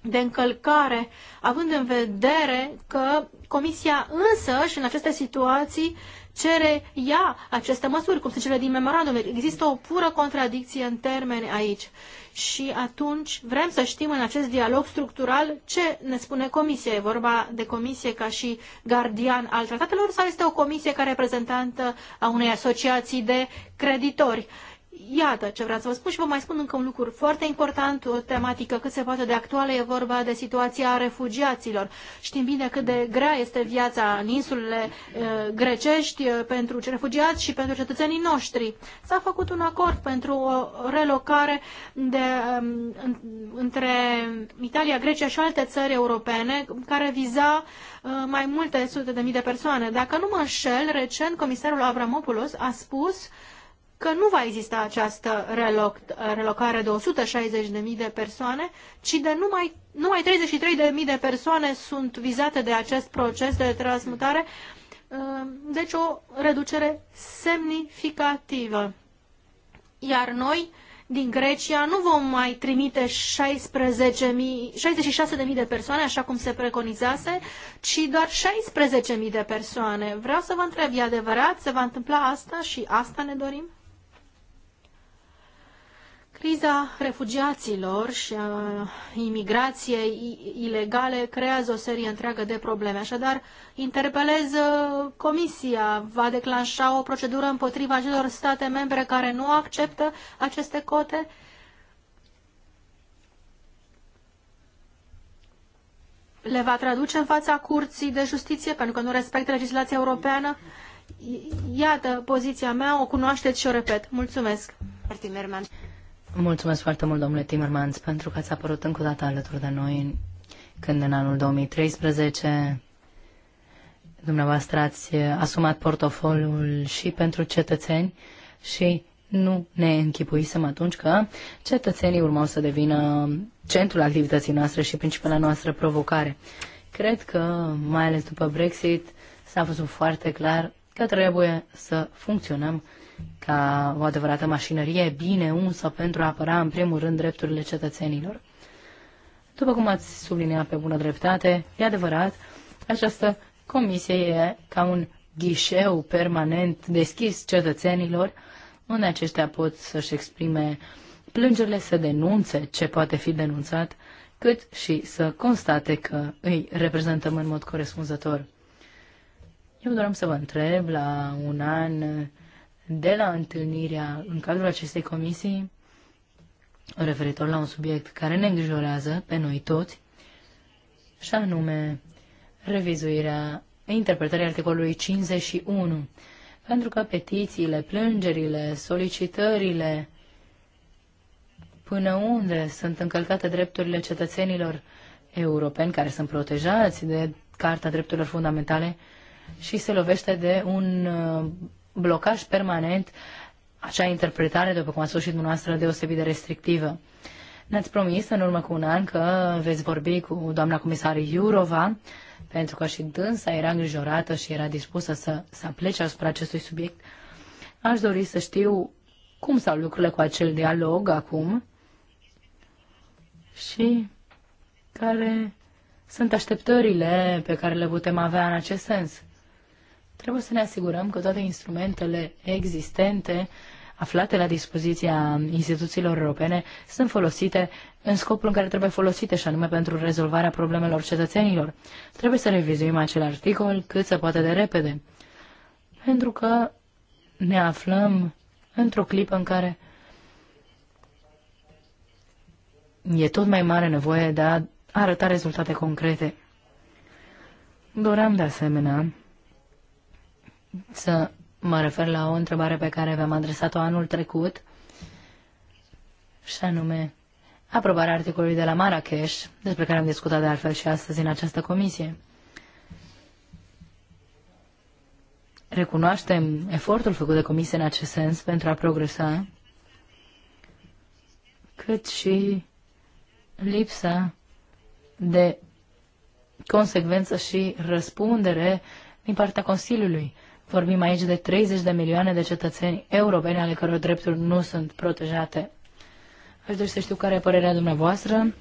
de încălcare, având în vedere că comisia însă și în aceste situații cere ea aceste măsuri, cum sunt cele din memorandum. Există o pură contradicție în termeni aici și atunci vrem să știm în acest dialog structural ce ne spune Comisia. E vorba de Comisie ca și gardian al tratatelor sau este o Comisie ca reprezentantă a unei asociații de creditori? Uh, Iată ce vreau să vă spun și vă mai spun încă un lucru foarte important, o tematică cât se poate de actuală, e vorba de situația refugiaților. Știm bine cât de grea este viața în insulele grecești pentru refugiați și pentru cetățenii noștri. S-a făcut un acord pentru o relocare de, um, între Italia, Grecia și alte țări europene care viza mai multe sute de mii de persoane. Dacă nu mă înșel, recent comisarul Avramopoulos a spus uh, că nu va exista această reloc, relocare de 160.000 de persoane, ci de numai, numai 33.000 de persoane sunt vizate de acest proces de transmutare, uh, deci o reducere semnificativă. Iar noi, din Grecia, nu vom mai trimite 16.000, 66.000 de persoane, așa cum se preconizase, ci doar 16.000 de persoane. Vreau să vă întreb, e adevărat? Se va întâmpla asta și asta ne dorim? Criza refugiaților și a imigrației ilegale creează o serie întreagă de probleme. Așadar, interpelez uh, Comisia, va declanșa o procedură împotriva acelor state membre care nu acceptă aceste cote? Le va traduce în fața Curții de Justiție pentru că nu respectă legislația europeană? Iată poziția mea, o cunoașteți și o repet. Mulțumesc! Mulțumesc foarte mult, domnule Timmermans, pentru că ați apărut încă o dată alături de noi când în anul 2013 dumneavoastră ați asumat portofoliul și pentru cetățeni și nu ne închipuisem atunci că cetățenii urmau să devină centrul activității noastre și principala noastră provocare. Cred că, mai ales după Brexit, s-a văzut foarte clar că trebuie să funcționăm ca o adevărată mașinărie bine unsă pentru a apăra în primul rând drepturile cetățenilor. După cum ați subliniat pe bună dreptate, e adevărat, această comisie e ca un ghișeu permanent deschis cetățenilor, unde aceștia pot să-și exprime plângerile, să denunțe ce poate fi denunțat, cât și să constate că îi reprezentăm în mod corespunzător. Eu doream să vă întreb la un an de la întâlnirea în cadrul acestei comisii referitor la un subiect care ne îngrijorează pe noi toți, și anume revizuirea interpretării articolului 51, pentru că petițiile, plângerile, solicitările, până unde sunt încălcate drepturile cetățenilor europeni care sunt protejați de Carta Drepturilor Fundamentale și se lovește de un blocaj permanent acea interpretare, după cum a spus și dumneavoastră, deosebit de restrictivă. Ne-ați promis în urmă cu un an că veți vorbi cu doamna comisar Iurova, pentru că și dânsa era îngrijorată și era dispusă să, să plece asupra acestui subiect. Aș dori să știu cum s-au lucrurile cu acel dialog acum și care sunt așteptările pe care le putem avea în acest sens. Trebuie să ne asigurăm că toate instrumentele existente aflate la dispoziția instituțiilor europene sunt folosite în scopul în care trebuie folosite, și anume pentru rezolvarea problemelor cetățenilor. Trebuie să revizuim acel articol cât se poate de repede, pentru că ne aflăm într-o clipă în care e tot mai mare nevoie de a arăta rezultate concrete. Doream de asemenea să mă refer la o întrebare pe care v-am adresat-o anul trecut, și anume aprobarea articolului de la Marrakesh, despre care am discutat de altfel și astăzi în această comisie. Recunoaștem efortul făcut de comisie în acest sens pentru a progresa, cât și lipsa de consecvență și răspundere din partea Consiliului. Vorbim aici de 30 de milioane de cetățeni europeni ale căror drepturi nu sunt protejate. Aș dori să știu care e părerea dumneavoastră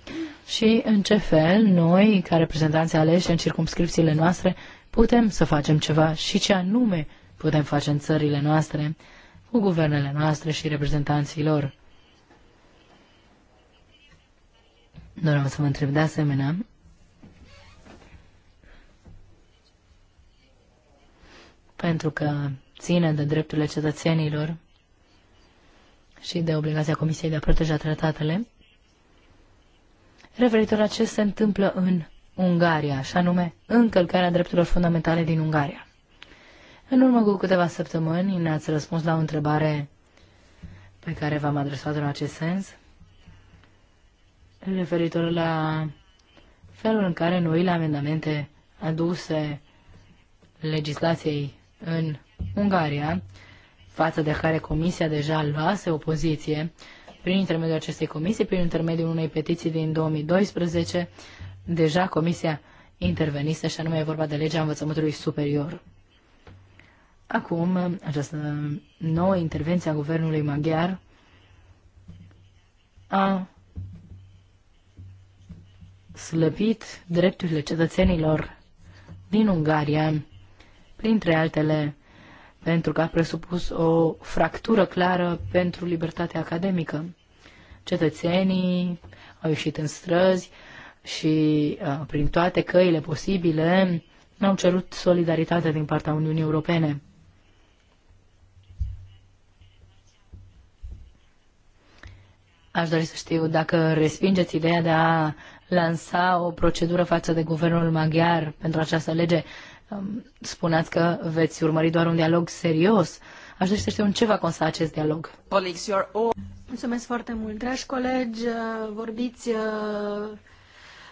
și în ce fel noi, ca reprezentanți aleși în circumscripțiile noastre, putem să facem ceva și ce anume putem face în țările noastre, cu guvernele noastre și reprezentanții lor. Doream să vă întreb de asemenea pentru că ține de drepturile cetățenilor și de obligația Comisiei de a proteja tratatele, referitor la ce se întâmplă în Ungaria, și anume încălcarea drepturilor fundamentale din Ungaria. În urmă cu câteva săptămâni ne-ați răspuns la o întrebare pe care v-am adresat-o în acest sens, referitor la felul în care noile amendamente aduse legislației în Ungaria, față de care Comisia deja luase o poziție prin intermediul acestei comisii, prin intermediul unei petiții din 2012, deja Comisia intervenise și anume e vorba de legea învățământului superior. Acum, această nouă intervenție a guvernului maghiar a slăbit drepturile cetățenilor din Ungaria printre altele, pentru că a presupus o fractură clară pentru libertatea academică. Cetățenii au ieșit în străzi și, uh, prin toate căile posibile, au cerut solidaritate din partea Uniunii Europene. Aș dori să știu dacă respingeți ideea de a lansa o procedură față de guvernul maghiar pentru această lege, spuneați că veți urmări doar un dialog serios. Aș dori să știu în ce va consta acest dialog. Colegi, all... Mulțumesc foarte mult, dragi colegi. Uh, vorbiți uh,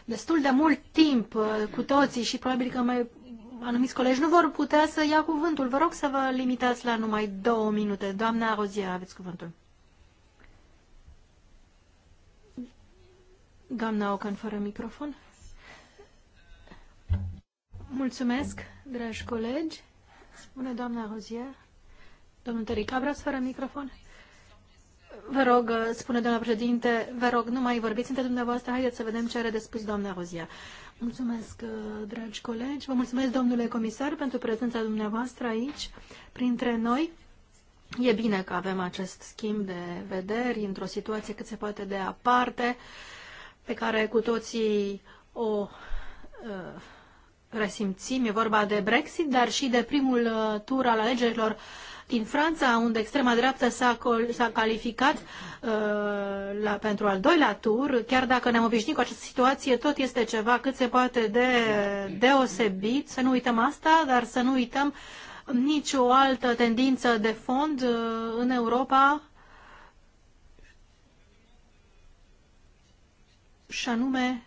destul de mult timp uh, cu toții și probabil că mai anumiți colegi nu vor putea să ia cuvântul. Vă rog să vă limitați la numai două minute. Doamna Rozier, aveți cuvântul. Doamna Ocan, fără microfon. Mulțumesc, dragi colegi. Spune doamna Rozier. Domnul Tărica, vreau fără microfon? Vă rog, spune doamna președinte, vă rog, nu mai vorbiți între dumneavoastră, haideți să vedem ce are de spus doamna Rozia. Mulțumesc, dragi colegi, vă mulțumesc, domnule comisar, pentru prezența dumneavoastră aici, printre noi. E bine că avem acest schimb de vederi într-o situație cât se poate de aparte, pe care cu toții o uh, resimțim. E vorba de Brexit, dar și de primul uh, tur al alegerilor din Franța, unde extrema dreaptă s-a, calificat uh, la, pentru al doilea tur. Chiar dacă ne-am obișnuit cu această situație, tot este ceva cât se poate de deosebit. Să nu uităm asta, dar să nu uităm nicio altă tendință de fond uh, în Europa și anume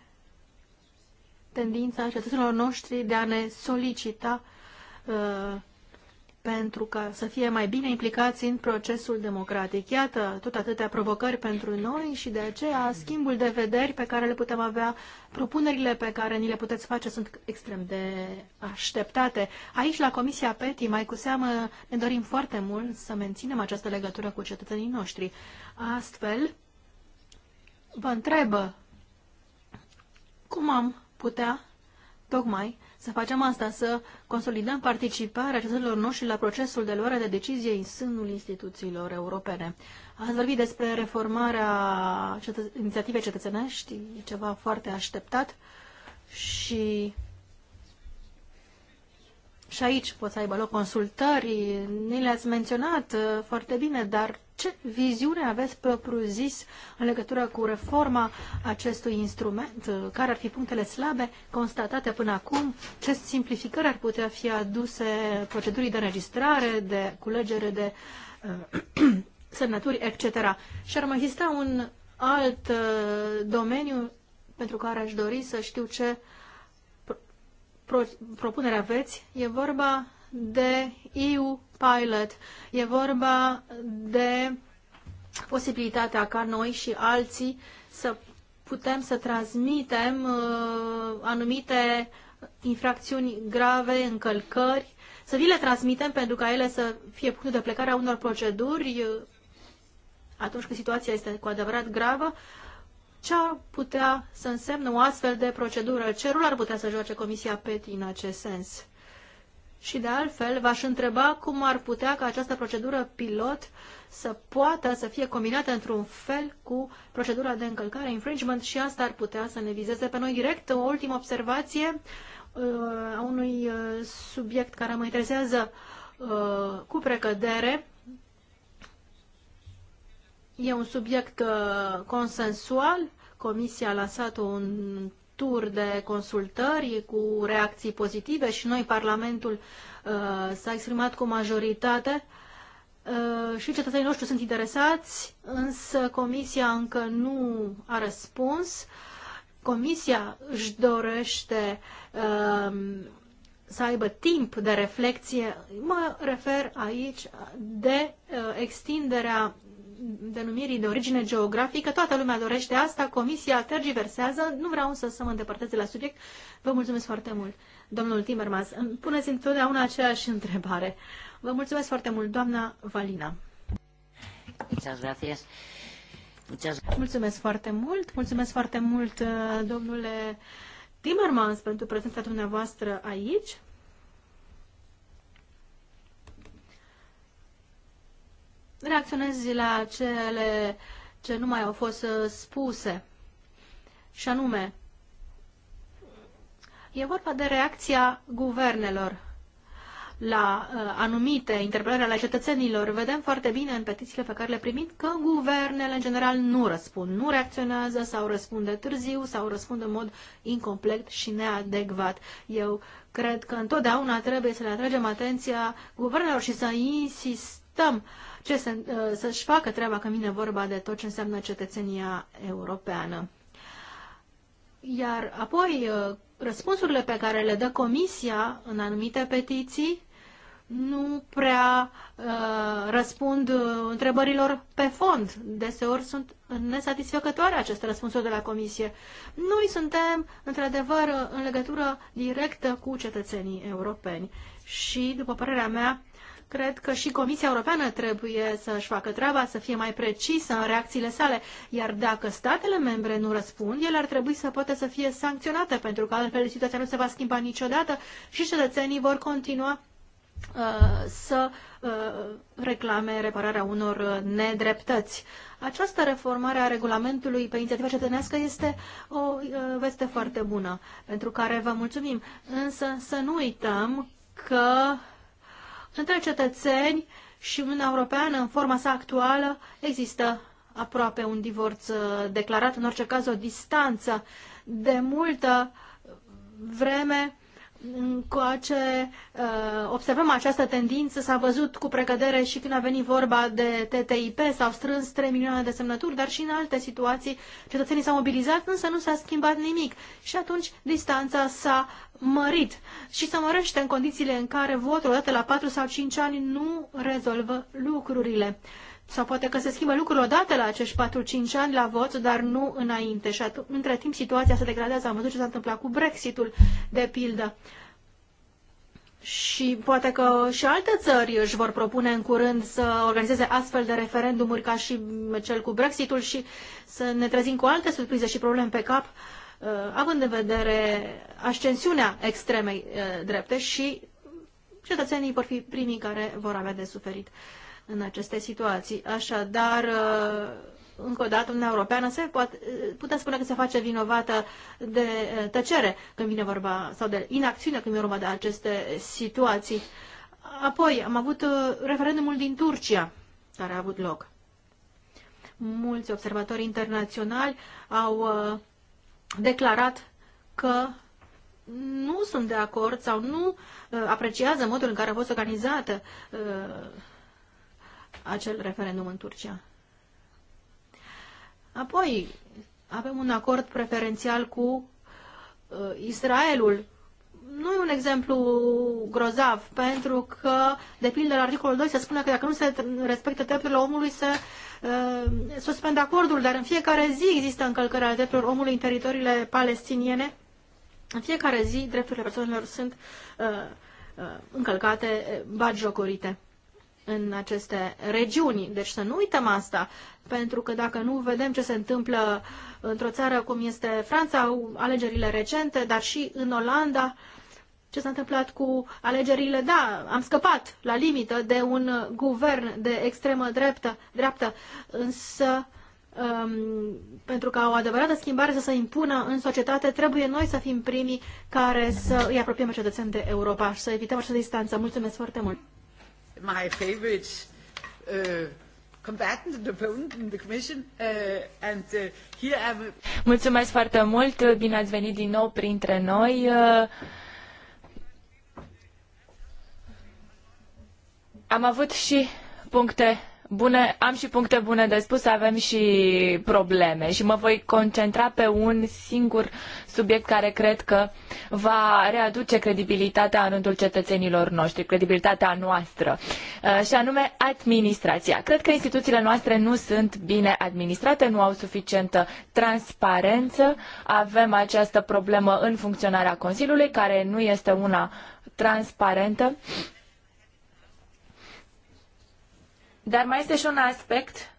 tendința cetățenilor noștri de a ne solicita uh, pentru ca să fie mai bine implicați în procesul democratic. Iată, tot atâtea provocări pentru noi și de aceea schimbul de vederi pe care le putem avea, propunerile pe care ni le puteți face sunt extrem de așteptate. Aici, la Comisia PETI, mai cu seamă, ne dorim foarte mult să menținem această legătură cu cetățenii noștri. Astfel, vă întreb cum am putea tocmai să facem asta, să consolidăm participarea cetățenilor noștri la procesul de luare de decizie în sânul instituțiilor europene. Ați vorbit despre reformarea cetă inițiativei cetățenești, ceva foarte așteptat și și aici pot să aibă loc consultări, ni le-ați menționat uh, foarte bine, dar ce viziune aveți propriu-zis în legătură cu reforma acestui instrument? Care ar fi punctele slabe constatate până acum? Ce simplificări ar putea fi aduse procedurii de înregistrare, de culegere de uh, semnături, etc. Și ar mai exista un alt uh, domeniu pentru care aș dori să știu ce pro propunere aveți. E vorba de EU Pilot. E vorba de posibilitatea ca noi și alții să putem să transmitem uh, anumite infracțiuni grave, încălcări, să vi le transmitem pentru ca ele să fie punctul de plecare a unor proceduri uh, atunci când situația este cu adevărat gravă, ce ar putea să însemne o astfel de procedură? Ce rol ar putea să joace Comisia PETI în acest sens? Și de altfel, v-aș întreba cum ar putea ca această procedură pilot să poată să fie combinată într-un fel cu procedura de încălcare, infringement, și asta ar putea să ne vizeze pe noi direct. O ultimă observație uh, a unui uh, subiect care mă interesează uh, cu precădere. E un subiect consensual. Comisia a lansat un tur de consultări cu reacții pozitive și noi, Parlamentul, uh, s-a exprimat cu majoritate uh, și cetățenii noștri sunt interesați, însă Comisia încă nu a răspuns. Comisia își dorește uh, să aibă timp de reflexie. Mă refer aici de extinderea denumirii de origine geografică. Toată lumea dorește asta, comisia tergiversează. Nu vreau însă să mă îndepărtez de la subiect. Vă mulțumesc foarte mult, domnul Timmermans. Îmi puneți întotdeauna aceeași întrebare. Vă mulțumesc foarte mult, doamna Valina. Mulțumesc foarte mult, mulțumesc foarte mult, domnule Timmermans, pentru prezența dumneavoastră aici. reacționez la cele ce nu mai au fost uh, spuse. Și anume, e vorba de reacția guvernelor la uh, anumite interpelări ale cetățenilor. Vedem foarte bine în petițiile pe care le primim că guvernele în general nu răspund, nu reacționează sau răspunde târziu sau răspund în mod incomplet și neadecvat. Eu cred că întotdeauna trebuie să le atragem atenția guvernelor și să insistăm așteptăm ce se, uh, să-și facă treaba că vine vorba de tot ce înseamnă cetățenia europeană. Iar apoi, uh, răspunsurile pe care le dă Comisia în anumite petiții nu prea uh, răspund uh, întrebărilor pe fond. Deseori sunt nesatisfăcătoare aceste răspunsuri de la Comisie. Noi suntem, într-adevăr, în legătură directă cu cetățenii europeni și, după părerea mea, Cred că și Comisia Europeană trebuie să-și facă treaba, să fie mai precisă în reacțiile sale, iar dacă statele membre nu răspund, ele ar trebui să poată să fie sancționate, pentru că altfel situația nu se va schimba niciodată și cetățenii vor continua uh, să uh, reclame repararea unor uh, nedreptăți. Această reformare a regulamentului pe inițiativa cetățenească este o veste foarte bună, pentru care vă mulțumim. Însă să nu uităm că între cetățeni și Uniunea Europeană, în forma sa actuală, există aproape un divorț uh, declarat, în orice caz o distanță de multă vreme încoace uh, observăm această tendință, s-a văzut cu precădere și când a venit vorba de TTIP, s-au strâns 3 milioane de semnături, dar și în alte situații cetățenii s-au mobilizat, însă nu s-a schimbat nimic și atunci distanța s-a mărit și se mărește în condițiile în care votul odată la 4 sau 5 ani nu rezolvă lucrurile sau poate că se schimbă lucrurile odată la acești 4-5 ani la vot, dar nu înainte. Și atunci, între timp situația se degradează. Am văzut ce s-a întâmplat cu Brexitul, de pildă. Și poate că și alte țări își vor propune în curând să organizeze astfel de referendumuri ca și cel cu Brexitul și să ne trezim cu alte surprize și probleme pe cap, uh, având în vedere ascensiunea extremei uh, drepte și cetățenii vor fi primii care vor avea de suferit în aceste situații. Așadar, uh, încă o dată, Uniunea Europeană se poate, uh, putem spune că se face vinovată de uh, tăcere când vine vorba, sau de inacțiune când vine vorba de aceste situații. Apoi am avut referendumul din Turcia, care a avut loc. Mulți observatori internaționali au declarat că nu sunt de acord sau nu apreciază modul în care a fost organizată acel referendum în Turcia. Apoi, avem un acord preferențial cu uh, Israelul. Nu e un exemplu grozav, pentru că, de pildă, la articolul 2 se spune că dacă nu se respectă drepturile omului, se uh, suspendă acordul, dar în fiecare zi există încălcări ale drepturilor omului în teritoriile palestiniene. În fiecare zi, drepturile persoanelor sunt uh, uh, încălcate, uh, bagiocorite în aceste regiuni. Deci să nu uităm asta, pentru că dacă nu vedem ce se întâmplă într-o țară cum este Franța, alegerile recente, dar și în Olanda, ce s-a întâmplat cu alegerile. Da, am scăpat la limită de un guvern de extremă dreaptă, dreaptă însă um, pentru ca o adevărată schimbare să se impună în societate, trebuie noi să fim primii care să îi apropiem cetățeni de Europa și să evităm această distanță. Mulțumesc foarte mult! my favorite uh, combatant and opponent in the Commission. uh, and uh, here I'm... Mulțumesc foarte mult, bine ați venit din nou printre noi. Uh, Am avut și puncte bune, am și puncte bune de spus, avem și probleme și mă voi concentra pe un singur subiect care cred că va readuce credibilitatea în rândul cetățenilor noștri, credibilitatea noastră, uh, și anume administrația. Cred că instituțiile noastre nu sunt bine administrate, nu au suficientă transparență, avem această problemă în funcționarea Consiliului, care nu este una transparentă. Dar mai este și un aspect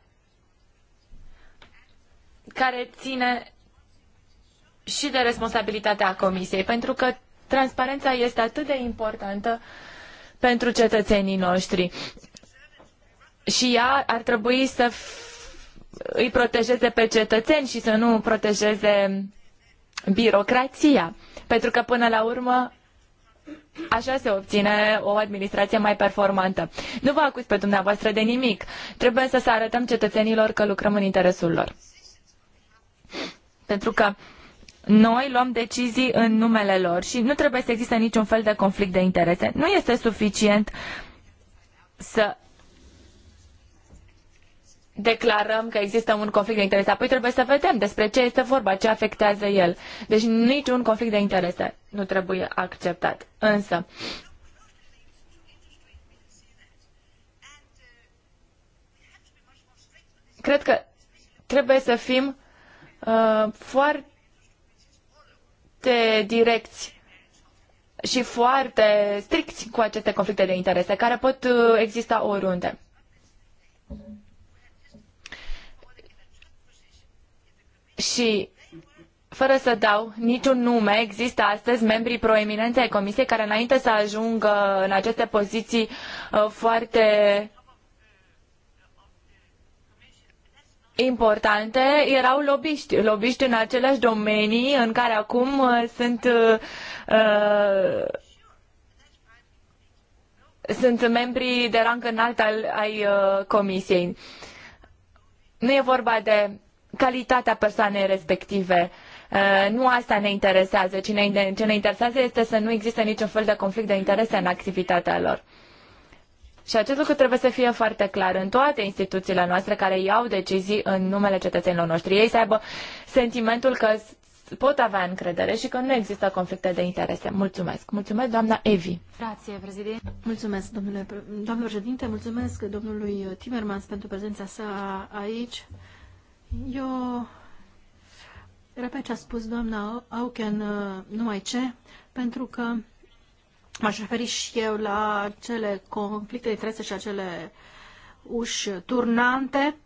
care ține și de responsabilitatea Comisiei, pentru că transparența este atât de importantă pentru cetățenii noștri. Și ea ar trebui să îi protejeze pe cetățeni și să nu protejeze birocrația. Pentru că până la urmă Așa se obține o administrație mai performantă. Nu vă acuz pe dumneavoastră de nimic. Trebuie să să arătăm cetățenilor că lucrăm în interesul lor. Pentru că noi luăm decizii în numele lor și nu trebuie să existe niciun fel de conflict de interese. Nu este suficient să declarăm că există un conflict de interese. Apoi trebuie să vedem despre ce este vorba, ce afectează el. Deci niciun conflict de interese nu trebuie acceptat. Însă, cred că trebuie să fim uh, foarte direcți și foarte stricți cu aceste conflicte de interese care pot uh, exista oriunde. Și fără să dau niciun nume, există astăzi membrii proeminenți ai Comisiei care înainte să ajungă în aceste poziții uh, foarte importante erau lobiști, lobiști în aceleași domenii în care acum uh, sunt uh, sunt membrii de rang înalt al, ai uh, comisiei. Nu e vorba de calitatea persoanei respective. Uh, nu asta ne interesează. Ce ne, ce ne interesează este să nu existe niciun fel de conflict de interese în activitatea lor. Și acest lucru trebuie să fie foarte clar în toate instituțiile noastre care iau decizii în numele cetățenilor noștri. Ei să aibă sentimentul că pot avea încredere și că nu există conflicte de interese. Mulțumesc. Mulțumesc, doamna Evi. Grație, președinte. Mulțumesc, domnule, președinte. Mulțumesc domnului Timmermans pentru prezența sa aici. Eu repet ce a spus doamna Auken uh, numai ce, pentru că m-aș referi și eu la cele conflicte de interese și acele uși turnante.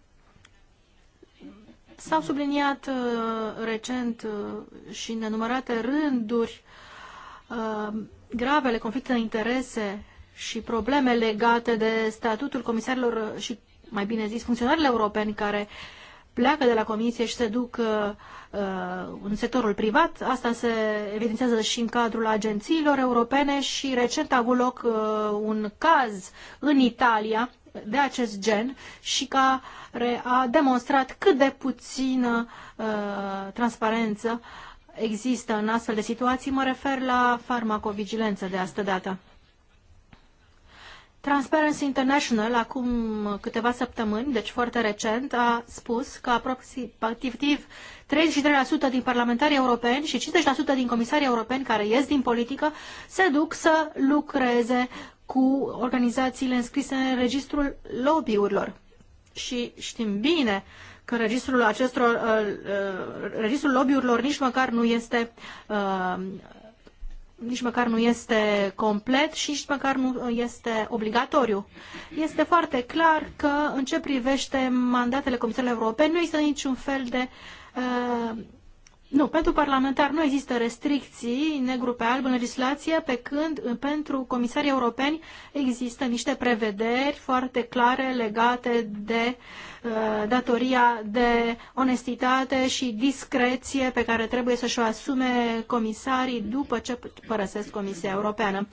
S-au subliniat uh, recent uh, și în nenumărate rânduri gravele conflicte de interese și probleme legate de statutul comisarilor și, mai bine zis, funcționarilor europeni care uh, pleacă de la comisie și se duc uh, uh, în sectorul privat. Asta se evidențiază și în cadrul agențiilor europene și recent a avut loc uh, un caz în Italia de acest gen și care a demonstrat cât de puțină uh, transparență există în astfel de situații. Mă refer la farmacovigilență de astă dată. Transparency International, acum câteva săptămâni, deci foarte recent, a spus că aproximativ 33% din parlamentarii europeni și 50% din comisarii europeni care ies din politică se duc să lucreze cu organizațiile înscrise în registrul lobby-urilor. Și știm bine că registrul acestor, uh, uh, registrul lobby-urilor nici măcar nu este uh, nici măcar nu este complet și nici măcar nu este obligatoriu. Este foarte clar că în ce privește mandatele Comisiei Europene nu există niciun fel de uh, nu, pentru parlamentar nu există restricții negru pe alb în legislație, pe când pentru comisarii europeni există niște prevederi foarte clare legate de uh, Uh, datoria de onestitate și discreție pe care trebuie să-și o asume comisarii după ce părăsesc Comisia Europeană.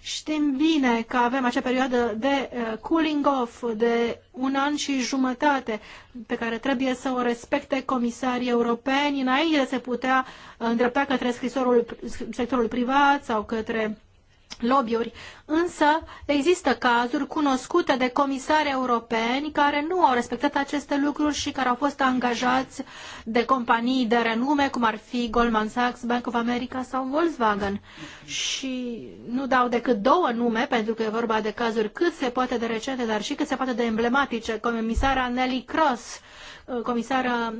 Știm bine că avem acea perioadă de uh, cooling off de un an și jumătate pe care trebuie să o respecte comisarii europeni înainte de se putea îndrepta către sectorul privat sau către lobby-uri, însă există cazuri cunoscute de comisari europeni care nu au respectat aceste lucruri și care au fost angajați de companii de renume, cum ar fi Goldman Sachs, Bank of America sau Volkswagen. Și nu dau decât două nume, pentru că e vorba de cazuri cât se poate de recente, dar și cât se poate de emblematice. Comisara Nelly Cross, uh, comisară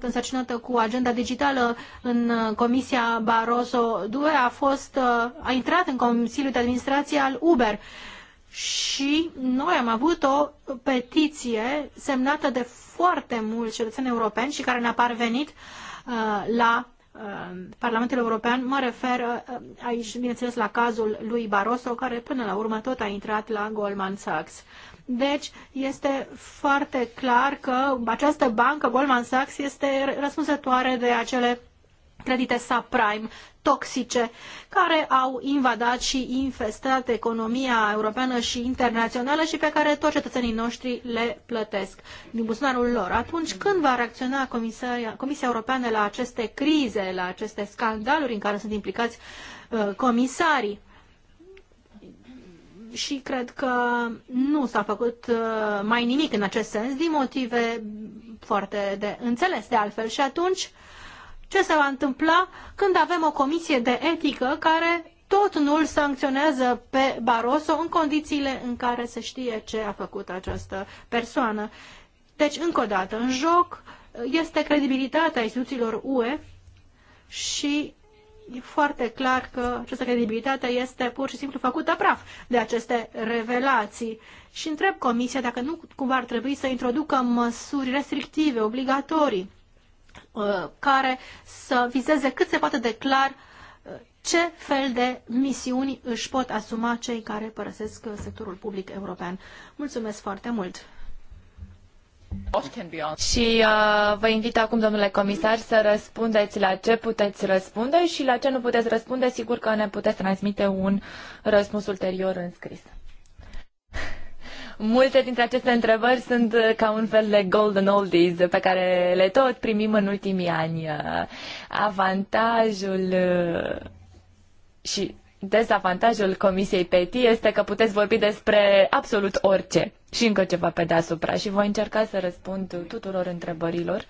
însărcinată cu agenda digitală în uh, Comisia Barroso II a fost, uh, a intrat în Consiliul de Administrație al Uber și noi am avut o petiție semnată de foarte mulți cetățeni europeni și care ne-a parvenit uh, la Parlamentul European. Mă refer aici, bineînțeles, la cazul lui Barroso, care până la urmă tot a intrat la Goldman Sachs. Deci este foarte clar că această bancă, Goldman Sachs, este răspunzătoare de acele credite subprime toxice care au invadat și infestat economia europeană și internațională și pe care toți cetățenii noștri le plătesc din buzunarul lor. Atunci când va reacționa Comisia, Comisia Europeană la aceste crize, la aceste scandaluri în care sunt implicați uh, comisarii? și cred că nu s-a făcut uh, mai nimic în acest sens din motive foarte de înțeles de altfel și atunci ce se va întâmpla când avem o comisie de etică care tot nu îl sancționează pe Barroso în condițiile în care se știe ce a făcut această persoană. Deci, încă o dată, în joc este credibilitatea instituțiilor UE și e foarte clar că această credibilitate este pur și simplu făcută praf de aceste revelații. Și întreb Comisia dacă nu cumva ar trebui să introducă măsuri restrictive, obligatorii, uh, care să vizeze cât se poate de clar uh, ce fel de misiuni își pot asuma cei care părăsesc uh, sectorul public european. Mulțumesc foarte mult! Și uh, vă invit acum, domnule comisar, să răspundeți la ce puteți răspunde și la ce nu puteți răspunde. Sigur că ne puteți transmite un răspuns ulterior în scris. Multe dintre aceste întrebări sunt uh, ca un fel de golden oldies pe care le tot primim în ultimii ani. Uh, avantajul uh, și dezavantajul Comisiei PETI este că puteți vorbi despre absolut orice și încă ceva pe deasupra și voi încerca să răspund tuturor întrebărilor.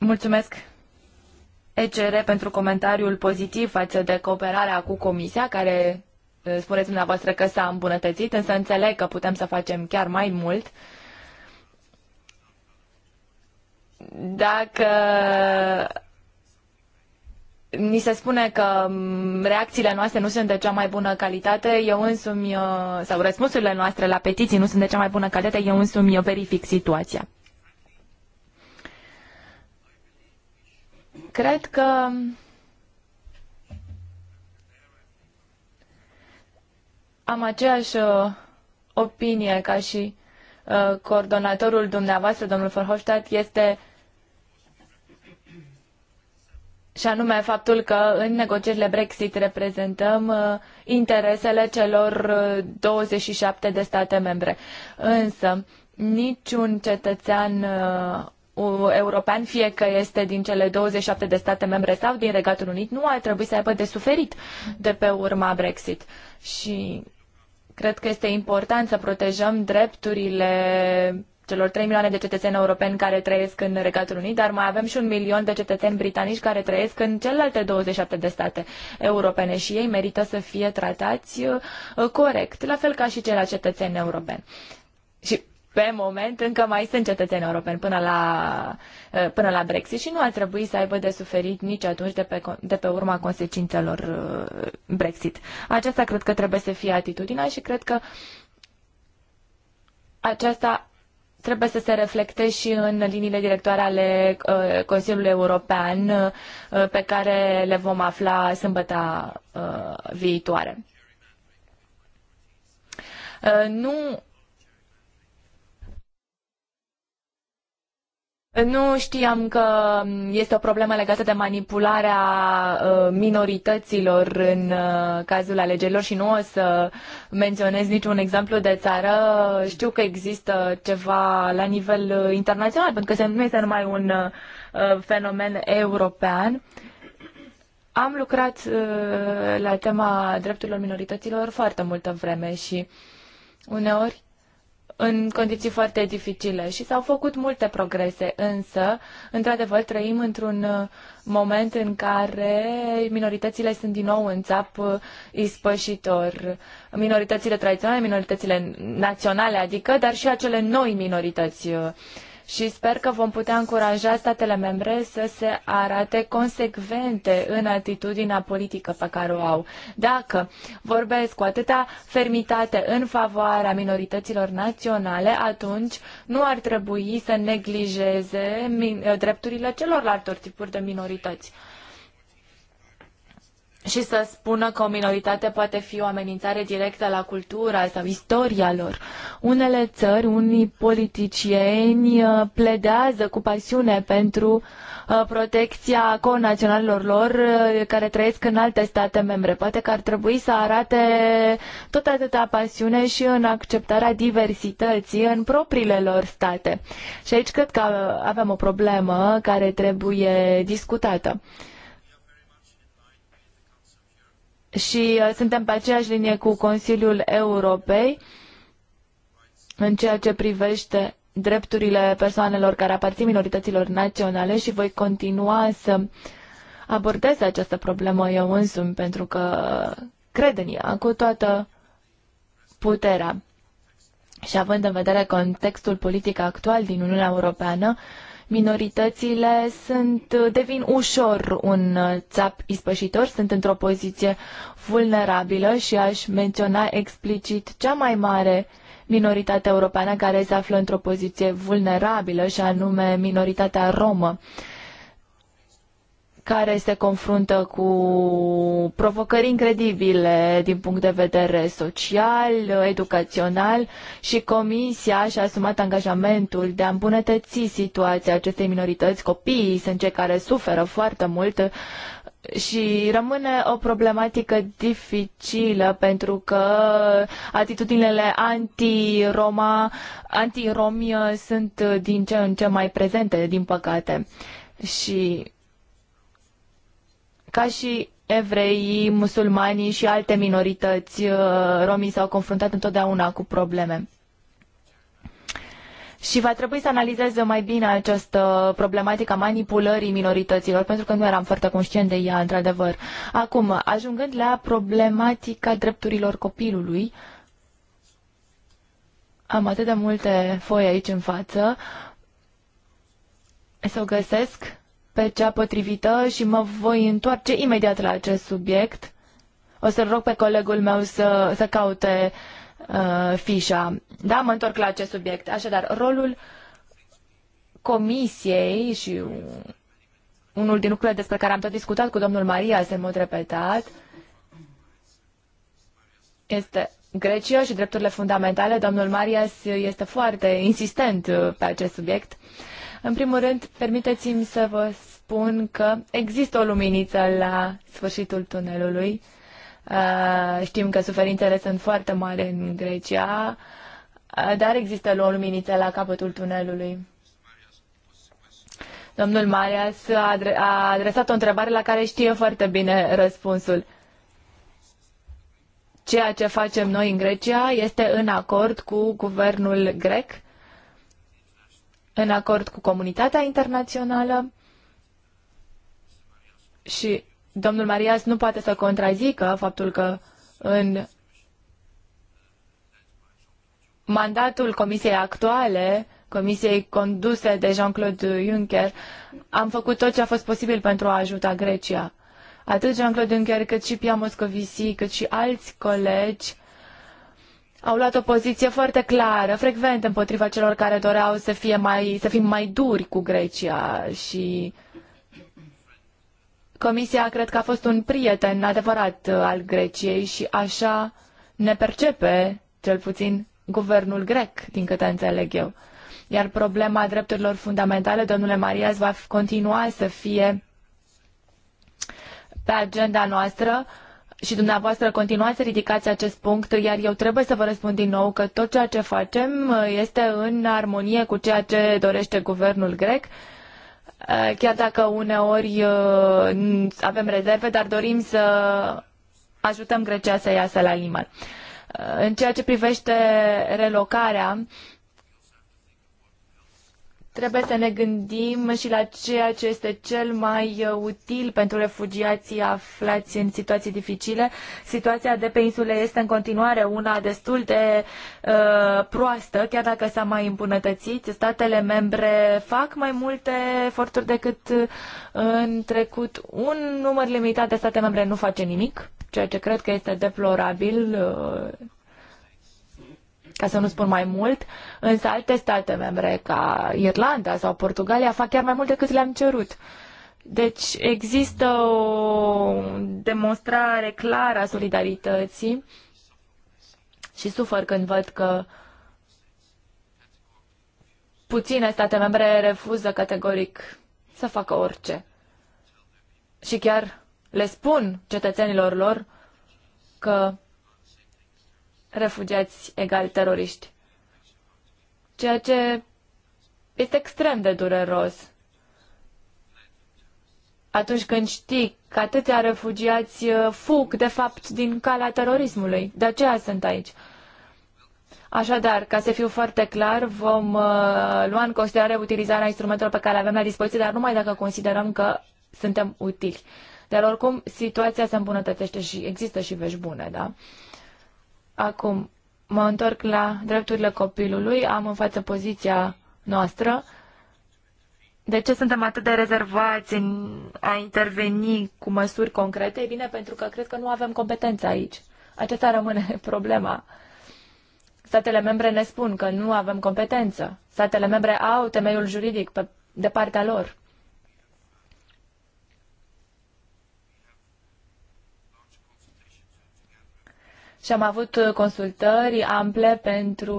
Mulțumesc ECR pentru comentariul pozitiv față de cooperarea cu Comisia, care eh, spuneți dumneavoastră că s-a îmbunătățit, însă înțeleg că putem să facem chiar mai mult. Dacă Ni se spune că mm, reacțiile noastre nu sunt de cea mai bună calitate, eu însumi, uh, sau răspunsurile noastre la petiții nu sunt de cea mai bună calitate, eu însumi eu verific situația. Cred că mm, am aceeași uh, opinie ca și uh, coordonatorul dumneavoastră, domnul Verhofstadt, este uh, și anume faptul că în negocierile Brexit reprezentăm uh, interesele celor 27 uh, de state membre. Însă, niciun cetățean uh, european, fie că este din cele 27 de state membre sau din Regatul Unit, nu ar trebui să aibă de suferit de pe urma Brexit. Și cred că este important să protejăm drepturile celor 3 milioane de cetățeni europeni care trăiesc în Regatul Unit, dar mai avem și un milion de cetățeni britanici care trăiesc în celelalte 27 de state europene și ei merită să fie tratați uh, corect, la fel ca și ceilalți cetățeni europeni. Și pe moment încă mai sunt cetățeni europeni până la, uh, până la Brexit și nu ar trebui să aibă de suferit nici atunci de pe, de pe urma consecințelor uh, Brexit. Aceasta cred că trebuie să fie atitudinea și cred că aceasta trebuie să se reflecte și în liniile directoare ale uh, Consiliului European uh, pe care le vom afla sâmbătă uh, viitoare. Nu Nu știam că este o problemă legată de manipularea uh, minorităților în uh, cazul alegerilor și nu o să menționez niciun exemplu de țară. Știu că există ceva la nivel uh, internațional, pentru că nu este numai un fenomen european. Am lucrat la tema drepturilor minorităților foarte multă vreme și uneori în condiții foarte dificile și s-au făcut multe progrese, însă, într-adevăr, trăim într-un uh, moment în care minoritățile sunt din nou în țap uh, ispășitor. Minoritățile tradiționale, minoritățile naționale, adică, dar și acele noi minorități uh, și sper că vom putea încuraja statele membre să se arate consecvente în atitudinea politică pe care o au. Dacă vorbesc cu atâta fermitate în favoarea minorităților naționale, atunci nu ar trebui să neglijeze drepturile celorlalte tipuri de minorități și să spună că o minoritate poate fi o amenințare directă la cultura sau istoria lor. Unele țări, unii politicieni uh, pledează cu pasiune pentru uh, protecția conaționalilor lor uh, care trăiesc în alte state membre. Poate că ar trebui să arate tot atâta pasiune și în acceptarea diversității în propriile lor state. Și aici cred că avem o problemă care trebuie discutată și uh, suntem pe aceeași linie cu Consiliul Europei în ceea ce privește drepturile persoanelor care aparțin minorităților naționale și voi continua să abordez această problemă eu însumi pentru că cred în ea cu toată puterea. Și având în vedere contextul politic actual din Uniunea Europeană, Minoritățile sunt, devin ușor un uh, țap ispășitor, sunt într-o poziție vulnerabilă și aș menționa explicit cea mai mare minoritate europeană care se află într-o poziție vulnerabilă și anume minoritatea romă. Uh, care se confruntă cu provocări incredibile din punct de vedere social, educațional și Comisia și-a asumat angajamentul de a îmbunătăți situația acestei minorități. Copiii sunt cei care suferă foarte mult și rămâne o problematică dificilă pentru că atitudinile anti-Roma, anti-Romi sunt din ce în ce mai prezente, din păcate. Și ca și evreii, musulmanii și alte minorități, uh, romii s-au confruntat întotdeauna cu probleme. Și va trebui să analizez mai bine această problematică a manipulării minorităților, pentru că nu eram foarte conștient de ea, într-adevăr. Acum, ajungând la problematica drepturilor copilului, am atât de multe foi aici în față, să o găsesc pe cea potrivită și mă voi întoarce imediat la acest subiect. O să-l rog pe colegul meu să, să caute uh, fișa. Da, mă întorc la acest subiect. Așadar, rolul comisiei și unul din lucrurile despre care am tot discutat cu domnul Maria, se mod repetat, este Grecia și drepturile fundamentale. Domnul Marias este foarte insistent uh, pe acest subiect. Uh, în primul rând, permiteți-mi să vă spun că există o luminiță la sfârșitul tunelului. Uh, știm că suferințele sunt foarte mari în Grecia, uh, dar există o luminiță la capătul tunelului. Domnul Marias a adresat o întrebare la care știe foarte bine răspunsul ceea ce facem noi în Grecia este în acord cu guvernul grec în acord cu comunitatea internațională și domnul Marias nu poate să contrazică faptul că în mandatul comisiei actuale, comisiei conduse de Jean-Claude Juncker, am făcut tot ce a fost posibil pentru a ajuta Grecia. Atât Jean-Claude Juncker, cât și Pia Moscovici, cât și alți colegi au luat o poziție foarte clară, frecvent împotriva celor care doreau să, fie mai, să fim mai duri cu Grecia și Comisia cred că a fost un prieten adevărat uh, al Greciei și așa ne percepe, cel puțin, guvernul grec, din câte înțeleg eu. Iar problema drepturilor fundamentale, domnule Marias, va continua să fie pe agenda noastră și dumneavoastră continuați să ridicați acest punct, iar eu trebuie să vă răspund din nou că tot ceea ce facem uh, este în armonie cu ceea ce dorește guvernul grec, uh, chiar dacă uneori uh, avem rezerve, dar dorim să ajutăm Grecia să iasă la liman. În ceea ce privește relocarea, uh, Trebuie să ne gândim și la ceea ce este cel mai uh, util pentru refugiații aflați în situații dificile. Situația de pe insule este în continuare una destul de uh, proastă, chiar dacă s-a mai îmbunătățit. Statele membre fac mai multe eforturi decât uh, în trecut. Un număr limitat de state membre nu face nimic, ceea ce cred că este deplorabil. Uh, ca să nu spun mai mult, însă alte state membre ca Irlanda sau Portugalia fac chiar mai mult decât le-am cerut. Deci există o demonstrare clară a solidarității și sufăr când văd că puține state membre refuză categoric să facă orice. Și chiar le spun cetățenilor lor că refugiați egal teroriști. Ceea ce este extrem de dureros. Atunci când știi că atâția refugiați uh, fug, de fapt, din calea terorismului. De aceea sunt aici. Așadar, ca să fiu foarte clar, vom uh, lua în considerare utilizarea instrumentelor pe care le avem la dispoziție, dar numai dacă considerăm că suntem utili. Dar oricum, situația se îmbunătățește și există și vești bune, da? Acum, mă întorc la drepturile copilului, am în față poziția noastră. De ce suntem atât de rezervați în a interveni cu măsuri concrete? E bine, pentru că cred că nu avem competență aici. Aceasta rămâne problema. Statele membre ne spun că nu avem competență. Statele membre au temeiul juridic pe, de partea lor. și am avut uh, consultări ample pentru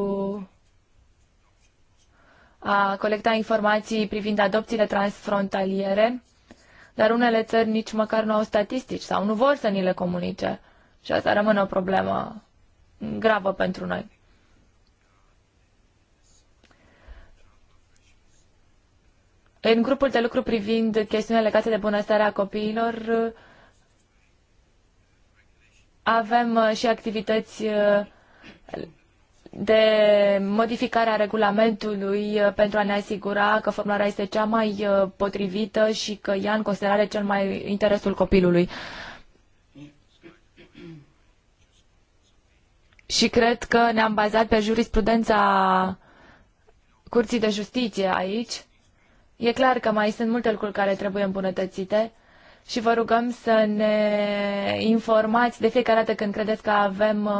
a colecta informații privind adopțiile transfrontaliere, dar unele țări nici măcar nu au statistici sau nu vor să ni le comunice. Și asta rămâne o problemă gravă pentru noi. În grupul de lucru privind chestiunile legate de bunăstarea copiilor, avem uh, și activități uh, de modificare a regulamentului uh, pentru a ne asigura că formularea este cea mai potrivită și că ia în considerare cel mai interesul copilului. Și cred că ne-am bazat pe jurisprudența Curții de Justiție aici. E clar că mai sunt multe lucruri care trebuie îmbunătățite și vă rugăm să ne informați de fiecare dată când credeți că avem uh,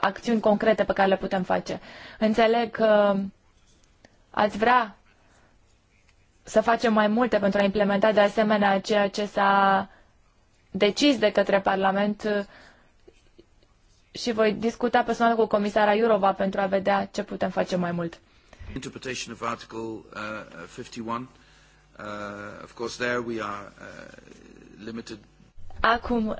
acțiuni concrete pe care le putem face. Înțeleg că ați vrea să facem mai multe pentru a implementa de asemenea ceea ce s-a decis de către Parlament uh, și voi discuta personal cu comisara Iurova pentru a vedea ce putem face mai mult. Interpretation of Article uh, 51. Uh, of course, there we are uh, limited. Acum,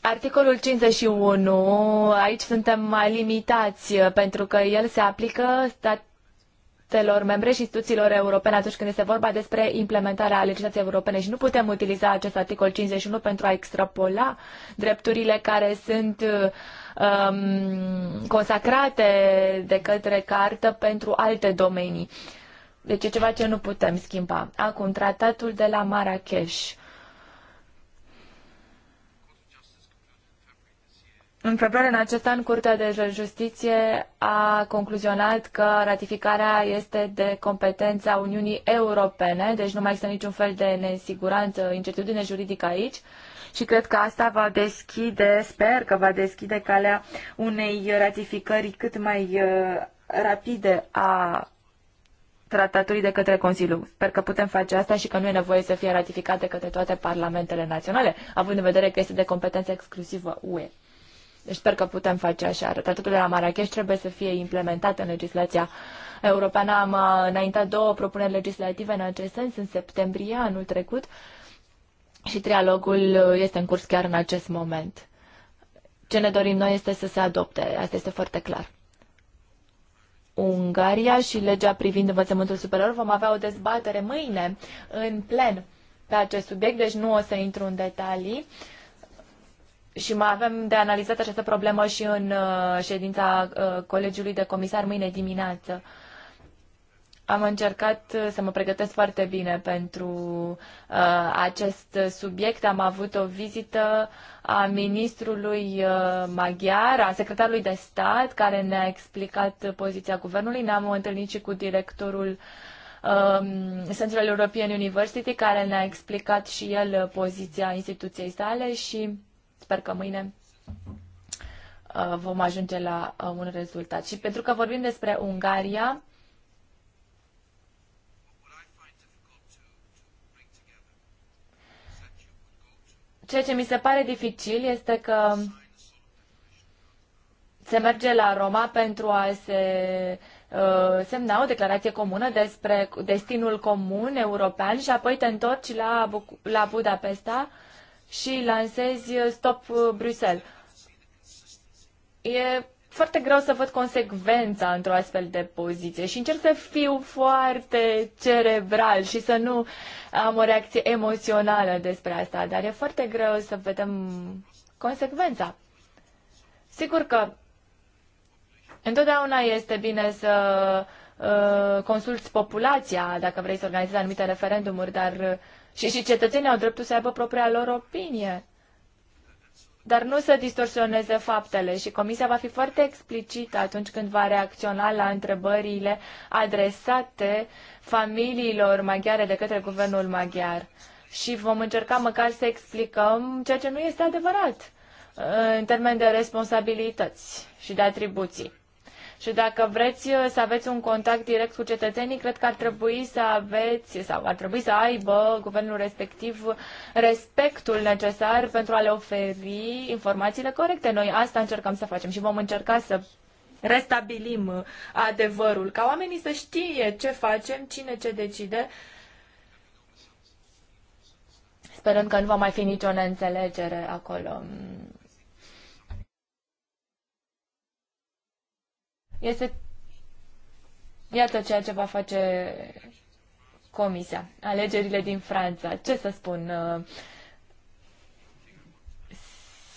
Articolul 51, aici suntem mai limitați pentru că el se aplică statelor membre și instituțiilor europene atunci când este vorba despre implementarea legislației europene și nu putem utiliza acest articol 51 pentru a extrapola drepturile care sunt um, consacrate de către cartă pentru alte domenii. Uh, deci e ceva ce nu putem schimba. Acum, tratatul de la Marrakesh. În februarie în acest an, Curtea de Justiție a concluzionat că ratificarea este de competența Uniunii Europene, deci nu mai există niciun fel de nesiguranță, incertitudine juridică aici și cred că asta va deschide, sper că va deschide calea unei ratificări cât mai uh, rapide a tratatului de către Consiliu. Sper că putem face asta și că nu e nevoie să fie ratificat de către toate parlamentele naționale, având în vedere că este de competență exclusivă UE. Deci sper că putem face așa. Tratatul de la Marrakesh trebuie să fie implementat în legislația europeană. Am uh, înaintat două propuneri legislative în acest sens în septembrie anul trecut și trialogul uh, este în curs chiar în acest moment. Ce ne dorim noi este să se adopte, asta este foarte clar. Ungaria și legea privind învățământul superior. Vom avea o dezbatere mâine în plen pe acest subiect, deci nu o să intru în detalii. Și mai avem de analizat această problemă și în uh, ședința uh, Colegiului de Comisar mâine dimineață. Am încercat uh, să mă pregătesc foarte bine pentru uh, acest subiect. Am avut o vizită a ministrului uh, maghiar, a secretarului de stat, care ne-a explicat poziția guvernului. Ne-am întâlnit și cu directorul uh, um, Central European University, care ne-a explicat și el poziția instituției sale și sper că mâine uh, vom ajunge la uh, un rezultat. Și pentru că vorbim despre Ungaria, Ceea ce mi se pare dificil este că se merge la Roma pentru a se uh, semna o declarație comună despre destinul comun european și apoi te întorci la, la Budapesta și lansezi Stop Bruxelles. E foarte greu să văd consecvența într-o astfel de poziție și încerc să fiu foarte cerebral și să nu am o reacție emoțională despre asta, dar e foarte greu să vedem consecvența. Sigur că întotdeauna este bine să uh, consulți populația dacă vrei să organizezi anumite referendumuri, dar și, și cetățenii au dreptul să aibă propria lor opinie dar nu să distorsioneze faptele și Comisia va fi foarte explicită atunci când va reacționa la întrebările adresate familiilor maghiare de către guvernul maghiar. Și vom încerca măcar să explicăm ceea ce nu este adevărat uh, în termen de responsabilități și de atribuții. Și dacă vreți uh, să aveți un contact direct cu cetățenii, cred că ar trebui să aveți sau ar trebui să aibă guvernul respectiv respectul necesar pentru a le oferi informațiile corecte. Noi asta încercăm să facem și vom încerca să restabilim uh, adevărul, ca oamenii să știe ce facem, cine ce decide, sperând că nu va mai fi nicio neînțelegere acolo. Mm. Este Iată ceea ce va face Comisia. Alegerile din Franța. Ce să spun? Uh,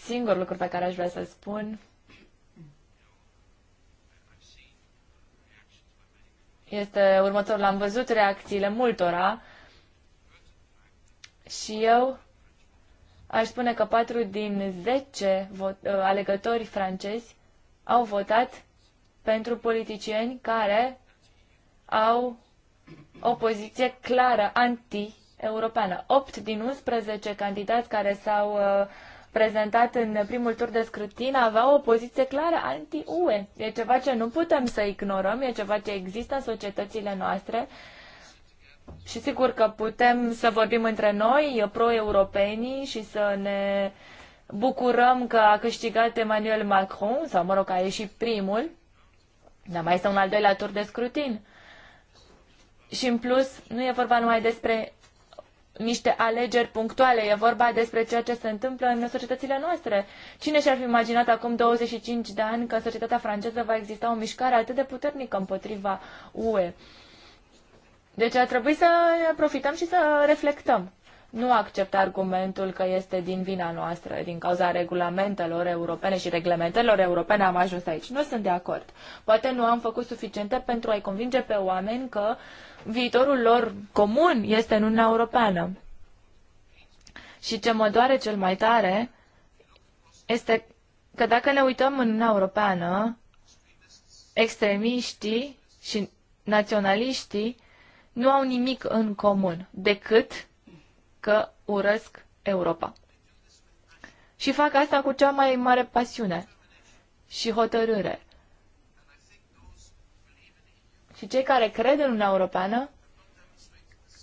singurul lucru pe care aș vrea să spun este următorul. Am văzut reacțiile multora și eu aș spune că 4 din 10 uh, alegători francezi au votat pentru politicieni care au o poziție clară anti-europeană. 8 din 11 candidați care s-au uh, prezentat în primul tur de scrutin aveau o poziție clară anti-UE. E ceva ce nu putem să ignorăm, e ceva ce există în societățile noastre și sigur că putem să vorbim între noi, pro-europenii, și să ne bucurăm că a câștigat Emmanuel Macron, sau mă rog, a ieșit primul, dar mai este un al doilea tur de scrutin. Și în plus, nu e vorba numai despre niște alegeri punctuale, e vorba despre ceea ce se întâmplă în societățile noastre. Cine și-ar fi imaginat acum 25 de ani că în societatea franceză va exista o mișcare atât de puternică împotriva UE? Deci ar trebui să profităm și să reflectăm nu acceptă argumentul că este din vina noastră, din cauza regulamentelor europene și reglementelor europene am ajuns aici. Nu sunt de acord. Poate nu am făcut suficiente pentru a-i convinge pe oameni că viitorul lor comun este în Uniunea Europeană. Și ce mă doare cel mai tare este că dacă ne uităm în Uniunea Europeană, extremiștii și naționaliștii nu au nimic în comun decât că urăsc Europa. Și fac asta cu cea mai mare pasiune și hotărâre. Și cei care cred în Uniunea Europeană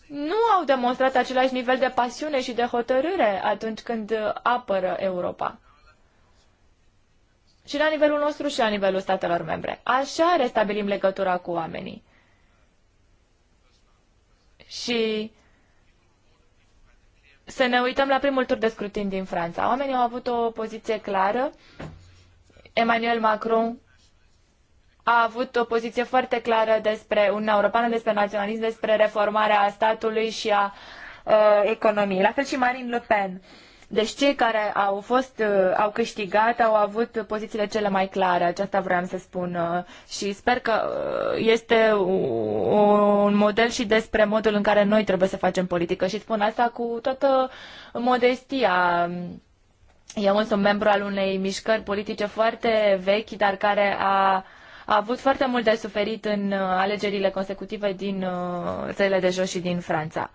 nu au demonstrat același nivel de pasiune și de hotărâre atunci când apără Europa. Și la nivelul nostru și la nivelul statelor membre. Așa restabilim legătura cu oamenii. Și să ne uităm la primul tur de scrutin din Franța. Oamenii au avut o poziție clară. Emmanuel Macron a avut o poziție foarte clară despre Uniunea Europeană, despre naționalism, despre reformarea statului și a uh, economiei. La fel și Marine Le Pen. Uh, deci cei care au fost, uh, au câștigat, au avut pozițiile cele mai clare, aceasta vreau să spun uh, și sper că uh, este un model și despre modul în care noi trebuie să facem politică și spun asta cu toată modestia. Eu sunt membru al unei mișcări politice foarte vechi, dar care a a avut foarte mult de suferit în alegerile consecutive din țările de jos și din Franța.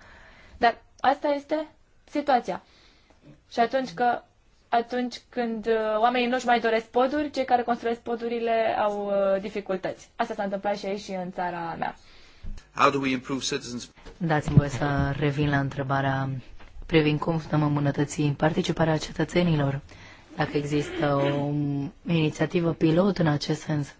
Dar asta este situația. Și atunci, că, atunci când uh, oamenii nu-și mai doresc poduri, cei care construiesc podurile au uh, dificultăți. Asta s-a întâmplat și aici și în țara mea. How do we improve citizens? Dați-mi voie să revin la întrebarea privind cum putem îmbunătăți participarea cetățenilor, dacă există o inițiativă pilot în acest sens.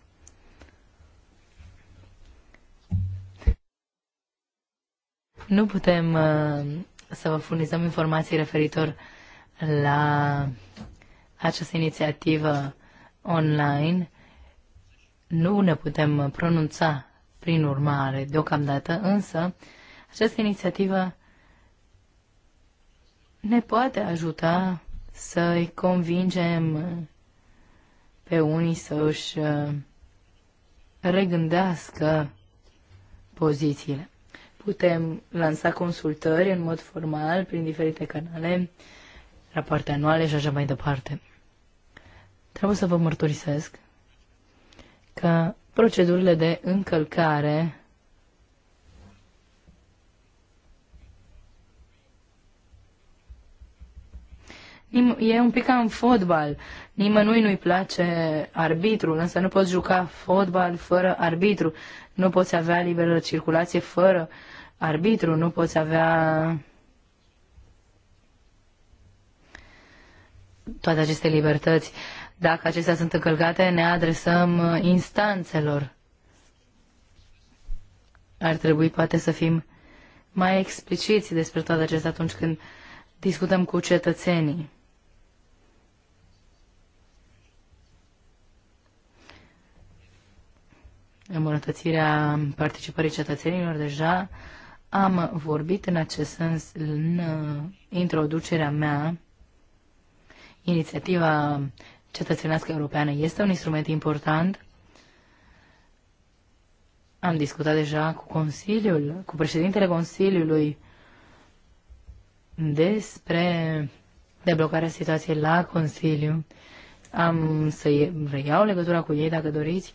Nu putem uh, să vă furnizăm informații referitor la această inițiativă online, nu ne putem pronunța prin urmare deocamdată, însă această inițiativă ne poate ajuta să-i convingem pe unii să își uh, regândească pozițiile. Putem lansa consultări în mod formal prin diferite canale rapoarte anuale și așa mai departe. Trebuie să vă mărturisesc că procedurile de încălcare E un pic ca în fotbal. Nimănui nu-i place arbitrul, însă nu poți juca fotbal fără arbitru. Nu poți avea liberă circulație fără arbitru. Nu poți avea toate aceste libertăți. Dacă acestea sunt încălcate, ne adresăm uh, instanțelor. Ar trebui poate să fim mai expliciți despre toate acestea atunci când discutăm cu cetățenii. Îmbunătățirea participării cetățenilor deja am vorbit în acest sens în uh, introducerea mea Inițiativa cetățenească europeană este un instrument important. Am discutat deja cu Consiliul, cu președintele Consiliului despre deblocarea situației la Consiliu. Am să reiau legătura cu ei dacă doriți.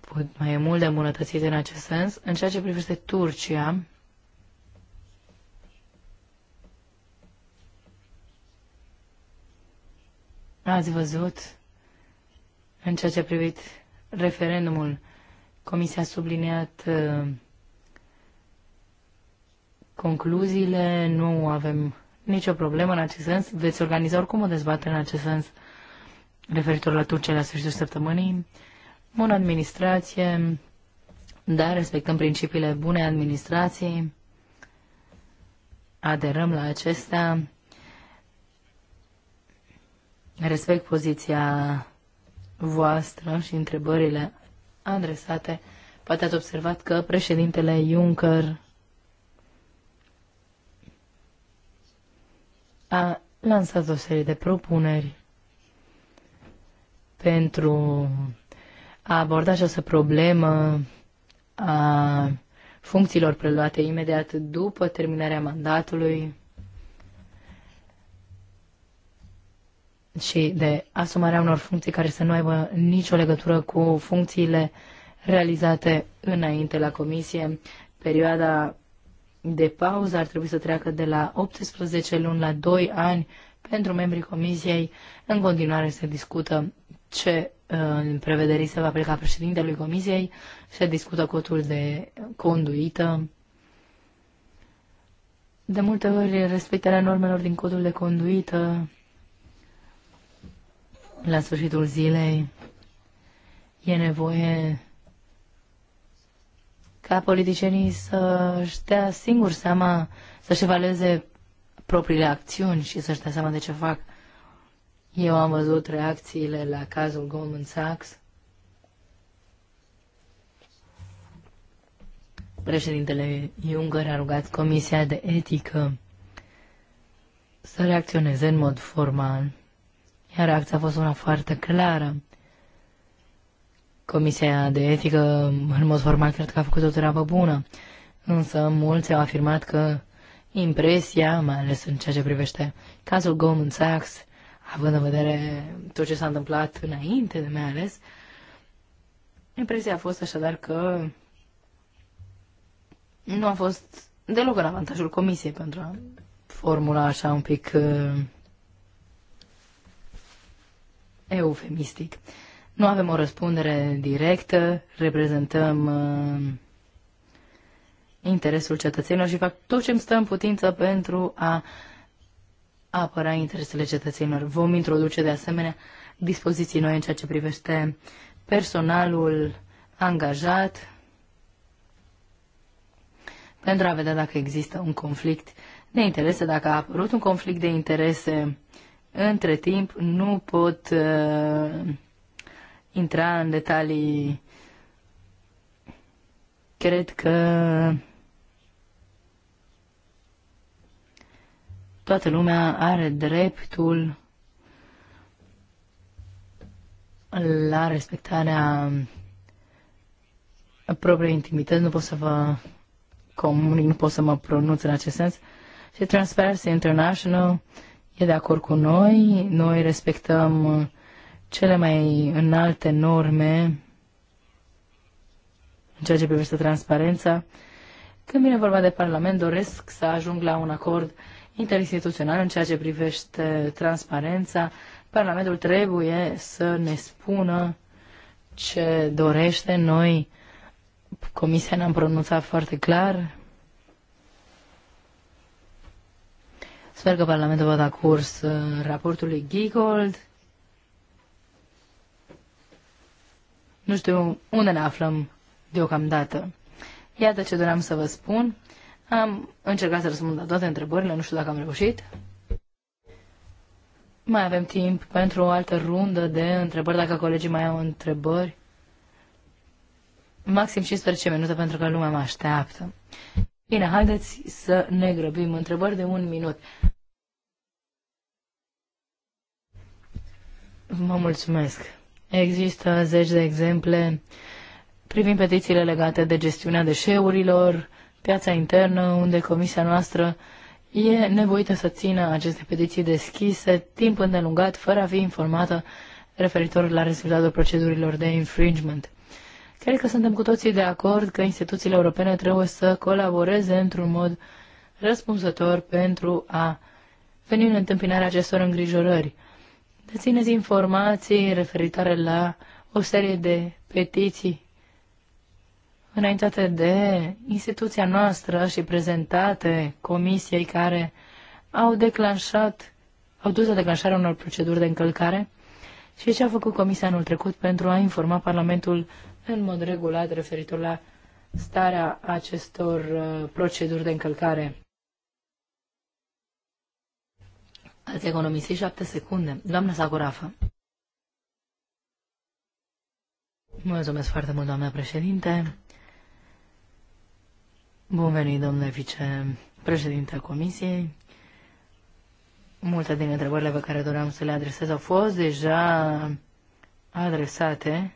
Pot mai e mult de îmbunătățit în acest sens. În ceea ce privește Turcia, Ați văzut, în ceea ce a privit referendumul, Comisia a subliniat uh, concluziile, nu avem nicio problemă în acest sens. Veți organiza oricum o dezbatere în acest sens referitor la Turcia la sfârșitul săptămânii. Bună administrație, da, respectăm principiile bune administrației, aderăm la acestea respect poziția voastră și întrebările adresate. Poate ați observat că președintele Juncker a lansat o serie de propuneri pentru a aborda această problemă a funcțiilor preluate imediat după terminarea mandatului și de asumarea unor funcții care să nu aibă nicio legătură cu funcțiile realizate înainte la comisie. Perioada de pauză ar trebui să treacă de la 18 luni la 2 ani pentru membrii comisiei. În continuare se discută ce uh, în prevederi se va pleca președintelui comisiei, se discută cotul de conduită. De multe ori, respectarea normelor din codul de conduită la sfârșitul zilei e nevoie ca politicienii să-și dea singur seama, să-și evalueze propriile acțiuni și să-și dea seama de ce fac. Eu am văzut reacțiile la cazul Goldman Sachs. Președintele Juncker a rugat Comisia de Etică să reacționeze în mod formal iar reacția a fost una foarte clară. Comisia de etică, în mod formal, cred că a făcut o treabă bună, însă mulți au afirmat că impresia, mai ales în ceea ce privește cazul Goldman Sachs, având în vedere tot ce s-a întâmplat înainte de mai ales, impresia a fost așadar că nu a fost deloc în avantajul comisiei pentru a formula așa un pic uh, eufemistic. Nu avem o răspundere directă, reprezentăm uh, interesul cetățenilor și fac tot ce îmi stă în putință pentru a apăra interesele cetățenilor. Vom introduce de asemenea dispoziții noi în ceea ce privește personalul angajat pentru a vedea dacă există un conflict de interese, dacă a apărut un conflict de interese uh, între timp, nu pot uh, intra în detalii. Cred că toată lumea are dreptul la respectarea propriei intimități. Nu pot să vă comunic, nu pot să mă pronunț în acest sens. Și Transparency International e de acord cu noi, noi respectăm uh, cele mai înalte norme în ceea ce privește transparența. Când vine vorba de Parlament, doresc să ajung la un acord interinstituțional în ceea ce privește transparența. Parlamentul trebuie să ne spună ce dorește. Noi, Comisia, ne-am pronunțat foarte clar Sper că Parlamentul va da curs uh, raportului Giegold. Nu știu unde ne aflăm deocamdată. Iată ce doream să vă spun. Am încercat să răspund la toate întrebările, nu știu dacă am reușit. Mai avem timp pentru o altă rundă de întrebări, dacă colegii mai au întrebări. Maxim 15 minute pentru că lumea mă așteaptă. Bine, haideți să ne grăbim. Întrebări de un minut. Vă mulțumesc. Există zeci de exemple privind petițiile legate de gestiunea deșeurilor, piața internă, unde comisia noastră e nevoită să țină aceste petiții deschise timp îndelungat, fără a fi informată referitor la rezultatul procedurilor de infringement. Cred că suntem cu toții de acord că instituțiile europene trebuie să colaboreze într-un mod răspunzător pentru a veni în întâmpinarea acestor îngrijorări dețineți informații referitoare la o serie de petiții înaintate de instituția noastră și prezentate comisiei care au declanșat, au dus la declanșarea unor proceduri de încălcare și ce a făcut comisia anul trecut pentru a informa Parlamentul în mod regulat referitor la starea acestor uh, proceduri de încălcare. Ați economisit șapte secunde. Doamna Sacorafa. Mulțumesc foarte mult, doamna președinte. Bun venit, domnule vicepreședinte Comisiei. Multe din întrebările pe care doream să le adresez au fost deja adresate.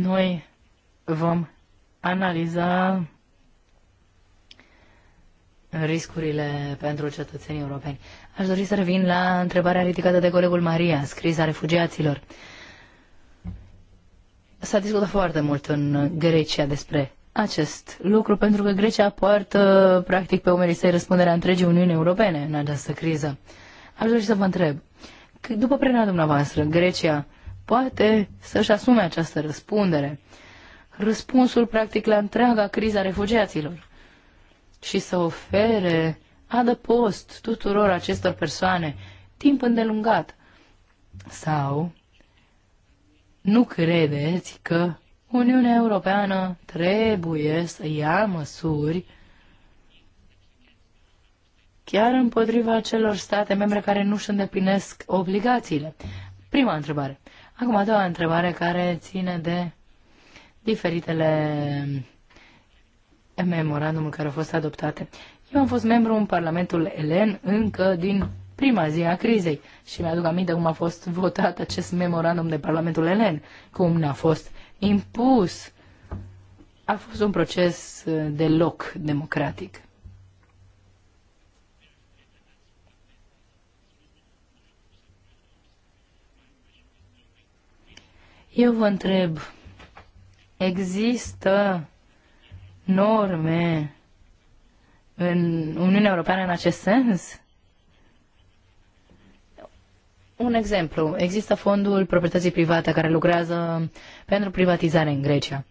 Noi vom analiza riscurile pentru cetățenii europeni. Aș dori să revin la întrebarea ridicată de colegul Maria, scrisa refugiaților. S-a discutat foarte mult în Grecia despre acest lucru, pentru că Grecia poartă practic pe umerii săi răspunderea întregii Uniuni Europene în această criză. Aș dori să vă întreb, după părerea dumneavoastră, Grecia poate să-și asume această răspundere. Răspunsul, practic, la întreaga criza refugiaților și să ofere adăpost tuturor acestor persoane timp îndelungat. Sau nu credeți că Uniunea Europeană trebuie să ia măsuri chiar împotriva celor state membre care nu își îndeplinesc obligațiile? Prima întrebare. Acum, a doua întrebare care ține de diferitele memorandum care au fost adoptate. Eu am fost membru în Parlamentul Elen încă din prima zi a crizei și mi-aduc aminte cum a fost votat acest memorandum de Parlamentul Elen, cum n-a fost impus. A fost un proces deloc democratic. Eu vă întreb, există norme în Uniunea Europeană în acest sens? Un exemplu, există fondul proprietății private care lucrează pentru privatizare în Grecia.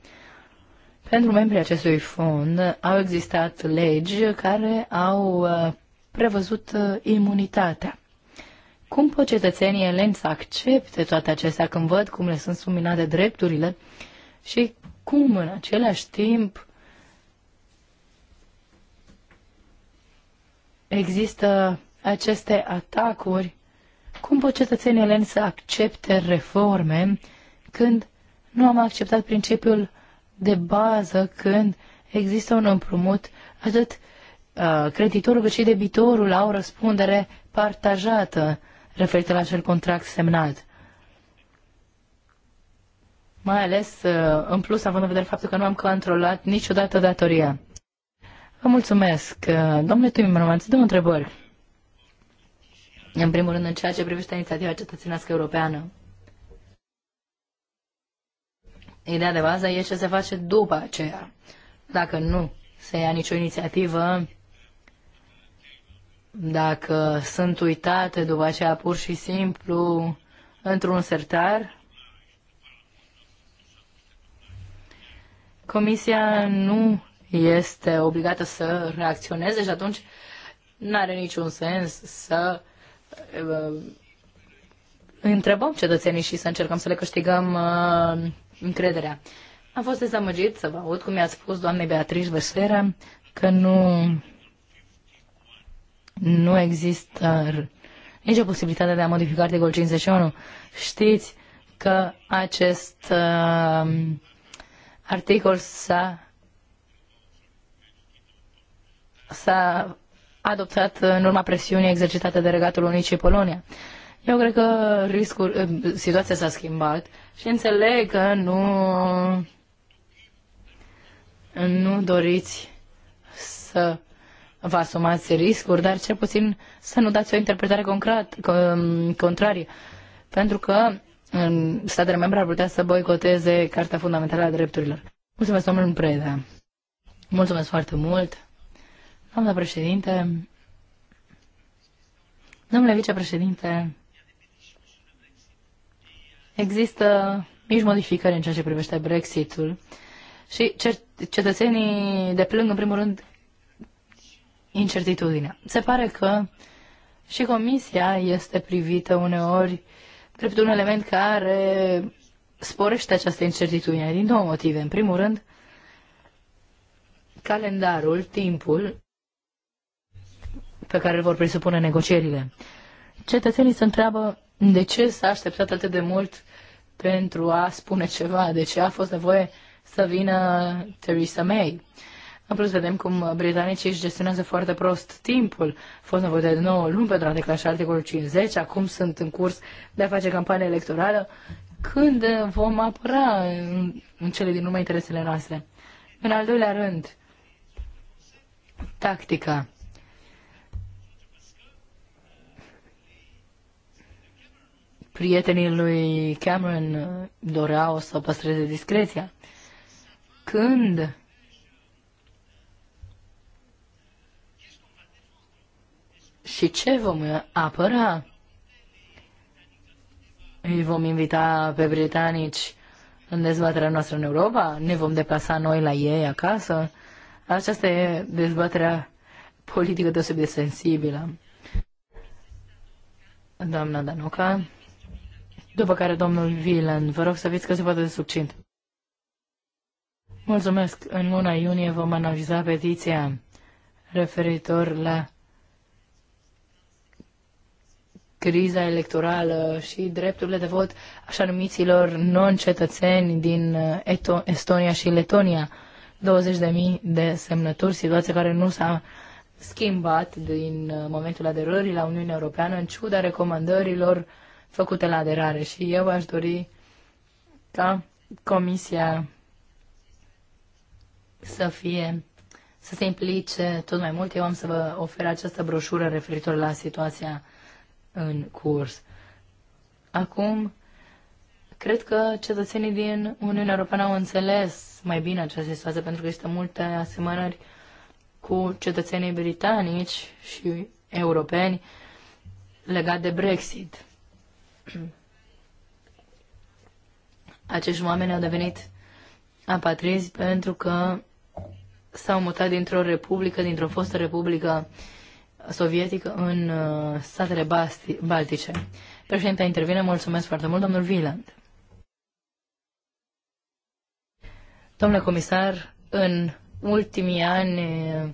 Pentru membrii acestui fond au existat legi care au uh, prevăzut uh, imunitatea. Cum pot cetățenii eleni să accepte toate acestea când văd cum le sunt suminate drepturile și cum în același timp există aceste atacuri, cum pot cetățenii eleni să accepte reforme când nu am acceptat principiul de bază, când există un împrumut, atât uh, creditorul cât și debitorul au răspundere partajată referitor la acel contract semnat. Mai ales, uh, în plus, având în vedere faptul că nu am controlat niciodată datoria. Vă mulțumesc. Uh, domnule Tuimmermans, două întrebări. În primul rând, în ceea ce privește inițiativa cetățenească europeană. Ideea de bază e ce se face după aceea. Dacă nu se ia nicio inițiativă, dacă sunt uitate după aceea pur și simplu într-un sertar, Comisia nu este obligată să reacționeze și atunci nu are niciun sens să uh, întrebăm cetățenii și să încercăm să le câștigăm uh, încrederea. Am fost dezamăgit să vă aud cum i-a spus doamnei Beatrice Vesera că nu nu există nicio posibilitate de a modifica articolul 51. Știți că acest uh, articol s-a, s-a adoptat în urma presiunii exercitate de Regatul Unit și Polonia. Eu cred că riscul, uh, situația s-a schimbat și înțeleg că nu, nu doriți să vă asumați riscuri, dar cel puțin să nu dați o interpretare contrarie. Pentru că statele membre ar putea să boicoteze Carta Fundamentală a Drepturilor. Mulțumesc, domnul Preda. Mulțumesc foarte mult. Doamna președinte, domnule vicepreședinte, există mici modificări în ceea ce privește Brexitul și cetățenii deplâng în primul rând incertitudinea. Se pare că și comisia este privită uneori drept un element care sporește această incertitudine din două motive. În primul rând, calendarul, timpul pe care îl vor presupune negocierile. Cetățenii se întreabă de ce s-a așteptat atât de mult pentru a spune ceva, de ce a fost nevoie să vină Theresa May. În plus, vedem cum britanicii își gestionează foarte prost timpul. A fost nevoie de 9 luni pentru a declanșa articolul 50, acum sunt în curs de a face campanie electorală. Când vom apăra în cele din urmă interesele noastre? În al doilea rând, tactica. Prietenii lui Cameron doreau să păstreze discreția. Când și ce vom apăra? Îi vom invita pe britanici în dezbaterea noastră în Europa? Ne vom deplasa noi la ei acasă? Aceasta e dezbaterea politică deosebit de sensibilă. Doamna Danuca, după care domnul Vilen vă rog să fiți că se poate de succint. Mulțumesc. În luna iunie vom analiza petiția referitor la criza electorală și drepturile de vot așa numiților non-cetățeni din uh, Eto- Estonia și Letonia. 20.000 de semnături, situație care nu s-a schimbat din uh, momentul aderării la Uniunea Europeană, în ciuda recomandărilor făcute la aderare. Și eu aș dori ca Comisia să fie să se implice tot mai mult. Eu am să vă ofer această broșură referitor la situația în curs. Acum, cred că cetățenii din Uniunea Europeană au înțeles mai bine această situație, pentru că există multe asemănări cu cetățenii britanici și europeni legat de Brexit. Acești oameni au devenit apatrizi pentru că s-au mutat dintr-o republică, dintr-o fostă republică uh, sovietică în uh, statele baltice. Președinte, intervine. Mulțumesc foarte mult, domnul Wieland. Domnule comisar, în ultimii ani uh,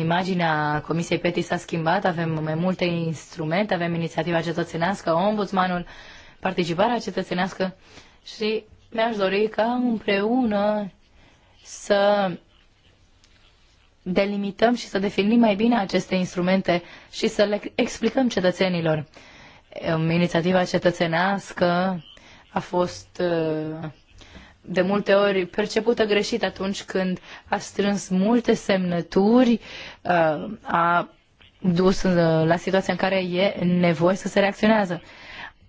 imaginea Comisiei PETI s-a schimbat, avem mai multe instrumente, avem inițiativa cetățenească, ombudsmanul, participarea cetățenească și mi-aș dori ca împreună să delimităm și să definim mai bine aceste instrumente și să le explicăm cetățenilor. Ehm, inițiativa cetățenească a fost ehm, de multe ori percepută greșit atunci când a strâns multe semnături, ehm, a dus la situația în care e nevoie să se reacționează.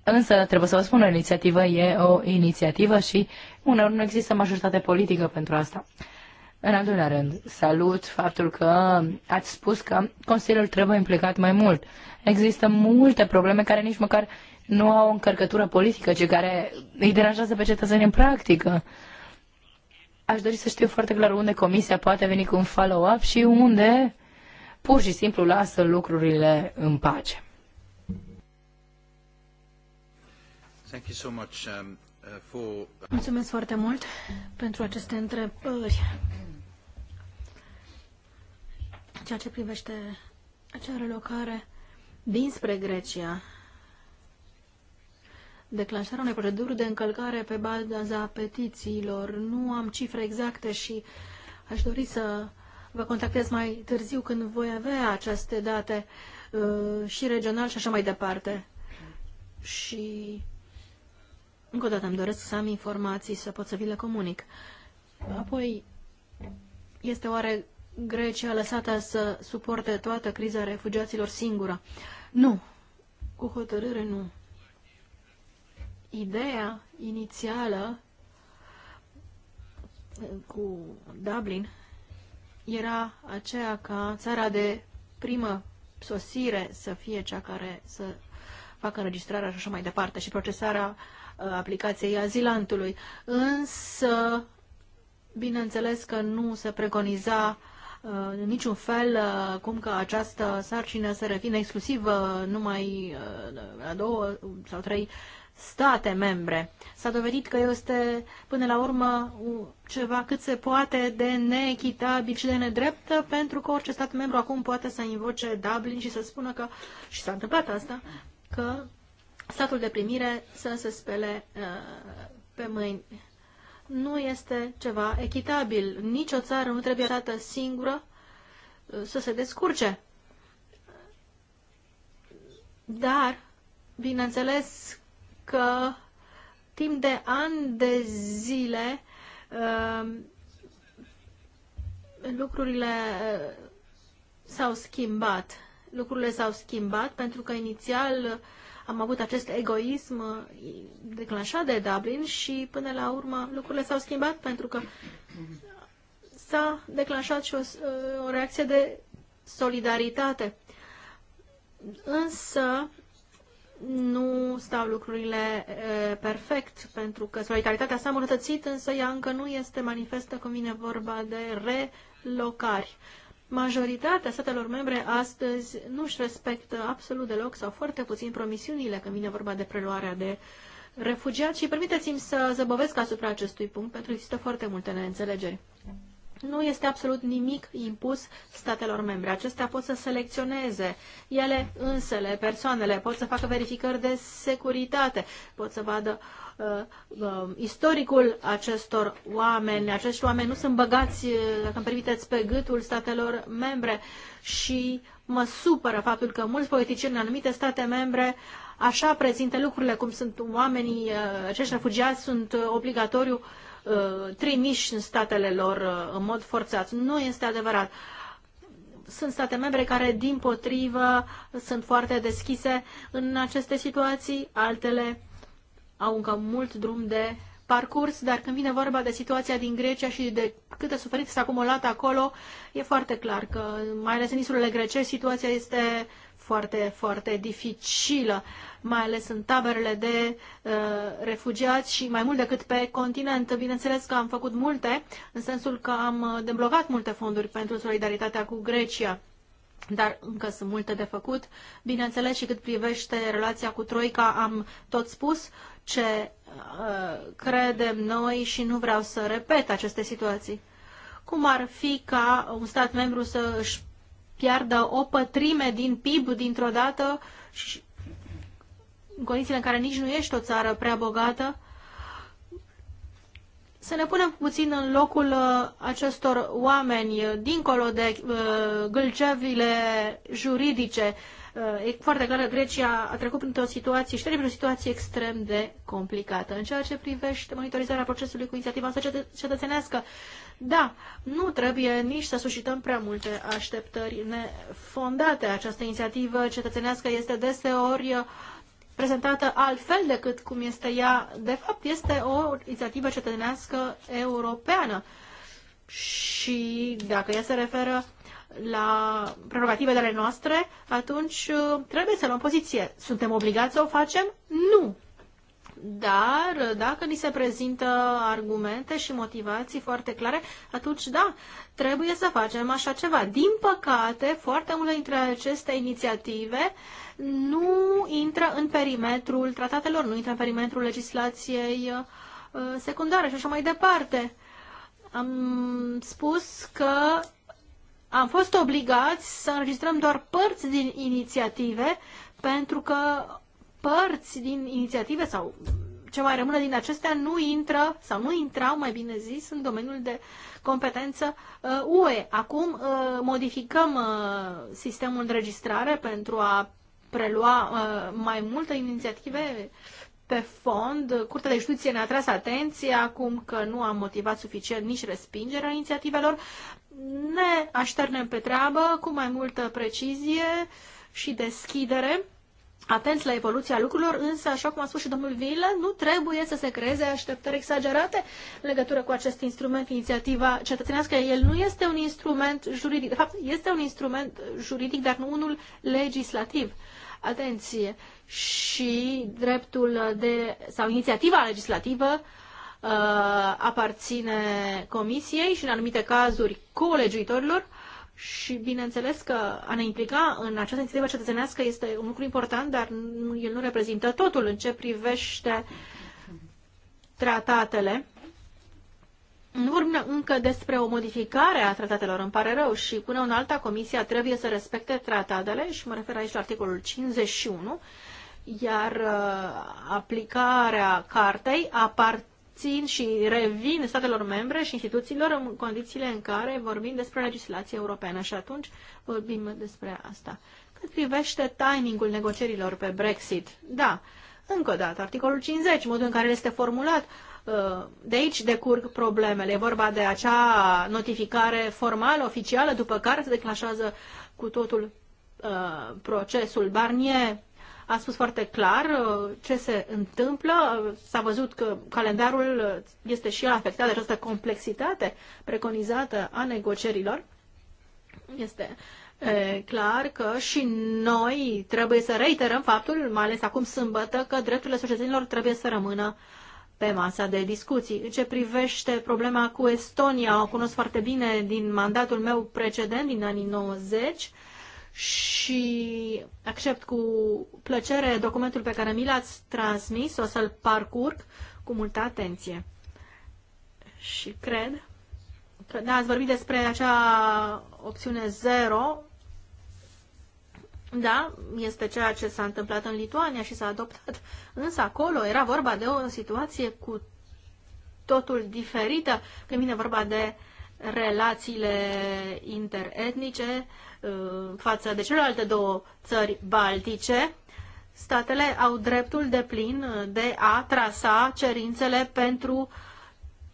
Însă, trebuie să vă spun, o inițiativă e o inițiativă și uneori nu există majoritate politică pentru asta. În al doilea rând, salut faptul că ați spus că Consiliul trebuie implicat mai mult. Există multe probleme care nici măcar nu au o încărcătură politică, ci care îi deranjează pe cetățenii în practică. Aș dori să știu foarte clar unde Comisia poate veni cu un follow-up și unde pur și simplu lasă lucrurile în pace. Thank you so much, um, uh, for... Mulțumesc foarte mult pentru aceste întrebări ceea ce privește acea relocare dinspre Grecia, declanșarea unei proceduri de încălcare pe baza petițiilor. Nu am cifre exacte și aș dori să vă contactez mai târziu când voi avea aceste date uh, și regional și așa mai departe. Și încă o dată îmi doresc să am informații, să pot să vi le comunic. Apoi, este oare Grecia lăsată să suporte toată criza refugiaților singură. Nu. Cu hotărâre nu. Ideea inițială eh, cu Dublin era aceea ca țara de primă sosire să fie cea care să facă înregistrarea și așa mai departe și procesarea eh, aplicației azilantului. Însă, bineînțeles că nu se preconiza în niciun fel uh, cum că această sarcină se revine exclusiv uh, numai uh, la două sau trei state membre. S-a dovedit că este, până la urmă, ceva cât se poate de neechitabil și de nedrept, pentru că orice stat membru acum poate să invoce Dublin și să spună că, și s-a întâmplat asta, că statul de primire să se spele uh, pe mâini nu este ceva echitabil. Nici o țară nu trebuie dată singură uh, să se descurce. Dar, bineînțeles că timp de ani de zile uh, lucrurile uh, s-au schimbat. Lucrurile s-au schimbat pentru că inițial am avut acest egoism uh, declanșat de Dublin și până la urmă lucrurile s-au schimbat pentru că s-a declanșat și o, uh, o reacție de solidaritate. Însă nu stau lucrurile e, uh, perfect, pentru că solidaritatea s-a îmbunătățit, însă ea încă nu este manifestă când vine vorba de relocari. Majoritatea statelor membre astăzi nu își respectă absolut deloc sau foarte puțin promisiunile când vine vorba de preluarea de refugiați și permiteți-mi să zăbăvesc asupra acestui punct pentru că există foarte multe neînțelegeri nu este absolut nimic impus statelor membre. Acestea pot să selecționeze ele însele, persoanele, pot să facă verificări de securitate, pot să vadă uh, uh, istoricul acestor oameni. Acești oameni nu sunt băgați, uh, dacă îmi permiteți, pe gâtul statelor membre și mă supără faptul că mulți politicieni în anumite state membre așa prezintă lucrurile, cum sunt oamenii, acești refugiați sunt obligatoriu uh, Uh, trimiși în statele lor uh, în mod forțat. Nu este adevărat. Sunt state membre care, din potrivă, sunt foarte deschise în aceste situații, altele au încă mult drum de parcurs, dar când vine vorba de situația din Grecia și de câte suferințe s-a acumulat acolo, e foarte clar că, mai ales în insulele grecești, situația este foarte, foarte dificilă. Uh, mai ales în taberele de uh, refugiați și mai mult decât pe continent. Bineînțeles că am făcut multe, în sensul că am uh, deblocat multe fonduri pentru solidaritatea cu Grecia dar încă sunt multe de făcut. Bineînțeles și cât privește relația cu Troica, am tot spus ce uh, credem noi și nu vreau să repet aceste situații. Cum ar fi ca un stat membru să își piardă o pătrime din PIB dintr-o dată și în condițiile în care nici nu ești o țară prea bogată, să ne punem puțin în locul uh, acestor oameni, uh, dincolo de uh, gâlcevile juridice. e foarte clar că Grecia a trecut printr-o situație și trebuie o situație extrem de complicată. În ceea ce privește monitorizarea procesului cu inițiativa cetă cetățenească, da, nu trebuie nici să suscităm prea multe așteptări nefondate. Această inițiativă cetățenească este deseori uh, prezentată altfel decât cum este ea, de fapt este o inițiativă cetățenească europeană. Și dacă ea se referă la prerogativele noastre, atunci uh, trebuie să luăm poziție. Suntem obligați să o facem? Nu dar dacă ni se prezintă argumente și motivații foarte clare, atunci da, trebuie să facem așa ceva. Din păcate, foarte multe dintre aceste inițiative nu intră în perimetrul tratatelor, nu intră în perimetrul legislației uh, secundare și așa mai departe. Am spus că am fost obligați să înregistrăm doar părți din inițiative pentru că părți din inițiative sau ce mai rămâne din acestea nu intră sau nu intrau, mai bine zis, în domeniul de competență UE. Uh, acum uh, modificăm uh, sistemul de registrare pentru a prelua mai multe inițiative pe fond. Curtea de Justiție ne-a tras atenția acum că nu a motivat suficient nici respingerea inițiativelor. Ne așternem pe treabă cu mai multă precizie și deschidere atenți la evoluția lucrurilor, însă, așa cum a spus și domnul Vilă, nu trebuie să se creeze așteptări exagerate în legătură cu acest instrument, inițiativa cetățenească. El nu este un instrument juridic, de fapt, este un instrument juridic, dar nu unul legislativ. Atenție! Și dreptul de, sau inițiativa legislativă uh, aparține comisiei și, în anumite cazuri, colegiuitorilor, și bineînțeles că a ne implica în această inițiativă cetățenească este un lucru important, dar el nu reprezintă totul în ce privește tratatele. Nu vorbim încă despre o modificare a tratatelor, îmi pare rău, și până în alta comisia trebuie să respecte tratatele, și mă refer aici la articolul 51, iar uh, aplicarea cartei apar, țin și revin statelor membre și instituțiilor în condițiile în care vorbim despre legislație europeană și atunci vorbim despre asta. Cât privește timingul negocierilor pe Brexit, da, încă o dată, articolul 50, modul în care este formulat, ă, de aici decurg problemele. E vorba de acea notificare formală, oficială, după care se declanșează cu totul ă, procesul Barnier a spus foarte clar uh, ce se întâmplă. S-a văzut că calendarul uh, este și el afectat de această complexitate preconizată a negocierilor. Este e, clar că și noi trebuie să reiterăm faptul, mai ales acum sâmbătă, că drepturile societăților trebuie să rămână pe masa de discuții. În ce privește problema cu Estonia, o cunosc foarte bine din mandatul meu precedent, din anii 90, și accept cu plăcere documentul pe care mi l-ați transmis, o să-l parcurg cu multă atenție. Și cred că, da, ați vorbit despre acea opțiune zero, da, este ceea ce s-a întâmplat în Lituania și s-a adoptat, însă acolo era vorba de o situație cu totul diferită când vine vorba de relațiile interetnice, uh, Uh, față de celelalte două țări baltice, statele au dreptul de plin de a trasa cerințele pentru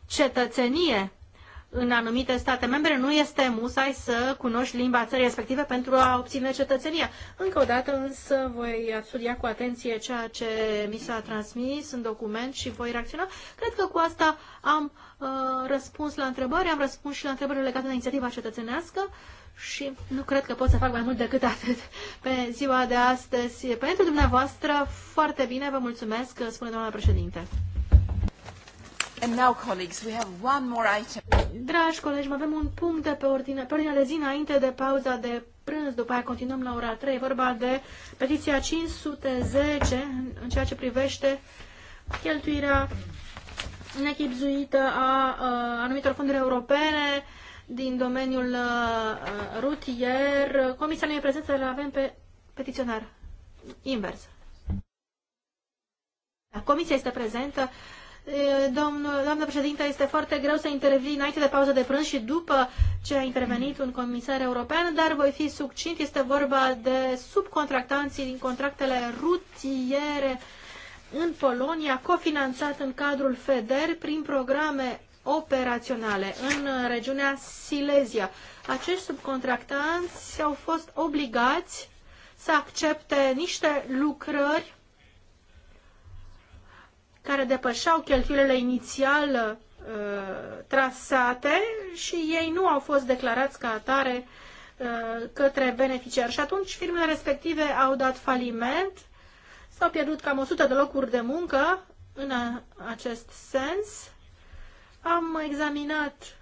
cetățenie. În anumite state membre nu este musai să cunoști limba țării respective pentru a obține cetățenia. Încă o dată însă voi studia cu atenție ceea ce mi s-a transmis în document și voi reacționa. Cred că cu asta am uh, răspuns la întrebări, am răspuns și la întrebările legate de inițiativa cetățenească și nu cred că pot să fac mai mult decât atât pe ziua de astăzi. Pentru dumneavoastră, foarte bine, vă mulțumesc, spune doamna președinte. And now, colleagues, we have one more item. Dragi colegi, mai avem un punct de pe ordine, pe ordine de zi înainte de pauza de prânz, după aia continuăm la ora 3, vorba de petiția 510 în ceea ce privește cheltuirea nechipzuită a, a anumitor fonduri europene din domeniul uh, uh, rutier. Comisia nu e prezentă, îl avem pe petiționar. Invers. Da, comisia este prezentă. Domnul, doamnă președinte, este foarte greu să intervii înainte de pauză de prânz și după ce a intervenit un comisar european, dar voi fi succint. Este vorba de subcontractanții din contractele rutiere în Polonia, cofinanțat în cadrul FEDER prin programe operaționale în uh, regiunea Silesia. Acești subcontractanți au fost obligați să accepte niște lucrări care depășeau cheltuielile inițial uh, trasate și ei nu au fost declarați ca atare uh, către beneficiari. Și atunci firmele respective au dat faliment, s-au pierdut cam 100 de locuri de muncă în a, acest sens am examinat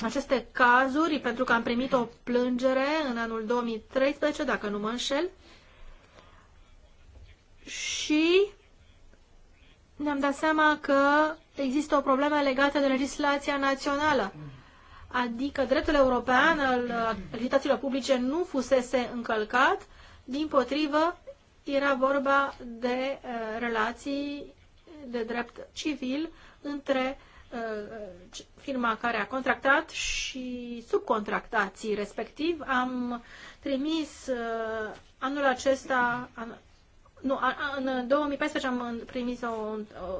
aceste cazuri pentru că am primit o plângere în anul 2013, dacă nu mă înșel, și ne-am dat seama că există o problemă legată de legislația națională. Adică dreptul european al activităților publice nu fusese încălcat, din potrivă era vorba de uh, relații de drept civil între uh, uh, firma care a contractat și subcontractații respectiv. Am trimis uh, anul acesta, nu, în 2014 am primit o,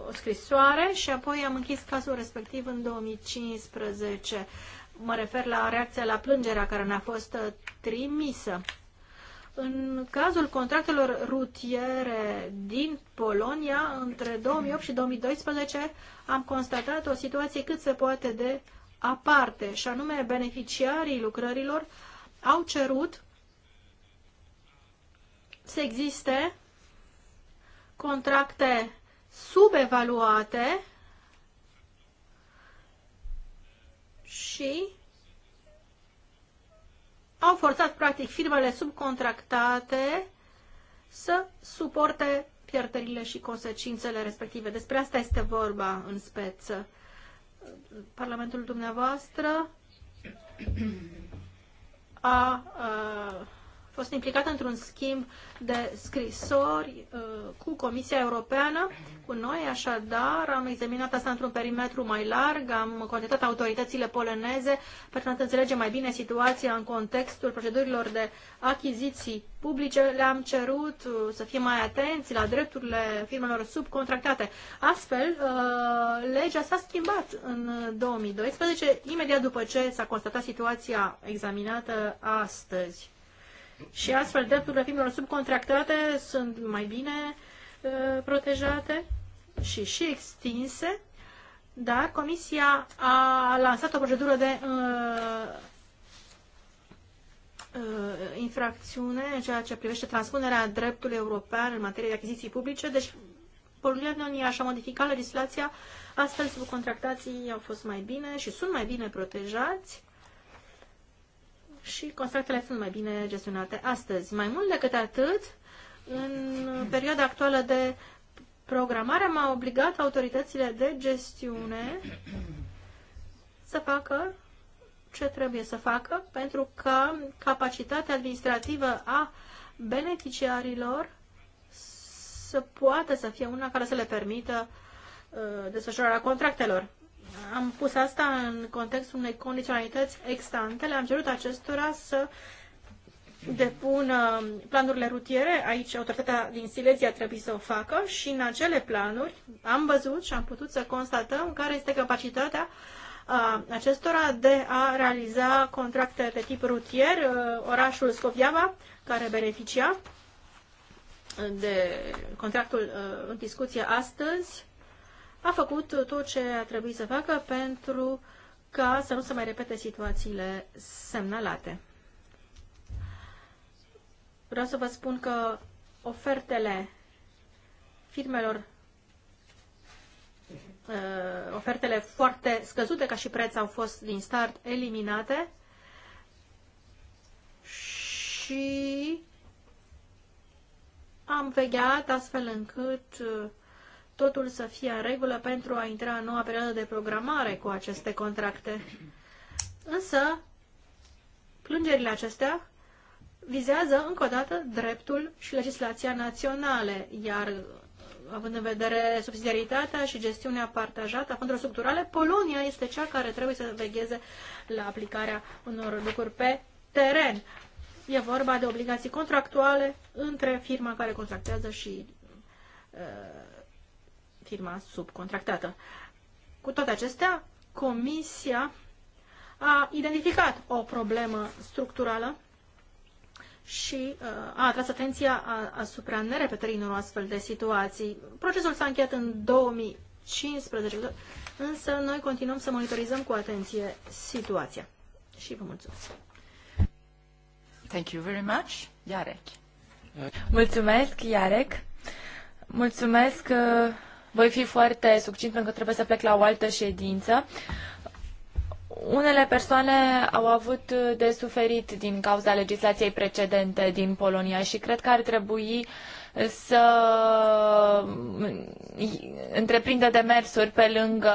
o scrisoare și apoi am închis cazul respectiv în 2015. Mă refer la reacția la plângerea care ne-a fost trimisă. În cazul contractelor rutiere din Polonia, între 2008 și 2012, am constatat o situație cât se poate de aparte, și anume beneficiarii lucrărilor au cerut să existe contracte subevaluate și au forțat practic firmele subcontractate să suporte pierderile și consecințele respective. Despre asta este vorba în speță. Parlamentul dumneavoastră a, a fost implicată într-un schimb de scrisori uh, cu Comisia Europeană, cu noi, așadar am examinat asta într-un perimetru mai larg, am contactat autoritățile poloneze pentru a înțelege mai bine situația în contextul procedurilor de achiziții publice, le-am cerut uh, să fie mai atenți la drepturile firmelor subcontractate. Astfel, uh, legea s-a schimbat în 2012, imediat după ce s-a constatat situația examinată astăzi și astfel drepturile firmelor subcontractate sunt mai bine uh, protejate și, și extinse, dar Comisia a lansat o procedură de uh, uh, infracțiune în ceea ce privește transpunerea dreptului european în materie de achiziții publice, deci Polonia și-a modificat legislația, astfel subcontractații au fost mai bine și sunt mai bine protejați și contractele sunt mai bine gestionate astăzi. Mai mult decât atât, în perioada actuală de programare m-a obligat autoritățile de gestiune să facă ce trebuie să facă pentru ca capacitatea administrativă a beneficiarilor să poată să fie una care să le permită uh, desfășurarea contractelor. Am pus asta în contextul unei condiționalități extante. Le-am cerut acestora să depună planurile rutiere. Aici autoritatea din Silesia trebuie să o facă și în acele planuri am văzut și am putut să constatăm care este capacitatea acestora de a realiza contracte de tip rutier. Orașul Scoviava, care beneficia de contractul în discuție astăzi, a făcut tot ce a trebuit să facă pentru ca să nu se mai repete situațiile semnalate. Vreau să vă spun că ofertele firmelor uh, ofertele foarte scăzute ca și preț au fost din start eliminate și am vegheat astfel încât uh, totul să fie în regulă pentru a intra în noua perioadă de programare cu aceste contracte. Însă, plângerile acestea vizează încă o dată dreptul și legislația naționale, iar având în vedere subsidiaritatea și gestiunea partajată a fondurilor structurale, Polonia este cea care trebuie să vegheze la aplicarea unor lucruri pe teren. E vorba de obligații contractuale între firma care contractează și uh, firma subcontractată. Cu toate acestea, Comisia a identificat o problemă structurală și uh, a atras atenția asupra nerepetării unor astfel de situații. Procesul s-a încheiat în 2015, însă noi continuăm să monitorizăm cu atenție situația. Și vă mulțumesc. Thank you very much, Iarec. Mulțumesc, Iarec. Mulțumesc. Uh voi fi foarte succint pentru că trebuie să plec la o altă ședință. Unele persoane au avut de suferit din cauza legislației precedente din Polonia și cred că ar trebui să întreprindă demersuri pe lângă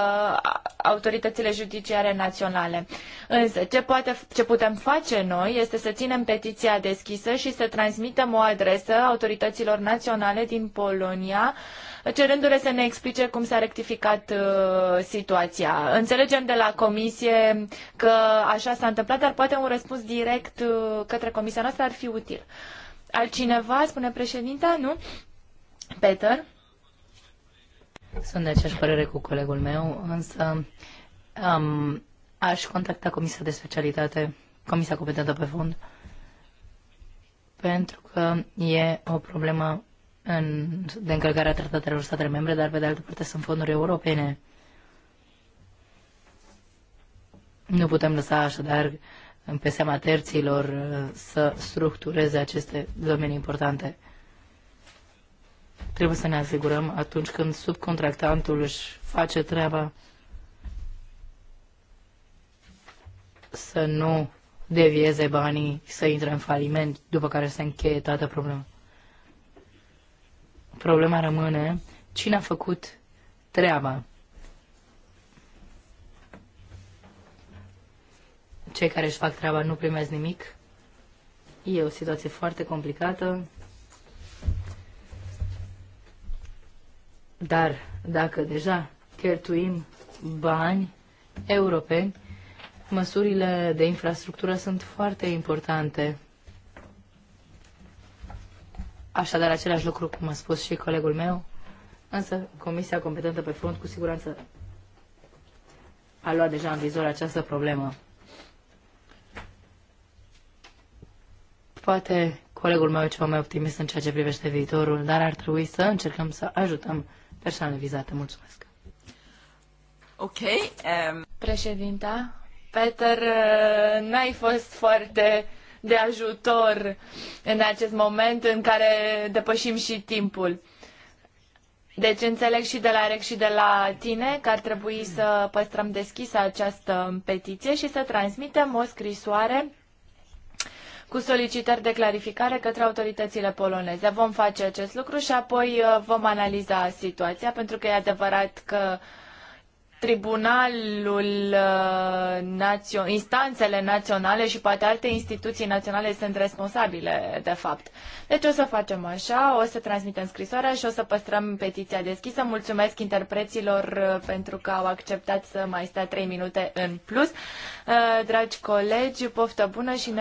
autoritățile judiciare naționale. Însă, ce, poate, ce putem face noi este să ținem petiția deschisă și să transmitem o adresă autorităților naționale din Polonia uh, cerându-le să ne explice cum s-a rectificat uh, situația. Înțelegem de la comisie că așa s-a întâmplat, dar poate un răspuns direct uh, către comisia noastră ar fi util. Altcineva, spune președinta, nu? Peter? Sunt de aceeași părere cu colegul meu, însă um, aș contacta Comisia de Specialitate, Comisia Competentă pe Fond, pentru că e o problemă în, de încălcarea tratatelor statele membre, dar pe de altă parte sunt fonduri europene. Nu putem lăsa așadar pe seama terților uh, să structureze aceste domenii importante. Trebuie să ne asigurăm atunci când subcontractantul își face treaba să nu devieze banii, să intre în faliment, după care se încheie toată problema problema rămâne cine a făcut treaba. Cei care își fac treaba nu primesc nimic. E o situație foarte complicată. Dar dacă deja cheltuim bani europeni, măsurile de infrastructură sunt foarte importante. Așadar, același lucru, cum a spus și colegul meu, însă Comisia competentă pe front, cu siguranță, a luat deja în vizor această problemă. Poate colegul meu e ceva mai optimist în ceea ce privește viitorul, dar ar trebui să încercăm să ajutăm persoanele vizate. Mulțumesc. Ok. Um... Președinta, Peter, uh, n-ai fost foarte de ajutor în acest moment în care depășim și timpul. Deci înțeleg și de la Rec și de la tine că ar trebui să păstrăm deschisă această petiție și să transmitem o scrisoare cu solicitări de clarificare către autoritățile poloneze. Vom face acest lucru și apoi uh, vom analiza situația, pentru că e adevărat că uh, tribunalul, uh, națio- instanțele naționale și poate alte instituții naționale sunt responsabile, de fapt. Deci o să facem așa, o să transmitem scrisoarea și o să păstrăm petiția deschisă. Mulțumesc interpreților uh, pentru că au acceptat să mai stea trei minute în plus. Uh, dragi colegi, poftă bună și ne